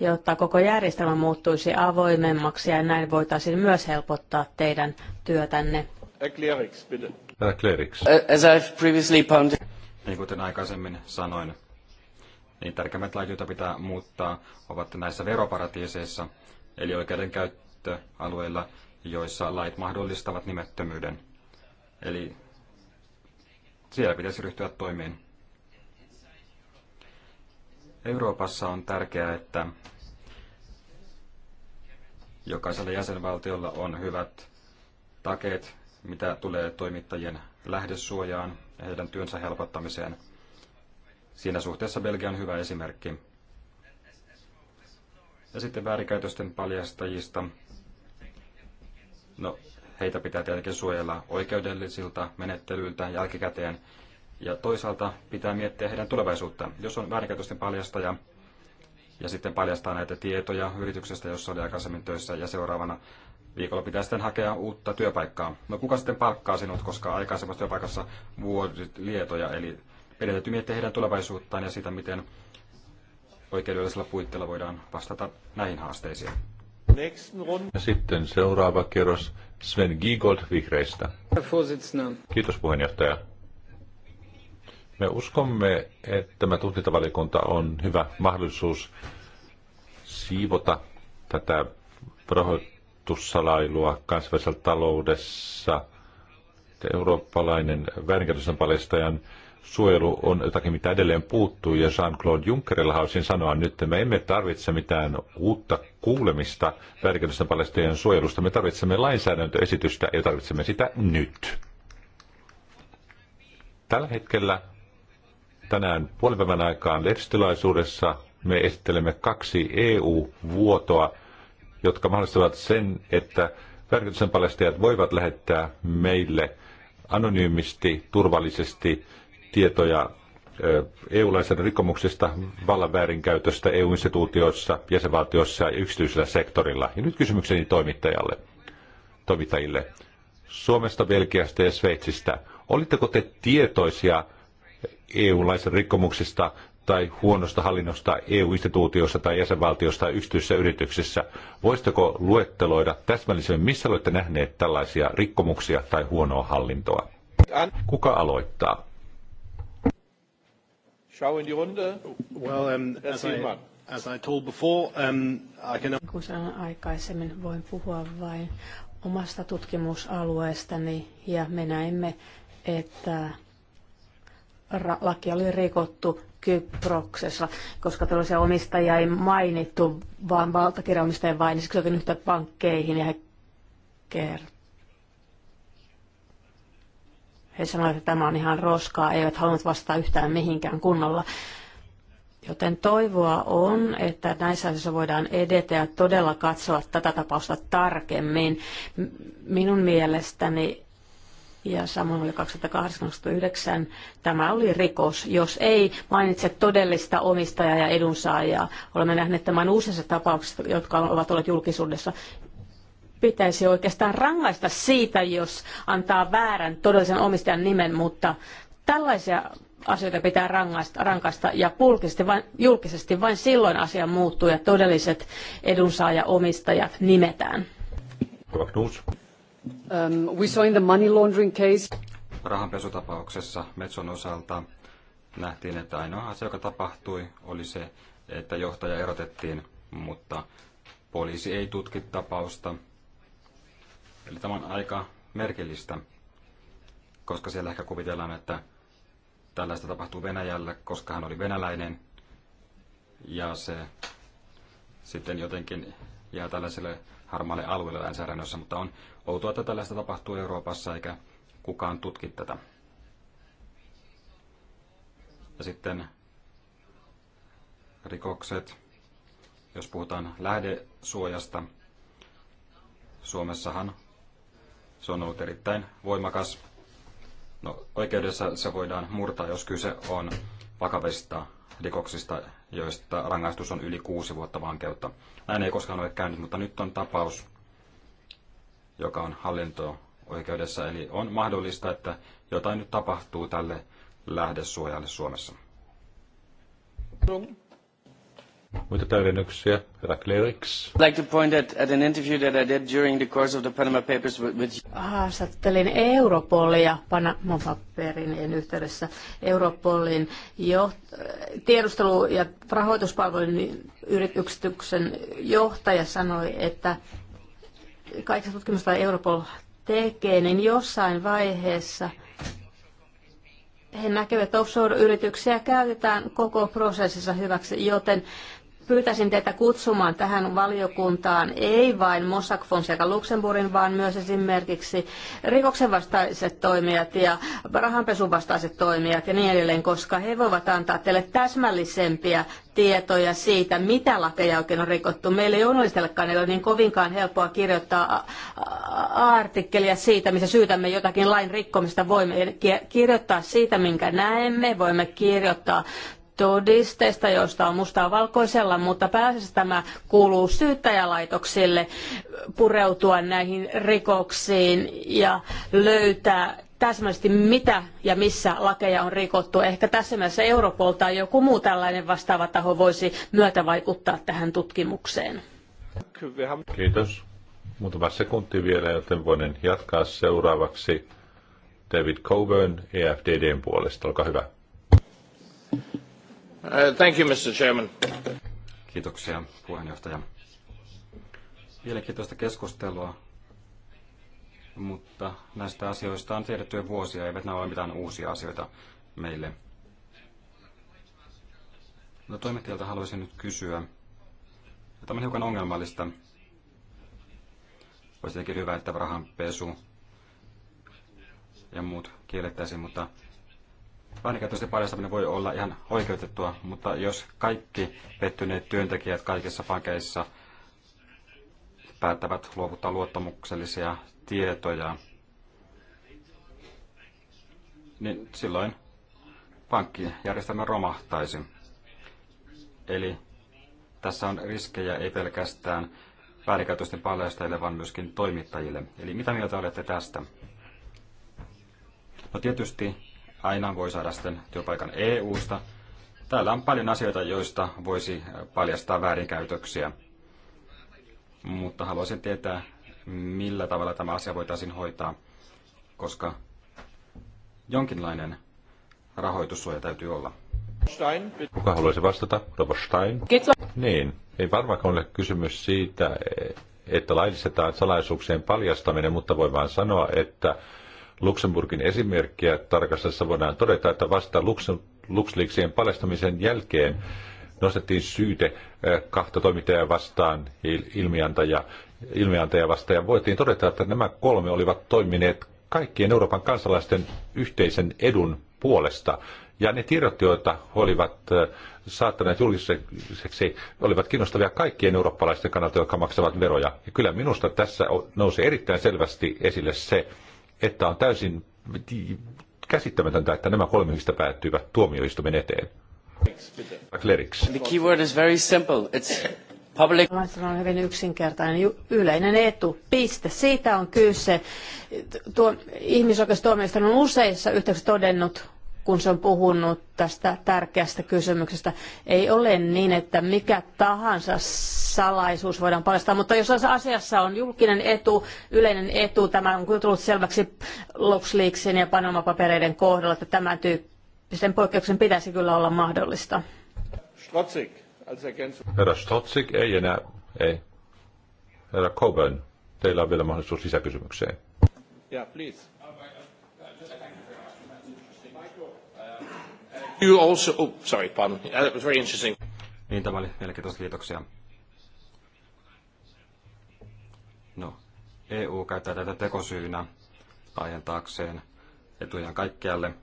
jotta koko järjestelmä muuttuisi avoimemmaksi ja näin voitaisiin myös helpottaa teidän työtänne? Herra Kleriks. As I've previously pointed... Niin kuten aikaisemmin sanoin, niin tärkeimmät lait, joita pitää muuttaa, ovat näissä veroparatiiseissa, eli oikeudenkäyttöalueilla, joissa lait mahdollistavat nimettömyyden. Eli siellä pitäisi ryhtyä toimiin. Euroopassa on tärkeää, että jokaisella jäsenvaltiolla on hyvät takeet, mitä tulee toimittajien lähdesuojaan ja heidän työnsä helpottamiseen – Siinä suhteessa Belgia on hyvä esimerkki. Ja sitten väärinkäytösten paljastajista. No, heitä pitää tietenkin suojella oikeudellisilta menettelyiltä jälkikäteen. Ja toisaalta pitää miettiä heidän tulevaisuutta. Jos on väärinkäytösten paljastaja ja sitten paljastaa näitä tietoja yrityksestä, jossa oli aikaisemmin töissä ja seuraavana viikolla pitää sitten hakea uutta työpaikkaa. No kuka sitten palkkaa sinut, koska aikaisemmassa työpaikassa vuodit lietoja, eli meidän täytyy miettiä heidän tulevaisuuttaan ja sitä, miten oikeudellisella puitteilla voidaan vastata näihin haasteisiin. Ja sitten seuraava kerros Sven Giegold vihreistä. Kiitos puheenjohtaja. Me uskomme, että tämä tutkintavaliokunta on hyvä mahdollisuus siivota tätä rahoitussalailua kansainvälisessä taloudessa. Eurooppalainen väärinkäytösten paljastajan suojelu on jotakin, mitä edelleen puuttuu, ja Jean-Claude Junckerilla haluaisin sanoa nyt, että me emme tarvitse mitään uutta kuulemista väärinkäytösten paljastujen suojelusta, me tarvitsemme lainsäädäntöesitystä ja tarvitsemme sitä nyt. Tällä hetkellä tänään puolipäivän aikaan lehdistilaisuudessa me esittelemme kaksi EU-vuotoa, jotka mahdollistavat sen, että väärinkäytösten paljastajat voivat lähettää meille anonyymisti, turvallisesti tietoja EU-lainsäädännön rikkomuksista, vallan väärinkäytöstä EU-instituutioissa, jäsenvaltioissa ja yksityisellä sektorilla. Ja nyt kysymykseni toimittajalle, toimittajille. Suomesta, Belgiasta ja Sveitsistä. Olitteko te tietoisia eu laisen rikkomuksista tai huonosta hallinnosta EU-instituutioissa tai jäsenvaltiossa tai yksityisissä yrityksissä. Voisitteko luetteloida täsmällisemmin, missä olette nähneet tällaisia rikkomuksia tai huonoa hallintoa? Kuka aloittaa? Schau in die Runde. Well, um, as, I, as I told before, um, I can... Kun sanon aikaisemmin, voin puhua vain omasta tutkimusalueestani ja me näemme, että laki oli rikottu Kyproksessa, koska tällaisia omistajia ei mainittu, vaan valtakirjaomistajia vain, siksi otin yhtä pankkeihin ja he kertovat he sanoivat, että tämä on ihan roskaa, eivät halunnut vastata yhtään mihinkään kunnolla. Joten toivoa on, että näissä asioissa voidaan edetä ja todella katsoa tätä tapausta tarkemmin. Minun mielestäni ja samoin oli 2008 Tämä oli rikos, jos ei mainitse todellista omistajaa ja edunsaajaa. Olemme nähneet tämän uusissa tapauksissa, jotka ovat olleet julkisuudessa pitäisi oikeastaan rangaista siitä, jos antaa väärän todellisen omistajan nimen, mutta tällaisia asioita pitää rangaista, rankaista ja vain, julkisesti vain, silloin asia muuttuu ja todelliset edunsaaja-omistajat nimetään. Um, we saw in the money laundering case. Rahanpesutapauksessa Metson osalta nähtiin, että ainoa asia, joka tapahtui, oli se, että johtaja erotettiin, mutta poliisi ei tutki tapausta Eli tämä on aika merkillistä, koska siellä ehkä kuvitellaan, että tällaista tapahtuu Venäjällä, koska hän oli venäläinen, ja se sitten jotenkin jää tällaiselle harmaalle alueelle lainsäädännössä, mutta on outoa, että tällaista tapahtuu Euroopassa eikä kukaan tutki tätä. Ja sitten rikokset, jos puhutaan lähdesuojasta. Suomessahan se on ollut erittäin voimakas. No, oikeudessa se voidaan murtaa, jos kyse on vakavista rikoksista, joista rangaistus on yli kuusi vuotta vankeutta. Näin ei koskaan ole käynyt, mutta nyt on tapaus, joka on hallinto-oikeudessa. Eli on mahdollista, että jotain nyt tapahtuu tälle lähdesuojalle Suomessa. No. Muita täydennyksiä? Herra Kleriks. like to point at, at an interview that I did during the course of the Panama Papers with... with... Haastattelin Europolia Panama Paperin yhteydessä. Europolin jo, tiedustelu- ja rahoituspalvelun yrityksen johtaja sanoi, että kaikissa tutkimusta Europol tekee, niin jossain vaiheessa he näkevät, että offshore-yrityksiä käytetään koko prosessissa hyväksi, joten Pyytäisin teitä kutsumaan tähän valiokuntaan ei vain Mossack Fonseca Luxemburgin, vaan myös esimerkiksi rikoksenvastaiset toimijat ja rahanpesuvastaiset vastaiset toimijat ja niin edelleen, koska he voivat antaa teille täsmällisempiä tietoja siitä, mitä lakeja oikein on rikottu. Meille journalisteillekaan ei ole niin kovinkaan helppoa kirjoittaa artikkelia siitä, missä syytämme jotakin lain rikkomista. Voimme kirjoittaa siitä, minkä näemme, voimme kirjoittaa todisteista, joista on mustaa valkoisella, mutta pääasiassa tämä kuuluu syyttäjälaitoksille pureutua näihin rikoksiin ja löytää täsmällisesti mitä ja missä lakeja on rikottu. Ehkä tässä mielessä Europol tai joku muu tällainen vastaava taho voisi myötävaikuttaa tähän tutkimukseen. Kiitos. Muutama sekunti vielä, joten voin jatkaa seuraavaksi. David Coburn EFDDn puolesta, olkaa hyvä. Uh, thank you, Mr. Chairman. Kiitoksia, puheenjohtaja. Mielenkiintoista keskustelua, mutta näistä asioista on tiedetty jo vuosia, eivät nämä ole mitään uusia asioita meille. No, toimittajalta haluaisin nyt kysyä, ja tämä on hiukan ongelmallista. Olisi tietenkin hyvä, että rahanpesu ja muut kiellettäisiin, mutta väärinkäytösten paljastaminen voi olla ihan oikeutettua, mutta jos kaikki pettyneet työntekijät kaikissa pankeissa päättävät luovuttaa luottamuksellisia tietoja, niin silloin pankkijärjestelmä romahtaisi. Eli tässä on riskejä ei pelkästään väärinkäytösten paljastajille, vaan myöskin toimittajille. Eli mitä mieltä olette tästä? No tietysti aina voi saada sitten työpaikan EU-sta. Täällä on paljon asioita, joista voisi paljastaa väärinkäytöksiä. Mutta haluaisin tietää, millä tavalla tämä asia voitaisiin hoitaa, koska jonkinlainen rahoitussuoja täytyy olla. Stein. Kuka haluaisi vastata? Robert Stein? Niin, ei varmaan ole kysymys siitä, että laillistetaan salaisuuksien paljastaminen, mutta voi vain sanoa, että Luxemburgin esimerkkiä tarkastessa voidaan todeta, että vasta LuxLeaksien paljastamisen jälkeen nostettiin syyte eh, kahta toimittajaa vastaan, ilmiantaja, ilmiantaja vastaan, ja voitiin todeta, että nämä kolme olivat toimineet kaikkien Euroopan kansalaisten yhteisen edun puolesta. Ja ne tiedot, joita olivat eh, saattaneet julkiseksi, olivat kiinnostavia kaikkien eurooppalaisten kannalta, jotka maksavat veroja. Ja kyllä minusta tässä nousi erittäin selvästi esille se, että on täysin käsittämätöntä, että nämä kolme ihmistä päättyivät tuomioistuimen eteen. The keyword is very simple. It's public... Se on hyvin yksinkertainen yleinen etu. Piste. Siitä on kyse. Tuo ihmisoikeustuomioistuin on useissa yhteyksissä todennut, kun se on puhunut tästä tärkeästä kysymyksestä. Ei ole niin, että mikä tahansa salaisuus voidaan paljastaa, mutta jos asiassa on julkinen etu, yleinen etu, tämä on kyllä tullut selväksi LuxLeaksin ja Panama-papereiden kohdalla, että tämän tyyppisen poikkeuksen pitäisi kyllä olla mahdollista. Strotsik, Herra Strotsik, ei enää, ei. Herra Coburn, teillä on vielä mahdollisuus lisäkysymykseen. Yeah, please. You also, oh, sorry, pardon. Uh, that was very interesting. Niin, tämä oli mielenkiintoista, kiitoksia. No, EU käyttää tätä tekosyynä laajentaakseen etujaan kaikkialle.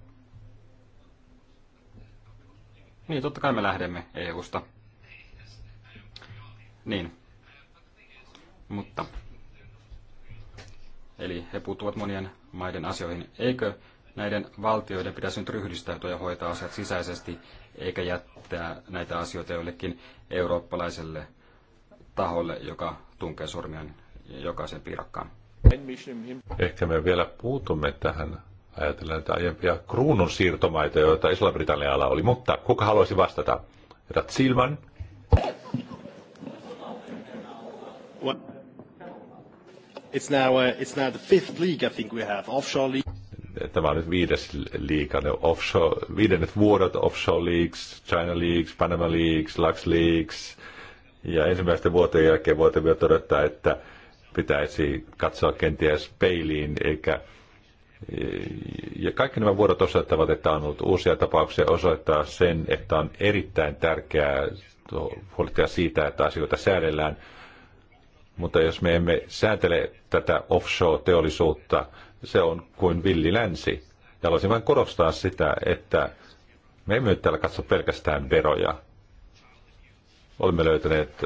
Niin, totta kai me lähdemme EUsta. Niin. Mutta. Eli he puuttuvat monien maiden asioihin. Eikö näiden valtioiden pitäisi nyt ryhdistäytyä ja hoitaa asiat sisäisesti, eikä jättää näitä asioita jollekin eurooppalaiselle taholle, joka tunkee sormiaan jokaisen piirakkaan. Ehkä me vielä puutumme tähän ajatellaan näitä aiempia kruunun siirtomaita, joita Iso-Britannialla oli, mutta kuka haluaisi vastata? Rat Silman? It's now, uh, it's now the fifth league I think we have, offshore league tämä on nyt viides liiga, ne offshore, viidennet vuodot, offshore leagues, China leagues, Panama leagues, Lux leagues. Ja ensimmäisten vuoteen jälkeen voitte vielä todeta, että pitäisi katsoa kenties peiliin, eikä ja kaikki nämä vuodot osoittavat, että on ollut uusia tapauksia osoittaa sen, että on erittäin tärkeää huolehtia siitä, että asioita säädellään. Mutta jos me emme säätele tätä offshore-teollisuutta, se on kuin villi länsi. Ja haluaisin vain korostaa sitä, että me emme nyt täällä katso pelkästään veroja. Olemme löytäneet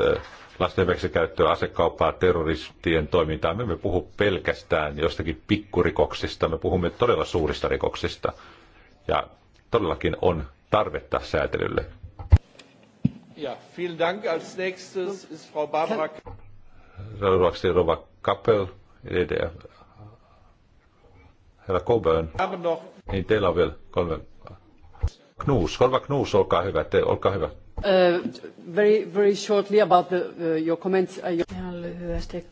lasten käyttöä, asekauppaa, terroristien toimintaa. Me emme puhu pelkästään jostakin pikkurikoksista, me puhumme todella suurista rikoksista. Ja todellakin on tarvetta säätelylle. Ja, vielen Dank. Als nächstes ist Frau Barbara... Seuraavaksi Rova Kappel, EDF, herra Coburn. Niin, teillä on vielä kolme. Knuus, korva Knuus, olkaa hyvä, te, olkaa hyvä. Uh, very, very shortly about the, uh, your comments. Uh, Ihan lyhyesti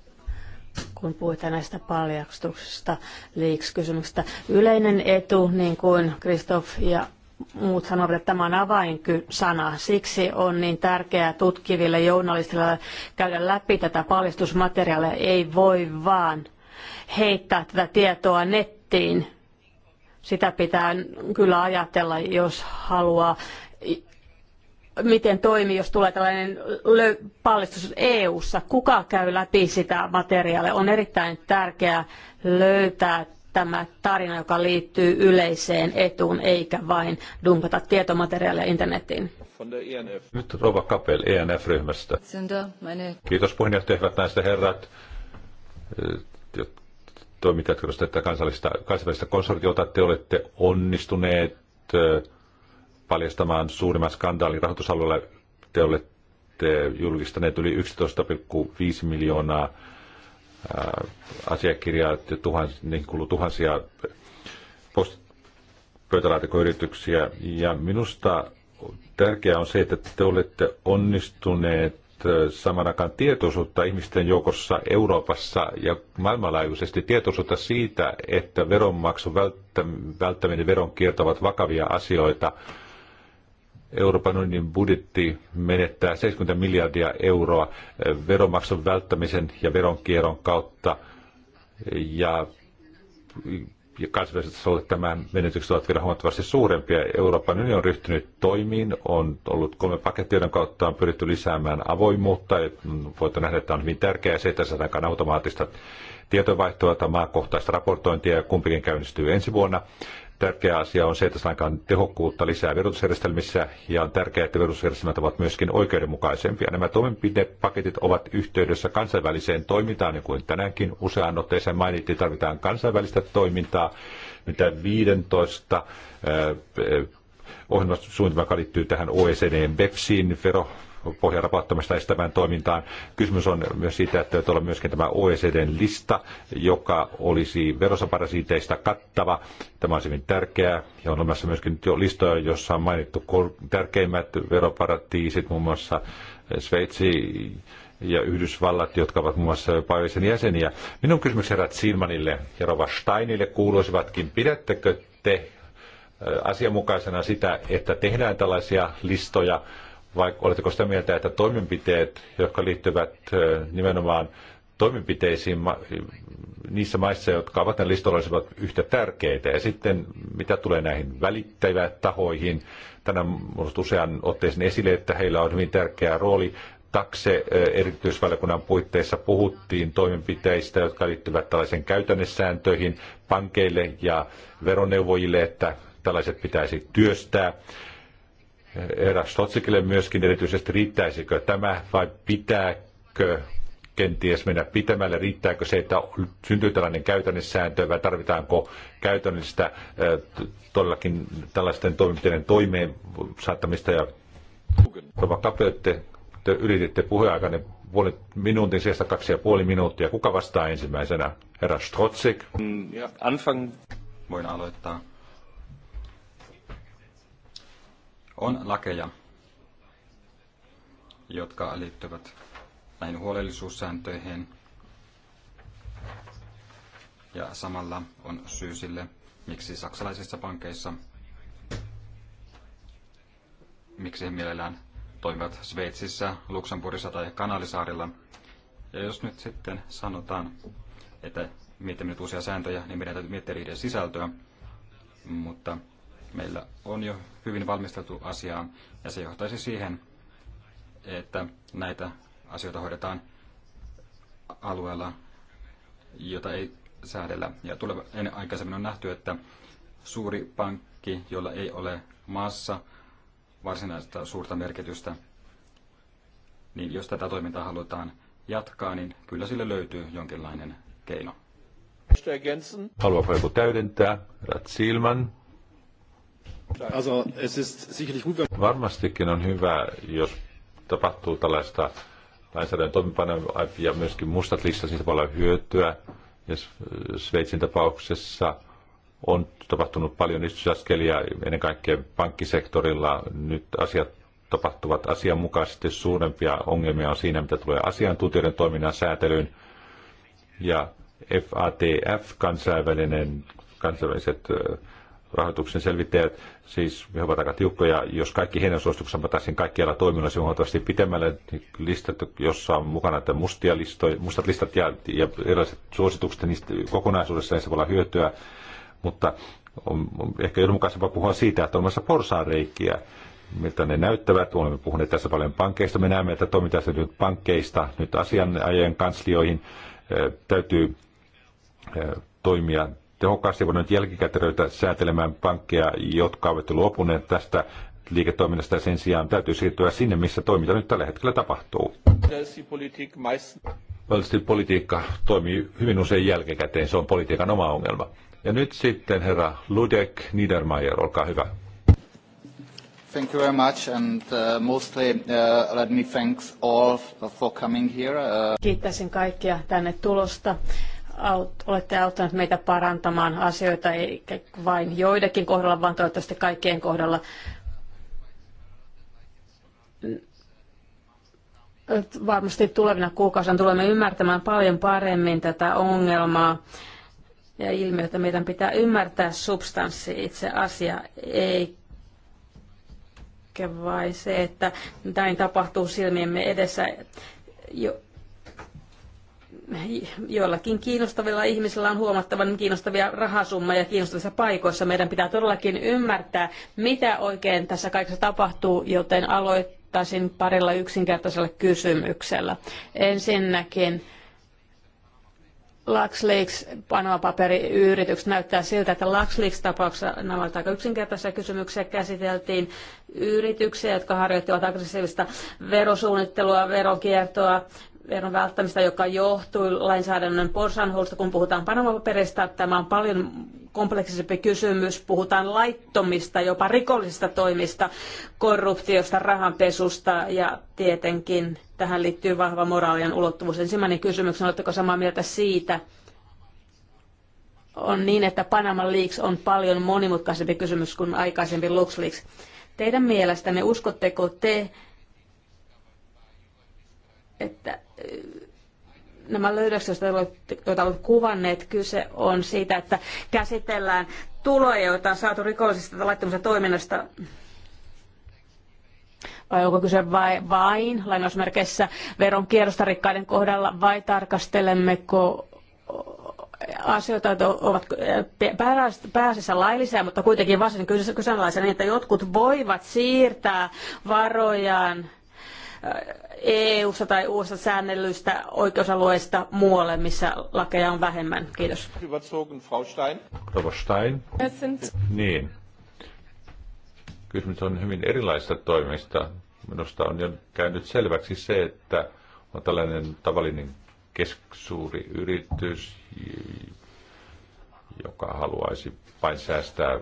kun puhutaan näistä paljastuksista, liikskysymyksistä. Yleinen etu, niin kuin Kristoff ja muut sanovat, että tämä on avainsana. Siksi on niin tärkeää tutkiville journalistille käydä läpi tätä paljastusmateriaalia. Ei voi vaan heittää tätä tietoa nettiin nettiin. Sitä pitää kyllä ajatella, jos haluaa miten toimii, jos tulee tällainen paljastus EU-ssa, kuka käy läpi sitä materiaalia. On erittäin tärkeää löytää tämä tarina, joka liittyy yleiseen etuun, eikä vain dumpata tietomateriaalia internetiin. E Nyt Rova Kapel ENF-ryhmästä. Kiitos puheenjohtaja, hyvät näistä herrat. Eh, toimintaa, jotka koskevat kansallista, kansainvälistä konsortiota. Te olette onnistuneet paljastamaan suurimman skandaalin rahoitusalueella. Te olette julkistaneet yli 11,5 miljoonaa asiakirjaa, tuhans, niin kuuluu tuhansia post- pöytälaatikoyrityksiä. Ja minusta tärkeää on se, että te olette onnistuneet samanakaan tietoisuutta ihmisten joukossa Euroopassa ja maailmanlaajuisesti tietoisuutta siitä, että veronmaksun välttäminen veronkierto ovat vakavia asioita. Euroopan unionin budjetti menettää 70 miljardia euroa veronmaksun välttämisen ja veronkierron kautta. Ja ja kansainvälisellä tasolla tämä menetykset ovat vielä huomattavasti suurempia. Euroopan unioni on ryhtynyt toimiin, on ollut kolme pakettia, joiden kautta on pyritty lisäämään avoimuutta. Voitte nähdä, että on hyvin tärkeää se, että saadaan automaattista tietovaihtoa tai maakohtaista raportointia ja kumpikin käynnistyy ensi vuonna. Tärkeä asia on se, että saadaan tehokkuutta lisää verotusjärjestelmissä ja on tärkeää, että verotusjärjestelmät ovat myöskin oikeudenmukaisempia. Nämä toimenpidepaketit ovat yhteydessä kansainväliseen toimintaan, niin kuin tänäänkin useaan otteeseen mainittiin, tarvitaan kansainvälistä toimintaa, mitä 15 äh, äh, ohjelmasuunnitelma, joka liittyy tähän OECDn BEPSiin, vero, pohjan rapauttamista estävään toimintaan. Kysymys on myös siitä, että täytyy olla myöskin tämä OECDn lista, joka olisi verosaparasiiteista kattava. Tämä on hyvin tärkeää ja on olemassa myöskin jo listoja, jossa on mainittu tärkeimmät veroparatiisit, muun muassa Sveitsi, ja Yhdysvallat, jotka ovat muun muassa Paiveisen jäseniä. Minun kysymykseni herrat Silmanille ja Rova Steinille kuuluisivatkin, pidättekö te asianmukaisena sitä, että tehdään tällaisia listoja vai oletteko sitä mieltä, että toimenpiteet, jotka liittyvät nimenomaan toimenpiteisiin niissä maissa, jotka ovat ne listalla, olisivat yhtä tärkeitä. Ja sitten mitä tulee näihin välittäjä tahoihin, tänään on usean otteeseen esille, että heillä on hyvin tärkeä rooli. Takse erityisvaliokunnan puitteissa puhuttiin toimenpiteistä, jotka liittyvät tällaisen käytännössääntöihin pankeille ja veroneuvojille, että tällaiset pitäisi työstää. Eräs Stotsikille myöskin erityisesti, riittäisikö tämä vai pitääkö kenties mennä pitämällä, riittääkö se, että syntyy tällainen käytännössääntö vai tarvitaanko käytännöllistä todellakin tällaisten toimenpiteiden toimeen saattamista ja Rova Kaple, te, te ylititte puheaikanne puoli minuutin sijasta kaksi ja puoli minuuttia. Kuka vastaa ensimmäisenä? Herra Strotsik? Mm, anfang. Voin aloittaa. on lakeja, jotka liittyvät näihin huolellisuussääntöihin. Ja samalla on syy sille, miksi saksalaisissa pankeissa, miksi he mielellään toimivat Sveitsissä, Luxemburgissa tai Kanalisaarilla. Ja jos nyt sitten sanotaan, että mietimme nyt uusia sääntöjä, niin meidän täytyy miettiä niiden sisältöä, mutta Meillä on jo hyvin valmisteltu asiaa ja se johtaisi siihen, että näitä asioita hoidetaan alueella, jota ei säädellä. Ja tuleva, aikaisemmin on nähty, että suuri pankki, jolla ei ole maassa varsinaista suurta merkitystä, niin jos tätä toimintaa halutaan jatkaa, niin kyllä sille löytyy jonkinlainen keino. Haluaako joku täydentää? Ratsilman. Varmastikin on hyvä, jos tapahtuu tällaista lainsäädännön toimipanoa ja myöskin mustat listat, siitä voi olla hyötyä. Ja Sveitsin tapauksessa on tapahtunut paljon istysaskelia, ennen kaikkea pankkisektorilla. Nyt asiat tapahtuvat asianmukaisesti. Suurempia ongelmia on siinä, mitä tulee asiantuntijoiden toiminnan säätelyyn. Ja FATF, kansainvälinen, kansainväliset rahoituksen selvittäjät, siis he ovat aika tiukkoja. Jos kaikki heidän suosituksensa pataisiin kaikkialla toimilla, se on huomattavasti pitemmälle listat, jossa on mukana että mustia listoja, mustat listat ja, ja erilaiset suositukset, niin niistä kokonaisuudessa ei se voi olla hyötyä. Mutta on, on ehkä johdonmukaisempaa puhua siitä, että on olemassa porsaanreikiä, miltä ne näyttävät. Olemme puhuneet tässä paljon pankkeista. Me näemme, että toimitaan nyt pankkeista, nyt asianajajien kanslioihin. Täytyy toimia tehokkaasti voinut jälkikätäröitä säätelemään pankkeja, jotka ovat luopuneet tästä liiketoiminnasta ja sen sijaan täytyy siirtyä sinne, missä toiminta nyt tällä hetkellä tapahtuu. Valitettavasti politiikka toimii hyvin usein jälkikäteen, se on politiikan oma ongelma. Ja nyt sitten herra Ludek Niedermayer, olkaa hyvä. Thank you very much and uh, mostly uh, let me thanks all for coming here. Uh... Kiittäisin kaikkia tänne tulosta aut, olette auttaneet meitä parantamaan asioita, eikä vain joidenkin kohdalla, vaan toivottavasti kaikkien kohdalla. Varmasti tulevina kuukausina tulemme ymmärtämään paljon paremmin tätä ongelmaa ja ilmiötä. Meidän pitää ymmärtää substanssi itse asia, ei vain se, että näin tapahtuu silmiemme edessä. Jo, joillakin kiinnostavilla ihmisillä on huomattavan kiinnostavia rahasummia ja kiinnostavissa paikoissa. Meidän pitää todellakin ymmärtää, mitä oikein tässä kaikessa tapahtuu, joten aloittaisin parilla yksinkertaisella kysymyksellä. Ensinnäkin, LuxLeaks panopaperiyritykset näyttää siltä, että LuxLeaks-tapauksessa nämä ovat aika yksinkertaisia kysymyksiä käsiteltiin. Yrityksiä, jotka harjoittivat aggressiivista verosuunnittelua, veronkiertoa, veron välttämistä, joka johtui lainsäädännön porsanhuolusta, kun puhutaan Panama-paperista. Tämä on paljon kompleksisempi kysymys. Puhutaan laittomista, jopa rikollisista toimista, korruptiosta, rahanpesusta ja tietenkin tähän liittyy vahva moraalien ulottuvuus. Ensimmäinen kysymys, oletteko samaa mieltä siitä, on niin, että Panama Leaks on paljon monimutkaisempi kysymys kuin aikaisempi LuxLeaks. Teidän mielestänne uskotteko te, että nämä löydökset, joita olet kuvanneet, kyse on siitä, että käsitellään tuloja, joita on saatu rikollisesta tai laittomasta toiminnasta vai onko kyse vai, vain lainausmerkeissä veronkierrosta rikkaiden kohdalla vai tarkastelemmeko asioita, jotka ovat pääasiassa laillisia, mutta kuitenkin varsin kyseenalaisia niin, että jotkut voivat siirtää varojaan EU-ssa tai USA säännellyistä oikeusalueista muualle, missä lakeja on vähemmän. Kiitos. Frau Stein. Frau Stein. Niin. Kysymys on hyvin erilaisista toimista. Minusta on jo käynyt selväksi se, että on tällainen tavallinen keskisuuri yritys, joka haluaisi vain säästää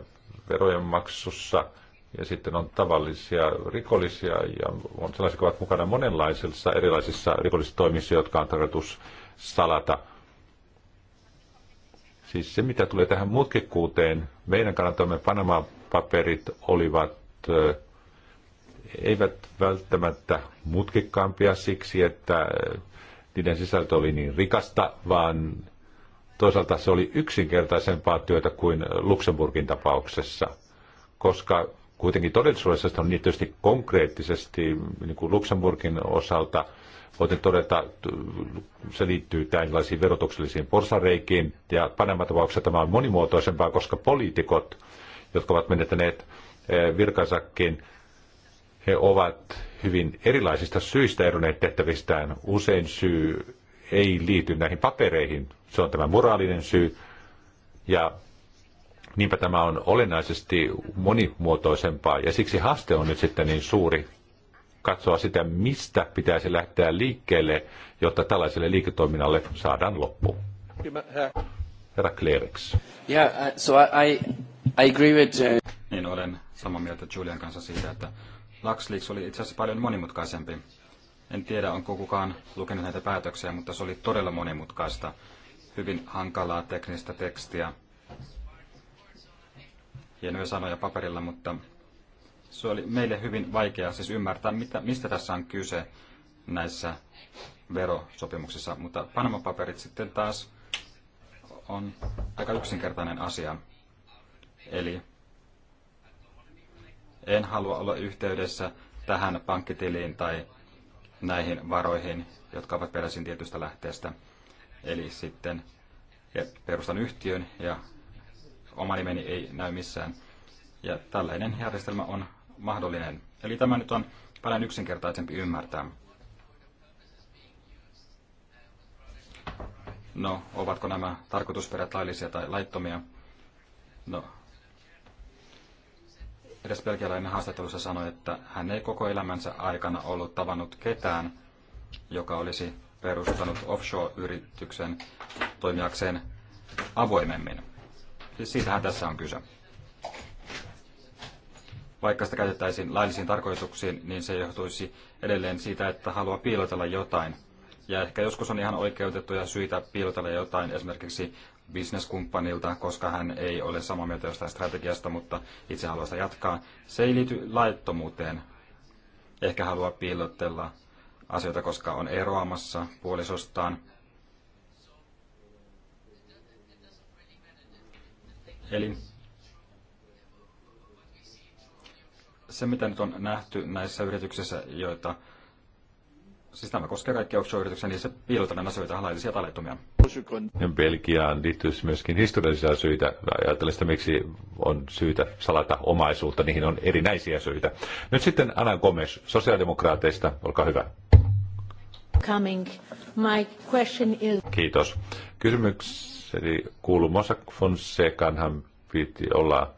verojen maksussa – ja sitten on tavallisia rikollisia ja on sellaisia, jotka ovat mukana monenlaisissa erilaisissa rikollistoimissa, jotka on tarkoitus salata. Siis se, mitä tulee tähän mutkikkuuteen, meidän kannaltamme Panama-paperit olivat, eivät välttämättä mutkikkaampia siksi, että niiden sisältö oli niin rikasta, vaan toisaalta se oli yksinkertaisempaa työtä kuin Luxemburgin tapauksessa, koska Kuitenkin todellisuudessa on niin tietysti konkreettisesti, niin kuin Luxemburgin osalta, voitin todeta, se liittyy tällaisiin verotuksellisiin porsareikiin, ja Panaman tapauksessa tämä on monimuotoisempaa, koska poliitikot, jotka ovat menettäneet eh, virkansakin, he ovat hyvin erilaisista syistä eronneet tehtävistään. Usein syy ei liity näihin papereihin. Se on tämä moraalinen syy. Ja Niinpä tämä on olennaisesti monimuotoisempaa ja siksi haaste on nyt sitten niin suuri katsoa sitä, mistä pitäisi lähteä liikkeelle, jotta tällaiselle liiketoiminnalle saadaan loppu. Herra Kleeriks. Yeah, uh, so I, I agree with... Uh, niin olen samaa mieltä Julian kanssa siitä, että LuxLeaks oli itse asiassa paljon monimutkaisempi. En tiedä, onko kukaan lukenut näitä päätöksiä, mutta se oli todella monimutkaista. Hyvin hankalaa teknistä tekstiä hienoja sanoja paperilla, mutta se oli meille hyvin vaikea siis ymmärtää, mitä, mistä tässä on kyse näissä verosopimuksissa. Mutta Panama-paperit sitten taas on aika yksinkertainen asia. Eli en halua olla yhteydessä tähän pankkitiliin tai näihin varoihin, jotka ovat peräisin tietystä lähteestä. Eli sitten perustan yhtiön ja oma nimeni ei näy missään. Ja tällainen järjestelmä on mahdollinen. Eli tämä nyt on paljon yksinkertaisempi ymmärtää. No, ovatko nämä tarkoitusperät laillisia tai laittomia? No, edes belgialainen haastattelussa sanoi, että hän ei koko elämänsä aikana ollut tavannut ketään, joka olisi perustanut offshore-yrityksen toimijakseen avoimemmin. Siis siitähän tässä on kyse. Vaikka sitä käytettäisiin laillisiin tarkoituksiin, niin se johtuisi edelleen siitä, että haluaa piilotella jotain. Ja ehkä joskus on ihan oikeutettuja syitä piilotella jotain esimerkiksi bisneskumppanilta, koska hän ei ole samaa mieltä jostain strategiasta, mutta itse haluaa sitä jatkaa. Se ei liity laittomuuteen. Ehkä haluaa piilotella asioita, koska on eroamassa puolisostaan Eli se, mitä nyt on nähty näissä yrityksissä, joita Siis tämä koskee kaikkia offshore-yrityksiä, niin se piilotellaan asioita, laillisia tai Belgiaan liittyisi myöskin historiallisia syitä. Ajattelen sitä, miksi on syytä salata omaisuutta. Niihin on erinäisiä syitä. Nyt sitten Anna Gomes, sosiaalidemokraateista. Olkaa hyvä. Coming. My question is... Kiitos. Kysymyks eli kuuluu Fonsecanhan piti olla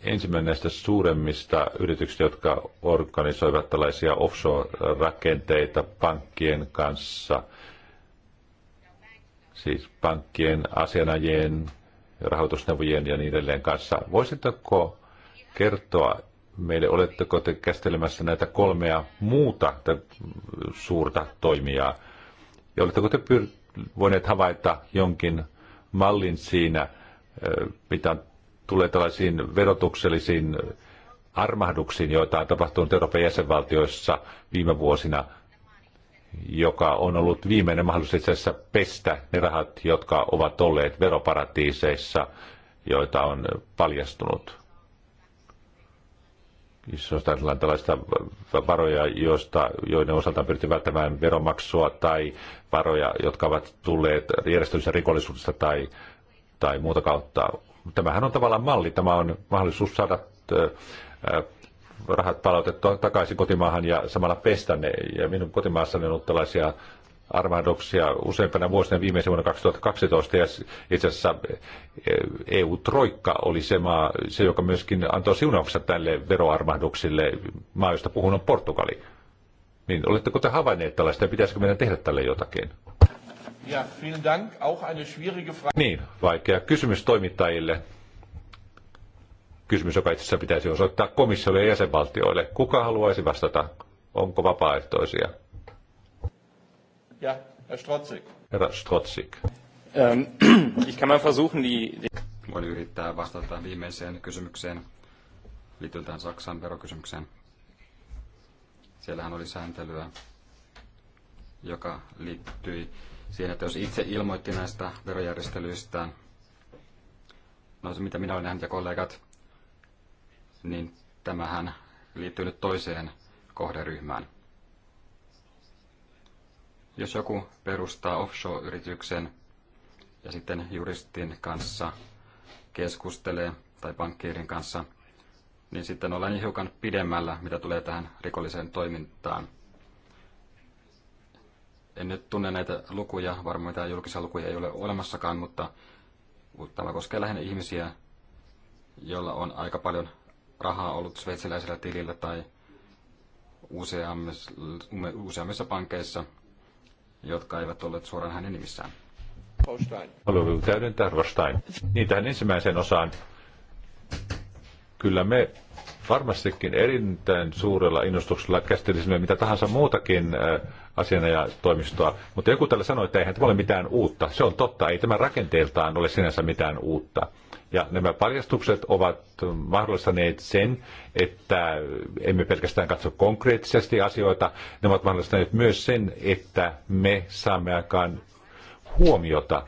ensimmäinen näistä suuremmista yrityksistä, jotka organisoivat tällaisia offshore-rakenteita pankkien kanssa, siis pankkien, asianajien, rahoitusneuvojien ja niin edelleen kanssa. Voisitteko kertoa meille, oletteko te käsittelemässä näitä kolmea muuta suurta toimijaa, ja oletteko te pyr- voineet havaita jonkin mallin siinä, mitä tulee tällaisiin verotuksellisiin armahduksiin, joita on tapahtunut Euroopan jäsenvaltioissa viime vuosina, joka on ollut viimeinen mahdollisuus itse asiassa pestä ne rahat, jotka ovat olleet veroparatiiseissa, joita on paljastunut jos ajatellaan tällaista varoja, joista, joiden osalta on pyritty välttämään veromaksua tai varoja, jotka ovat tulleet järjestöllisestä rikollisuudesta tai, tai muuta kautta. Tämähän on tavallaan malli. Tämä on mahdollisuus saada rahat palautettua takaisin kotimaahan ja samalla pestä ne. Ja minun kotimaassani on ollut tällaisia armahduksia useampana vuosina viimeisen vuonna 2012 ja itse asiassa EU-troikka eh, e oli se maa, se joka myöskin antoi siunauksensa tälle veroarmahduksille. Maa, josta puhun on Portugali. Niin, oletteko te havainneet tällaista ja pitäisikö meidän tehdä tälle jotakin? Ja, dank. Auch eine schwierige Frage. Niin, vaikea kysymys toimittajille. Kysymys, joka itse asiassa pitäisi osoittaa komissiolle ja jäsenvaltioille. Kuka haluaisi vastata? Onko vapaaehtoisia? Ja, Herr Strotzig. Herra Strotzig. Ähm, ich kann mal versuchen, die... Voin yrittää vastata viimeiseen kysymykseen liittyen tähän Saksan verokysymykseen. Siellähän oli sääntelyä, joka liittyi siihen, että jos itse ilmoitti näistä verojärjestelyistä, no se mitä minä olen nähnyt ja kollegat, niin tämähän liittyy nyt toiseen kohderyhmään. Jos joku perustaa offshore-yrityksen ja sitten juristin kanssa keskustelee tai pankkiirin kanssa, niin sitten ollaan hiukan pidemmällä, mitä tulee tähän rikolliseen toimintaan. En nyt tunne näitä lukuja, varmaan mitään julkisia lukuja ei ole olemassakaan, mutta tämä koskee lähinnä ihmisiä, joilla on aika paljon rahaa ollut sveitsiläisellä tilillä tai useammissa, useammissa pankeissa – jotka eivät olleet suoraan hänen nimissään. Haluan täydentää Rostain. Niin tähän ensimmäiseen osaan. Kyllä me varmastikin erittäin suurella innostuksella käsittelisimme mitä tahansa muutakin äh, asiana ja toimistoa. Mutta joku täällä sanoi, että eihän tämä ole mitään uutta. Se on totta, ei tämä rakenteeltaan ole sinänsä mitään uutta. Ja nämä paljastukset ovat mahdollistaneet sen, että emme pelkästään katso konkreettisesti asioita, ne ovat mahdollistaneet myös sen, että me saamme aikaan huomiota,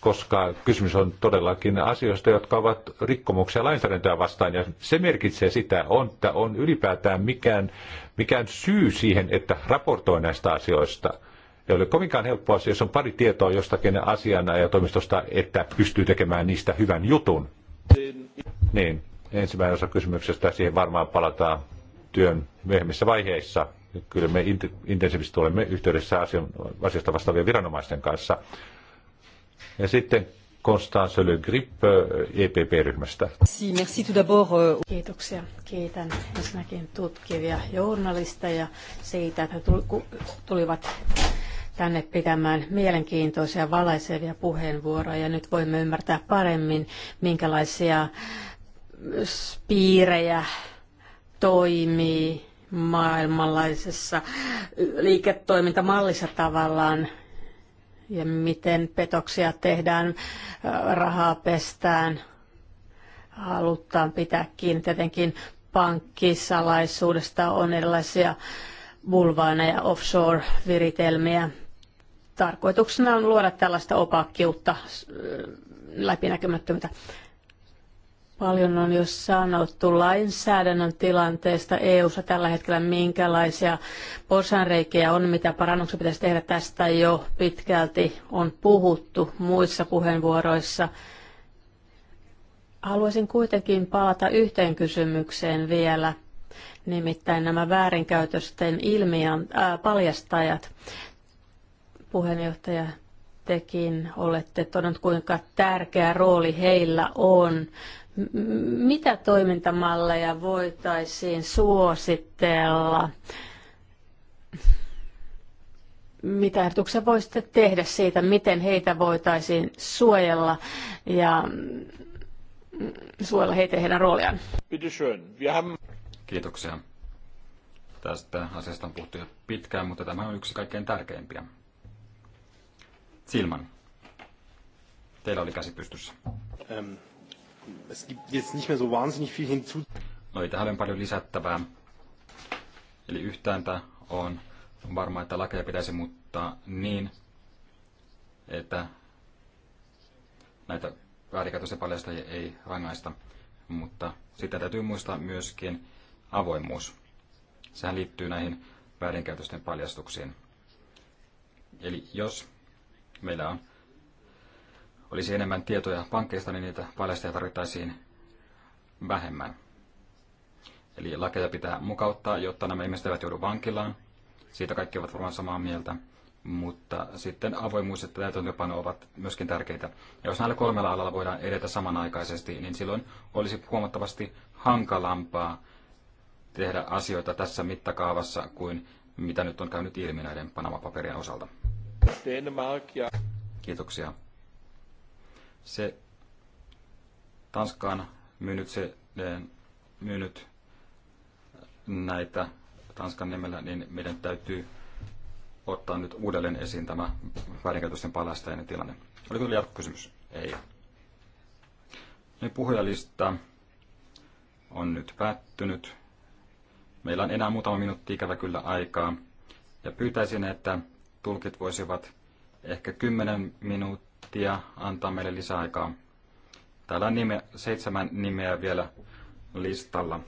koska kysymys on todellakin asioista, jotka ovat rikkomuksia lainsäädäntöä vastaan. Ja se merkitsee sitä, että on ylipäätään mikään, mikään syy siihen, että raportoi näistä asioista – ei ole kovinkaan helppoa, jos on pari tietoa jostakin asianajatoimistosta, ja toimistosta, että pystyy tekemään niistä hyvän jutun. Niin, ensimmäinen osa kysymyksestä, siihen varmaan palataan työn myöhemmissä vaiheissa. Kyllä me intensiivisesti olemme yhteydessä asiasta vastaavien viranomaisten kanssa. Ja sitten Constance Le Grip EPP-ryhmästä. Eh, e euh, Kiitoksia. Kiitän ensinnäkin tutkivia journalisteja siitä, että tulivat tänne pitämään mielenkiintoisia valaisevia puheenvuoroja ja nyt voimme ymmärtää paremmin, minkälaisia piirejä toimii maailmanlaisessa liiketoimintamallissa tavallaan ja miten petoksia tehdään, rahaa pestään, halutaan pitää kiinni. Tietenkin pankkisalaisuudesta on erilaisia bulvaaneja, offshore-viritelmiä. Tarkoituksena on luoda tällaista opakkiutta, läpinäkymättömyyttä. Paljon on jo sanottu lainsäädännön tilanteesta EU-ssa tällä hetkellä, minkälaisia porsanreikiä on, mitä parannuksia pitäisi tehdä. Tästä jo pitkälti on puhuttu muissa puheenvuoroissa. Haluaisin kuitenkin palata yhteen kysymykseen vielä, nimittäin nämä väärinkäytösten ilmiön äh, paljastajat puheenjohtaja tekin olette todennut, kuinka tärkeä rooli heillä on. Mitä toimintamalleja voitaisiin suositella? Mitä ehdotuksia voisitte tehdä siitä, miten heitä voitaisiin suojella ja suojella heitä ja heidän rooliaan? Kiitoksia. Tästä asiasta on puhuttu jo pitkään, mutta tämä on yksi kaikkein tärkeimpiä. Silman. Teillä oli käsi pystyssä. Ähm, es gibt jetzt nicht mehr so wahnsinnig viel hinzu. No ei tähän ole paljon lisättävää. Eli tämä on varma, että lakeja pitäisi muuttaa niin, että näitä väärinkäytösten paljastajia ei rangaista. Mutta sitten täytyy muistaa myöskin avoimuus. Sehän liittyy näihin väärinkäytösten paljastuksiin. Eli jos meillä on, olisi enemmän tietoja pankkeista, niin niitä paljastajia tarvittaisiin vähemmän. Eli lakeja pitää mukauttaa, jotta nämä ihmiset eivät joudu vankilaan. Siitä kaikki ovat varmaan samaa mieltä. Mutta sitten avoimuus ja täytäntöpano ovat myöskin tärkeitä. Ja jos näillä kolmella alalla voidaan edetä samanaikaisesti, niin silloin olisi huomattavasti hankalampaa tehdä asioita tässä mittakaavassa kuin mitä nyt on käynyt ilmi näiden Panama-paperien osalta. Denmark ja... Kiitoksia. Se Tanskaan myynyt, se, myynyt näitä Tanskan nimellä, niin meidän täytyy ottaa nyt uudelleen esiin tämä väärinkäytösten palastajien tilanne. Oliko teillä jatkokysymys? Ei. Niin puhujalista on nyt päättynyt. Meillä on enää muutama minuutti ikävä kyllä aikaa. Ja pyytäisin, että tulkit voisivat ehkä 10 minuuttia antaa meille lisäaikaa. Täällä on nime, seitsemän nimeä vielä listalla.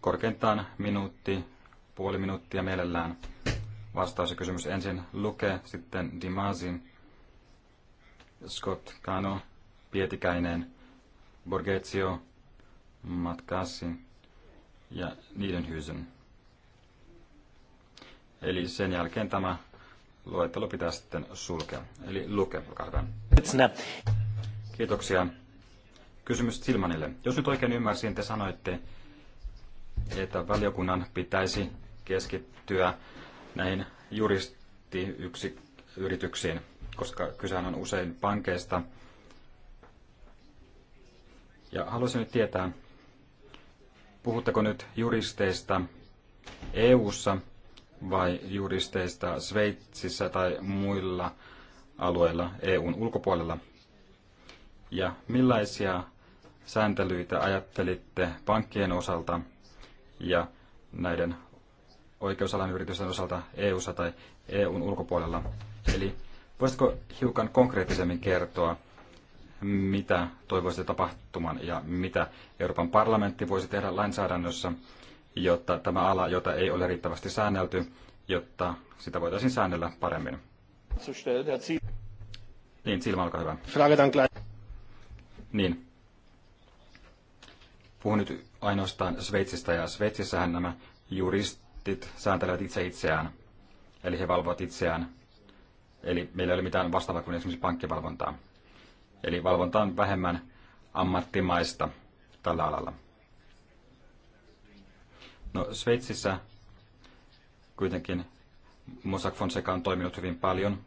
Korkeintaan minuutti, puoli minuuttia mielellään. Vastaus ja kysymys ensin Luke, sitten Dimasin, Scott Cano, Pietikäinen, Borgezio, Matkassi ja Niedenhysen. Eli sen jälkeen tämä luettelo pitää sitten sulkea. Eli luke, olkaa hyvä. Kiitoksia. Kysymys Silmanille. Jos nyt oikein ymmärsin, te sanoitte, että valiokunnan pitäisi keskittyä näihin juristiyrityksiin, koska kysehän on usein pankeista. Ja haluaisin nyt tietää, puhutteko nyt juristeista EU-ssa vai juristeista Sveitsissä tai muilla alueilla EUn ulkopuolella? Ja millaisia sääntelyitä ajattelitte pankkien osalta ja näiden oikeusalan yritysten osalta EUssa tai EUn ulkopuolella? Eli voisitko hiukan konkreettisemmin kertoa, mitä toivoisitte tapahtuman ja mitä Euroopan parlamentti voisi tehdä lainsäädännössä, jotta tämä ala, jota ei ole riittävästi säännelty, jotta sitä voitaisiin säännellä paremmin. Niin, Silmä, olkaa hyvä. Niin. Puhun nyt ainoastaan Sveitsistä, ja Sveitsissähän nämä juristit sääntelevät itse itseään, eli he valvovat itseään. Eli meillä ei ole mitään vastaavaa kuin esimerkiksi pankkivalvontaa. Eli valvonta on vähemmän ammattimaista tällä alalla. No Sveitsissä kuitenkin Mossack Fonseca on toiminut hyvin paljon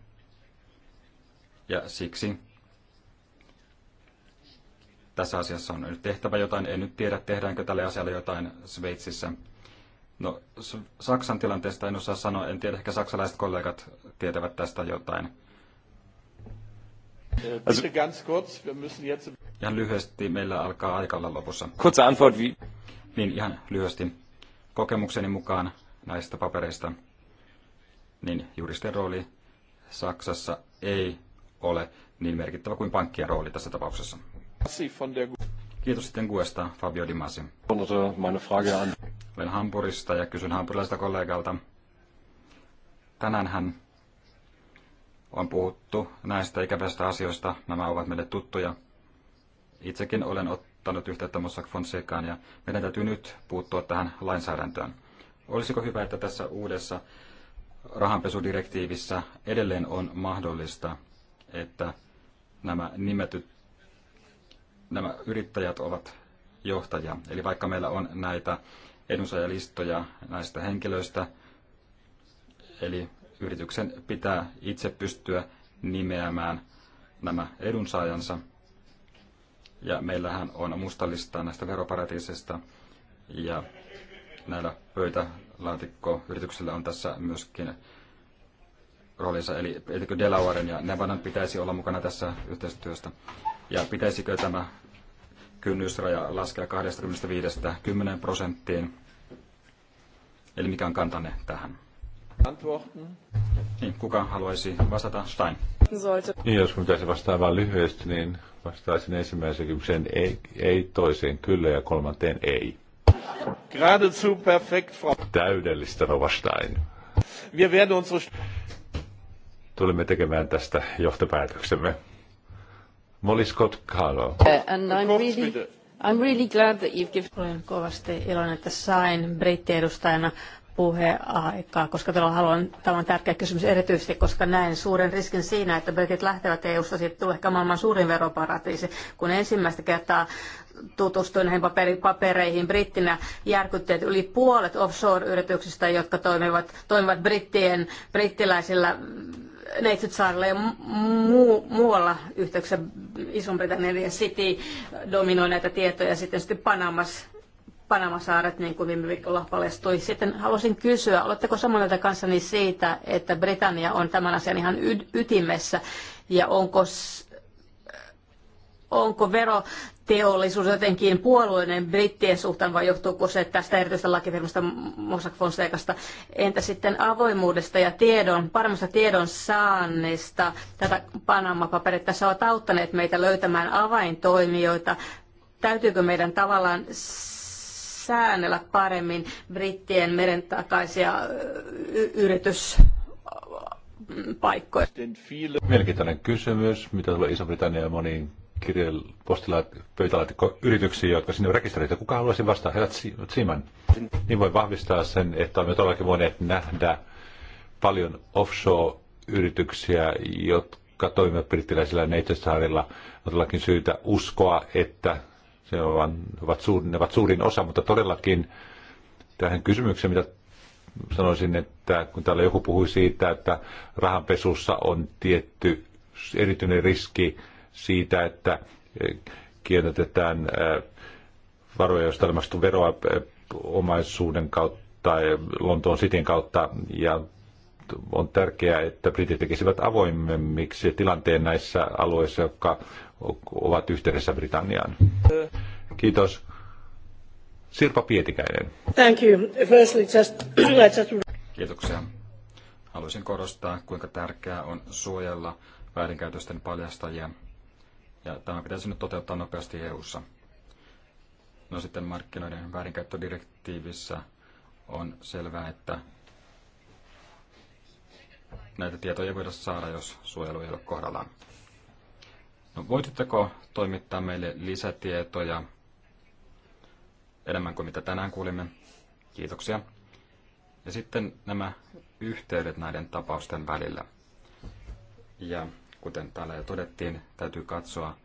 ja siksi tässä asiassa on nyt tehtävä jotain. En nyt tiedä, tehdäänkö tälle asialle jotain Sveitsissä. No, Saksan tilanteesta en osaa sanoa. En tiedä, ehkä saksalaiset kollegat tietävät tästä jotain. Äh, also, ihan lyhyesti, meillä alkaa aika olla lopussa. Kurze Antwort, wie... Niin, ihan lyhyesti kokemukseni mukaan näistä papereista, niin juristin rooli Saksassa ei ole niin merkittävä kuin pankkien rooli tässä tapauksessa. Kiitos sitten Guesta, Fabio Di Masi. Olen Hampurista ja kysyn hampurilaiselta kollegalta. Tänään hän on puhuttu näistä ikävistä asioista. Nämä ovat meille tuttuja. Itsekin olen ottanut ottanut yhteyttä Mossack Fonsecaan ja meidän täytyy nyt puuttua tähän lainsäädäntöön. Olisiko hyvä, että tässä uudessa rahanpesudirektiivissä edelleen on mahdollista, että nämä nimetyt nämä yrittäjät ovat johtajia. Eli vaikka meillä on näitä edunsaajalistoja näistä henkilöistä, eli yrityksen pitää itse pystyä nimeämään nämä edunsaajansa – ja meillähän on mustallista näistä veroparatiisista ja näillä pöytälaatikkoyrityksillä on tässä myöskin roolinsa. Eli eikö Delawaren ja Nevadan pitäisi olla mukana tässä yhteistyöstä? Ja pitäisikö tämä kynnysraja laskea 25-10 prosenttiin? Eli mikä on kantanne tähän? Niin, kuka haluaisi vastata? Stein. Niin, jos pitäisi vastaa vain lyhyesti, niin Vastaisin ensimmäiseen kysymykseen ei, ei, toiseen kyllä ja kolmanteen ei. Geradezu perfekt, Frau. Täydellistä Rovastein. No Wir werden unsere... Tulemme tekemään tästä johtopäätöksemme. Molly Scott Carlo. Uh, and I'm really... I'm really glad that you've given... Olen kovasti iloinen, että sain brittiedustajana puheaikaa, koska haluan, tämä on tärkeä kysymys erityisesti, koska näen suuren riskin siinä, että Britit lähtevät EU-sta, sitten tulee ehkä maailman suurin veroparatiisi. Kun ensimmäistä kertaa tutustuin näihin papereihin brittinä, järkytti, että yli puolet offshore-yrityksistä, jotka toimivat, toimivat brittien, brittiläisillä Neitsytsaarilla ja muu, muualla yhteyksessä Iso-Britannian ja City dominoi näitä tietoja. Sitten, sitten Panamassa Panama-saaret, niin kuin viime viikolla paljastui. Sitten haluaisin kysyä, oletteko samaa mieltä kanssani siitä, että Britannia on tämän asian ihan ytimessä, ja onko, onko veroteollisuus jotenkin puolueinen brittien suhtaan, vai johtuuko se tästä erityisestä lakifirmasta Mossack Fonsecasta? Entä sitten avoimuudesta ja tiedon, paremmasta tiedon saannista? Tätä Panama-paperit tässä ovat auttaneet meitä löytämään avaintoimijoita. Täytyykö meidän tavallaan säännellä paremmin brittien meren takaisia yritys paikkoja. Merkittäinen kysymys, mitä tulee iso britannia moniin kirjeen yrityksiin, jotka sinne on rekisteröity. Kuka haluaisi vastata? Herrat Siman. Niin voi vahvistaa sen, että olemme todellakin voineet nähdä paljon offshore-yrityksiä, jotka toimivat brittiläisillä Neitsesaarilla. On todellakin syytä uskoa, että ne ovat, ovat, suur, ne ovat suurin osa, mutta todellakin tähän kysymykseen, mitä sanoisin, että kun täällä joku puhui siitä, että rahanpesussa on tietty erityinen riski siitä, että e, kiertetään e, varoja, joista on veroa e, omaisuuden kautta tai Lontoon sitin kautta ja on tärkeää, että britit tekisivät avoimemmiksi tilanteen näissä alueissa, jotka ovat yhteydessä Britanniaan. Kiitos. Sirpa Pietikäinen. Thank you. Firstly, just, just... Kiitoksia. Haluaisin korostaa, kuinka tärkeää on suojella väärinkäytösten paljastajia. Ja tämä pitäisi nyt toteuttaa nopeasti EU-ssa. No sitten markkinoiden väärinkäyttödirektiivissä on selvää, että näitä tietoja ei voida saada, jos suojelu ei ole kohdallaan. No, voititteko toimittaa meille lisätietoja enemmän kuin mitä tänään kuulimme? Kiitoksia. Ja sitten nämä yhteydet näiden tapausten välillä. Ja kuten täällä jo todettiin, täytyy katsoa,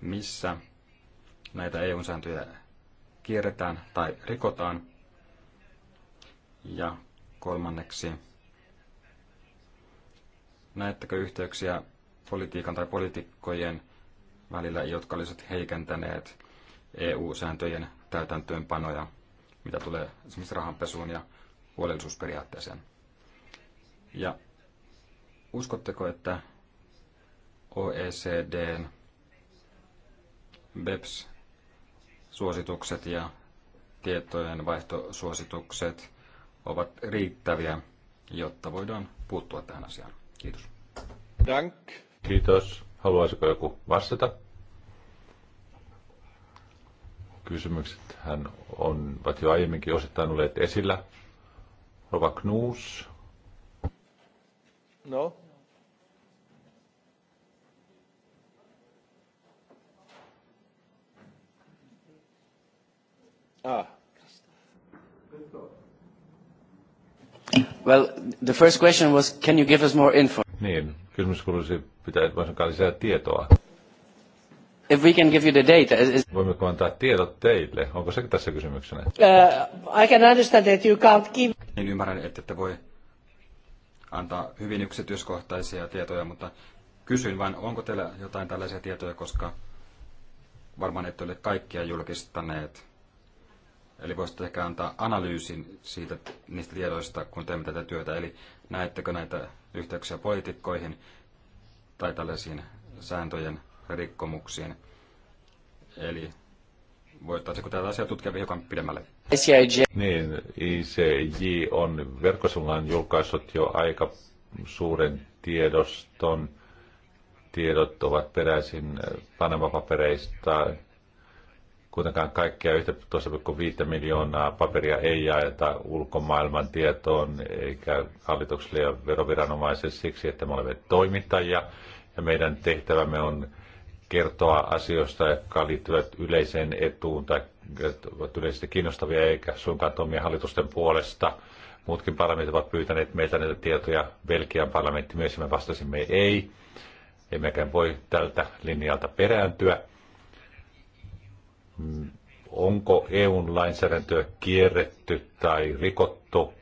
missä näitä EU-sääntöjä kierretään tai rikotaan. Ja kolmanneksi, näettekö yhteyksiä politiikan tai poliitikkojen välillä, jotka olisivat heikentäneet EU-sääntöjen täytäntöönpanoja, mitä tulee esimerkiksi rahanpesuun ja huolellisuusperiaatteeseen. Ja uskotteko, että OECDn BEPS-suositukset ja tietojen vaihtosuositukset ovat riittäviä, jotta voidaan puuttua tähän asiaan? Kiitos. Dank. Kiitos. Haluaisiko joku vastata? Kysymykset hän on, ovat jo aiemminkin osittain olleet esillä. Rova Knuus. No, Ah. Well, the first question was, can you give us more info? Niin, Kysymys kuuluisi, pitää varsinkaan lisää tietoa. If we can give you the data, is... Voimmeko antaa tiedot teille? Onko se tässä kysymyksenä? Uh, I can understand that you can't give... Niin ymmärrän, että te voi antaa hyvin yksityiskohtaisia tietoja, mutta kysyn vain, onko teillä jotain tällaisia tietoja, koska varmaan ette ole kaikkia julkistaneet. Eli voisitte ehkä antaa analyysin siitä, niistä tiedoista, kun teemme tätä työtä. Eli Näettekö näitä yhteyksiä poliitikkoihin tai tällaisiin sääntöjen rikkomuksiin? Eli voittaisiko tätä asiaa tutkia hiukan pidemmälle? ICIJ. Niin, ICJ on verkkosivullaan julkaissut jo aika suuren tiedoston. Tiedot ovat peräisin Panama-papereista, Kuitenkaan kaikkia 11,5 miljoonaa paperia ei jaeta ulkomaailman tietoon eikä hallitukselle ja veroviranomaisille siksi, että me olemme toimittajia ja meidän tehtävämme on kertoa asioista, jotka liittyvät yleiseen etuun tai ovat yleisesti kiinnostavia eikä suinkaan toimia hallitusten puolesta. Muutkin parlamentit ovat pyytäneet meiltä näitä tietoja. Belgian parlamentti myös, me vastasimme ei. Emmekä voi tältä linjalta perääntyä onko EUn lainsäädäntöä kierretty tai rikottu.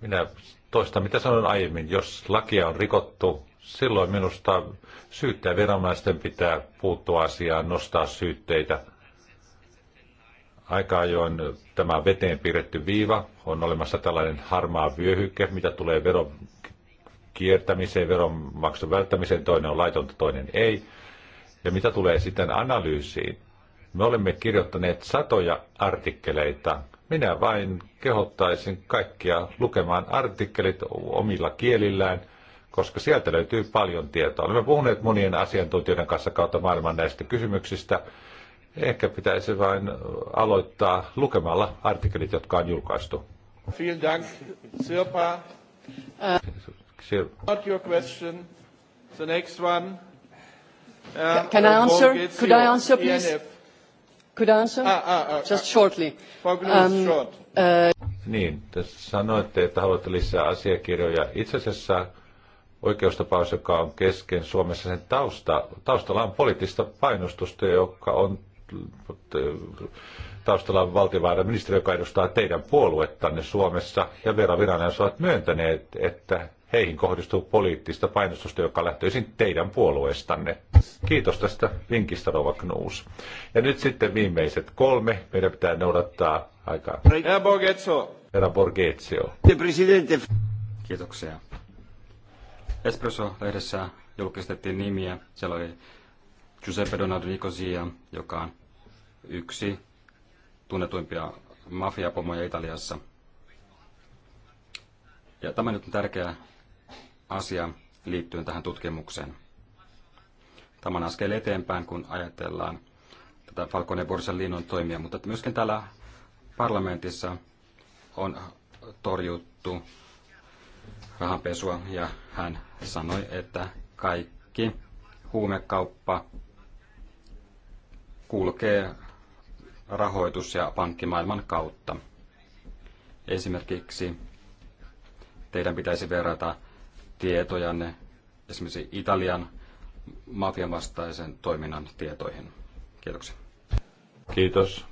Minä toistan, mitä sanoin aiemmin. Jos lakia on rikottu, silloin minusta syyttäjä viranomaisten pitää puuttua asiaan, nostaa syytteitä. Aika ajoin tämä veteen piirretty viiva on olemassa tällainen harmaa vyöhyke, mitä tulee veron kiertämiseen, veronmaksun välttämiseen, toinen on laitonta, toinen ei. Ja mitä tulee sitten analyysiin, me olemme kirjoittaneet satoja artikkeleita. Minä vain kehottaisin kaikkia lukemaan artikkelit omilla kielillään, koska sieltä löytyy paljon tietoa. Olemme puhuneet monien asiantuntijoiden kanssa kautta maailman näistä kysymyksistä. Ehkä pitäisi vain aloittaa lukemalla artikkelit, jotka on julkaistu. Vielen Dank, Sirpa. Not your question. The next one. Uh, Can I uh, answer? Could I answer, e please? Could I answer? Ah, ah, ah, Just ah. shortly. Um, short. uh, niin, tässä sanoitte, että haluatte lisää asiakirjoja. Itse asiassa oikeustapaus, joka on kesken Suomessa, sen tausta, taustalla on poliittista painostusta, joka on äh, taustalla on valtiovarainministeri, joka edustaa teidän puoluettanne Suomessa, ja veroviranomainen ovat myöntäneet, että heihin kohdistuu poliittista painostusta, joka lähtöisin teidän puolueestanne. Kiitos tästä vinkistä, Rova Knuus. Ja nyt sitten viimeiset kolme. Meidän pitää noudattaa aikaa. Herra Borghezio. Herra Borghezio. Kiitoksia. Espresso-lehdessä julkistettiin nimiä. Siellä oli Giuseppe Donaldo Nicosia, joka on yksi tunnetuimpia mafiapomoja Italiassa. Ja tämä nyt on tärkeää asia liittyen tähän tutkimukseen. Tämä on askel eteenpäin, kun ajatellaan tätä Falcone Borsallinon toimia, mutta myöskin täällä parlamentissa on torjuttu rahanpesua ja hän sanoi, että kaikki huumekauppa kulkee rahoitus- ja pankkimaailman kautta. Esimerkiksi teidän pitäisi verrata tietojanne esimerkiksi Italian mafian vastaisen toiminnan tietoihin? Kiitoksia. Kiitos.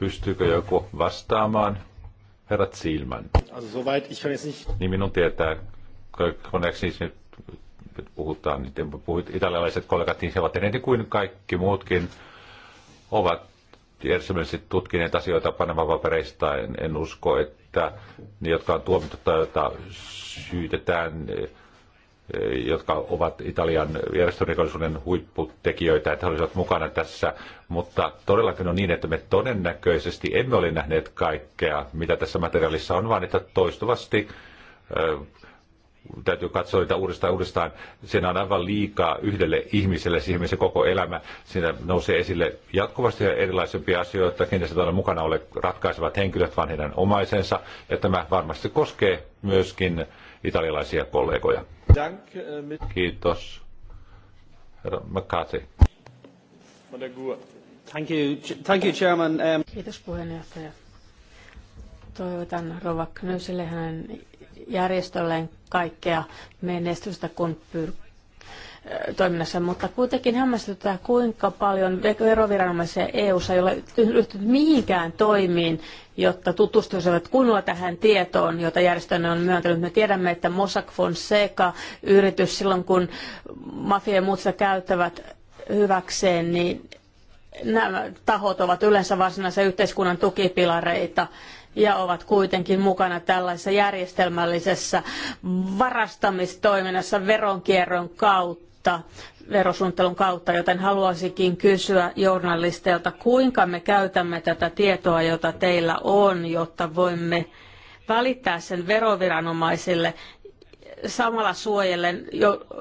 Pystyykö joku vastaamaan? Herra Zielman. Niin minun tietää, kun siis nyt puhutaan, niin puhuit, italialaiset kollegat, niin he ovat enemmän kuin kaikki muutkin, ovat järjestelmällisesti tutkineet asioita Panama-papereista. En, en usko, että että ne, jotka on tuomittu tai joita syytetään, e, jotka ovat Italian järjestörikollisuuden huipputekijöitä, että he olisivat mukana tässä. Mutta todellakin on niin, että me todennäköisesti emme ole nähneet kaikkea, mitä tässä materiaalissa on, vaan että toistuvasti e, täytyy katsoa niitä uudestaan uudestaan. Siinä on aivan liikaa yhdelle ihmiselle, siihen se koko elämä. Siinä nousee esille jatkuvasti erilaisempia asioita, kenties tuolla mukana ole ratkaisevat henkilöt, vaan heidän omaisensa. Ja tämä varmasti koskee myöskin italialaisia kollegoja. Äh, Kiitos. Thank you, thank you, Chairman. Um, Kiitos puheenjohtaja. Toivotan Rova Knöselle hänen järjestölleen kaikkea menestystä, kun pyr- toiminnassa, mutta kuitenkin hämmästyttää, kuinka paljon veroviranomaisia EU-ssa ei ole ryhtynyt mihinkään toimiin, jotta tutustuisivat kunnolla tähän tietoon, jota järjestönne on myöntänyt. Me tiedämme, että Mossack Fonseca yritys silloin, kun mafia ja muut sitä käyttävät hyväkseen, niin nämä tahot ovat yleensä varsinaisia yhteiskunnan tukipilareita ja ovat kuitenkin mukana tällaisessa järjestelmällisessä varastamistoiminnassa veronkierron kautta verosuunnittelun kautta, joten haluaisinkin kysyä journalisteilta, kuinka me käytämme tätä tietoa, jota teillä on, jotta voimme välittää sen veroviranomaisille samalla suojellen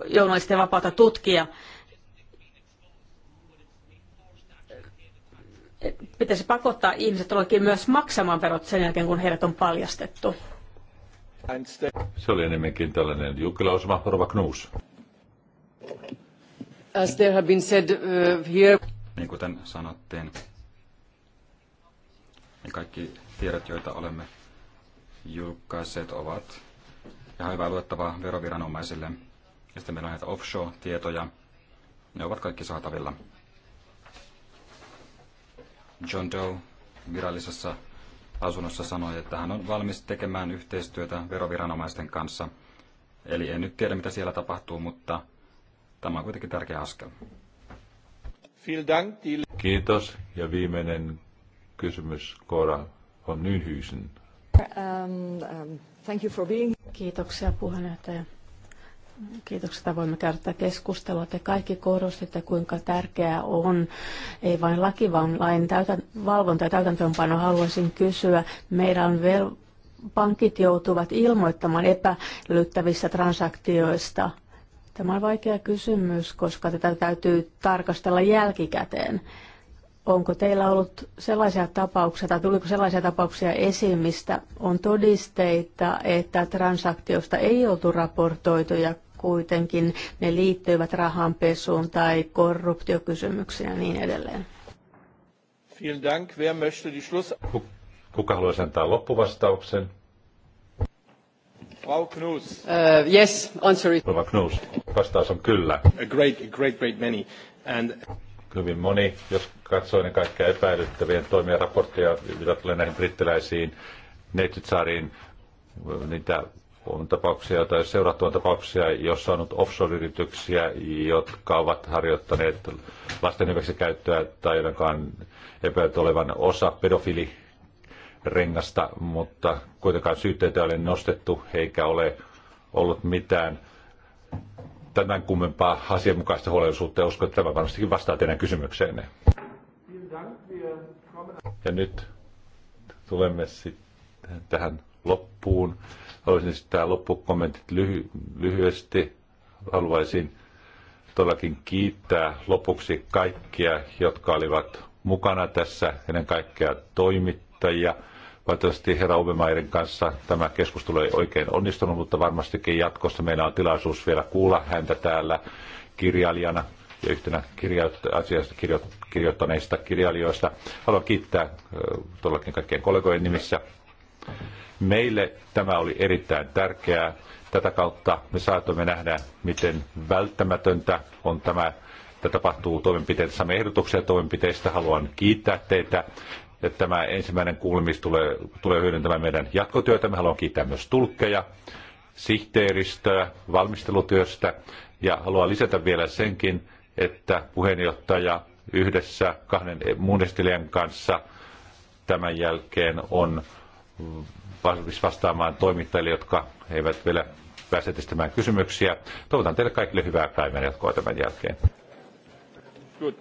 journalistien vapautta tutkia pitäisi pakottaa ihmiset todellakin myös maksamaan verot sen jälkeen, kun heidät on paljastettu. Se oli enemmänkin tällainen julkilausuma, Rova Knuus. As there have been said uh, here... Niin kuten sanottiin, niin kaikki tiedot, joita olemme julkaiset ovat ihan hyvää luettavaa veroviranomaisille. Ja sitten meillä on näitä offshore-tietoja. Ne ovat kaikki saatavilla. John Doe virallisessa asunnossa sanoi, että hän on valmis tekemään yhteistyötä veroviranomaisten kanssa. Eli en nyt tiedä, mitä siellä tapahtuu, mutta tämä on kuitenkin tärkeä askel. Kiitos. Ja viimeinen kysymys, Cora von Nyhysen. Um, um, thank you for being... Kiitoksia puheenjohtaja että voimme käydä tätä keskustelua. Te kaikki korostitte, kuinka tärkeää on, ei vain laki, vaan lain täytän, valvonta ja täytäntöönpano. Haluaisin kysyä, meidän on vel- pankit joutuvat ilmoittamaan epäilyttävistä transaktioista. Tämä on vaikea kysymys, koska tätä täytyy tarkastella jälkikäteen. Onko teillä ollut sellaisia tapauksia tai tuliko sellaisia tapauksia esiin, mistä on todisteita, että transaktiosta ei oltu raportoitu ja kuitenkin ne liittyvät rahanpesuun tai korruptiokysymyksiin ja niin edelleen. Vielen Dank. Wer möchte die Schluss... Kuka haluaisi antaa loppuvastauksen? Frau Knus. Uh, yes, answer it. Frau Knus. Vastaus on kyllä. A great, great, great many. And... Hyvin moni, jos katsoo ne kaikkia epäilyttävien toimia raportteja, mitä tulee näihin brittiläisiin neitsytsaariin, niitä on tapauksia tai seurattu on tapauksia, jossa on ollut offshore-yrityksiä, jotka ovat harjoittaneet lasten käyttöä, tai ainakaan epäilty olevan osa pedofilirengasta, mutta kuitenkaan syytteitä ei ole nostettu eikä ole ollut mitään tämän kummempaa asianmukaista huolellisuutta ja uskon, että tämä varmastikin vastaa teidän kysymykseenne. Ja nyt tulemme sitten tähän loppuun. Haluaisin sitten loppukommentit lyhy- lyhyesti. Haluaisin todellakin kiittää lopuksi kaikkia, jotka olivat mukana tässä, ennen kaikkea toimittajia. Valitettavasti herra Obemairin kanssa tämä keskustelu ei oikein onnistunut, mutta varmastikin jatkossa meillä on tilaisuus vielä kuulla häntä täällä kirjailijana ja yhtenä kirjoit- asiasta kirjo- kirjoittaneista kirjailijoista. Haluan kiittää todellakin kaikkien kollegojen nimissä. Meille tämä oli erittäin tärkeää. Tätä kautta me saatoimme nähdä, miten välttämätöntä on tämä, että tapahtuu toimenpiteitä. Saamme ehdotuksia toimenpiteistä. Haluan kiittää teitä. Että tämä ensimmäinen kuulemis tulee, tulee hyödyntämään meidän jatkotyötä. Me haluan kiittää myös tulkkeja, sihteeristöä, valmistelutyöstä. Ja haluan lisätä vielä senkin, että puheenjohtaja yhdessä kahden muun kanssa tämän jälkeen on valmis vastaamaan toimittajille, jotka eivät vielä pääse esittämään kysymyksiä. Toivotan teille kaikille hyvää päivän jatkoa tämän jälkeen. Good.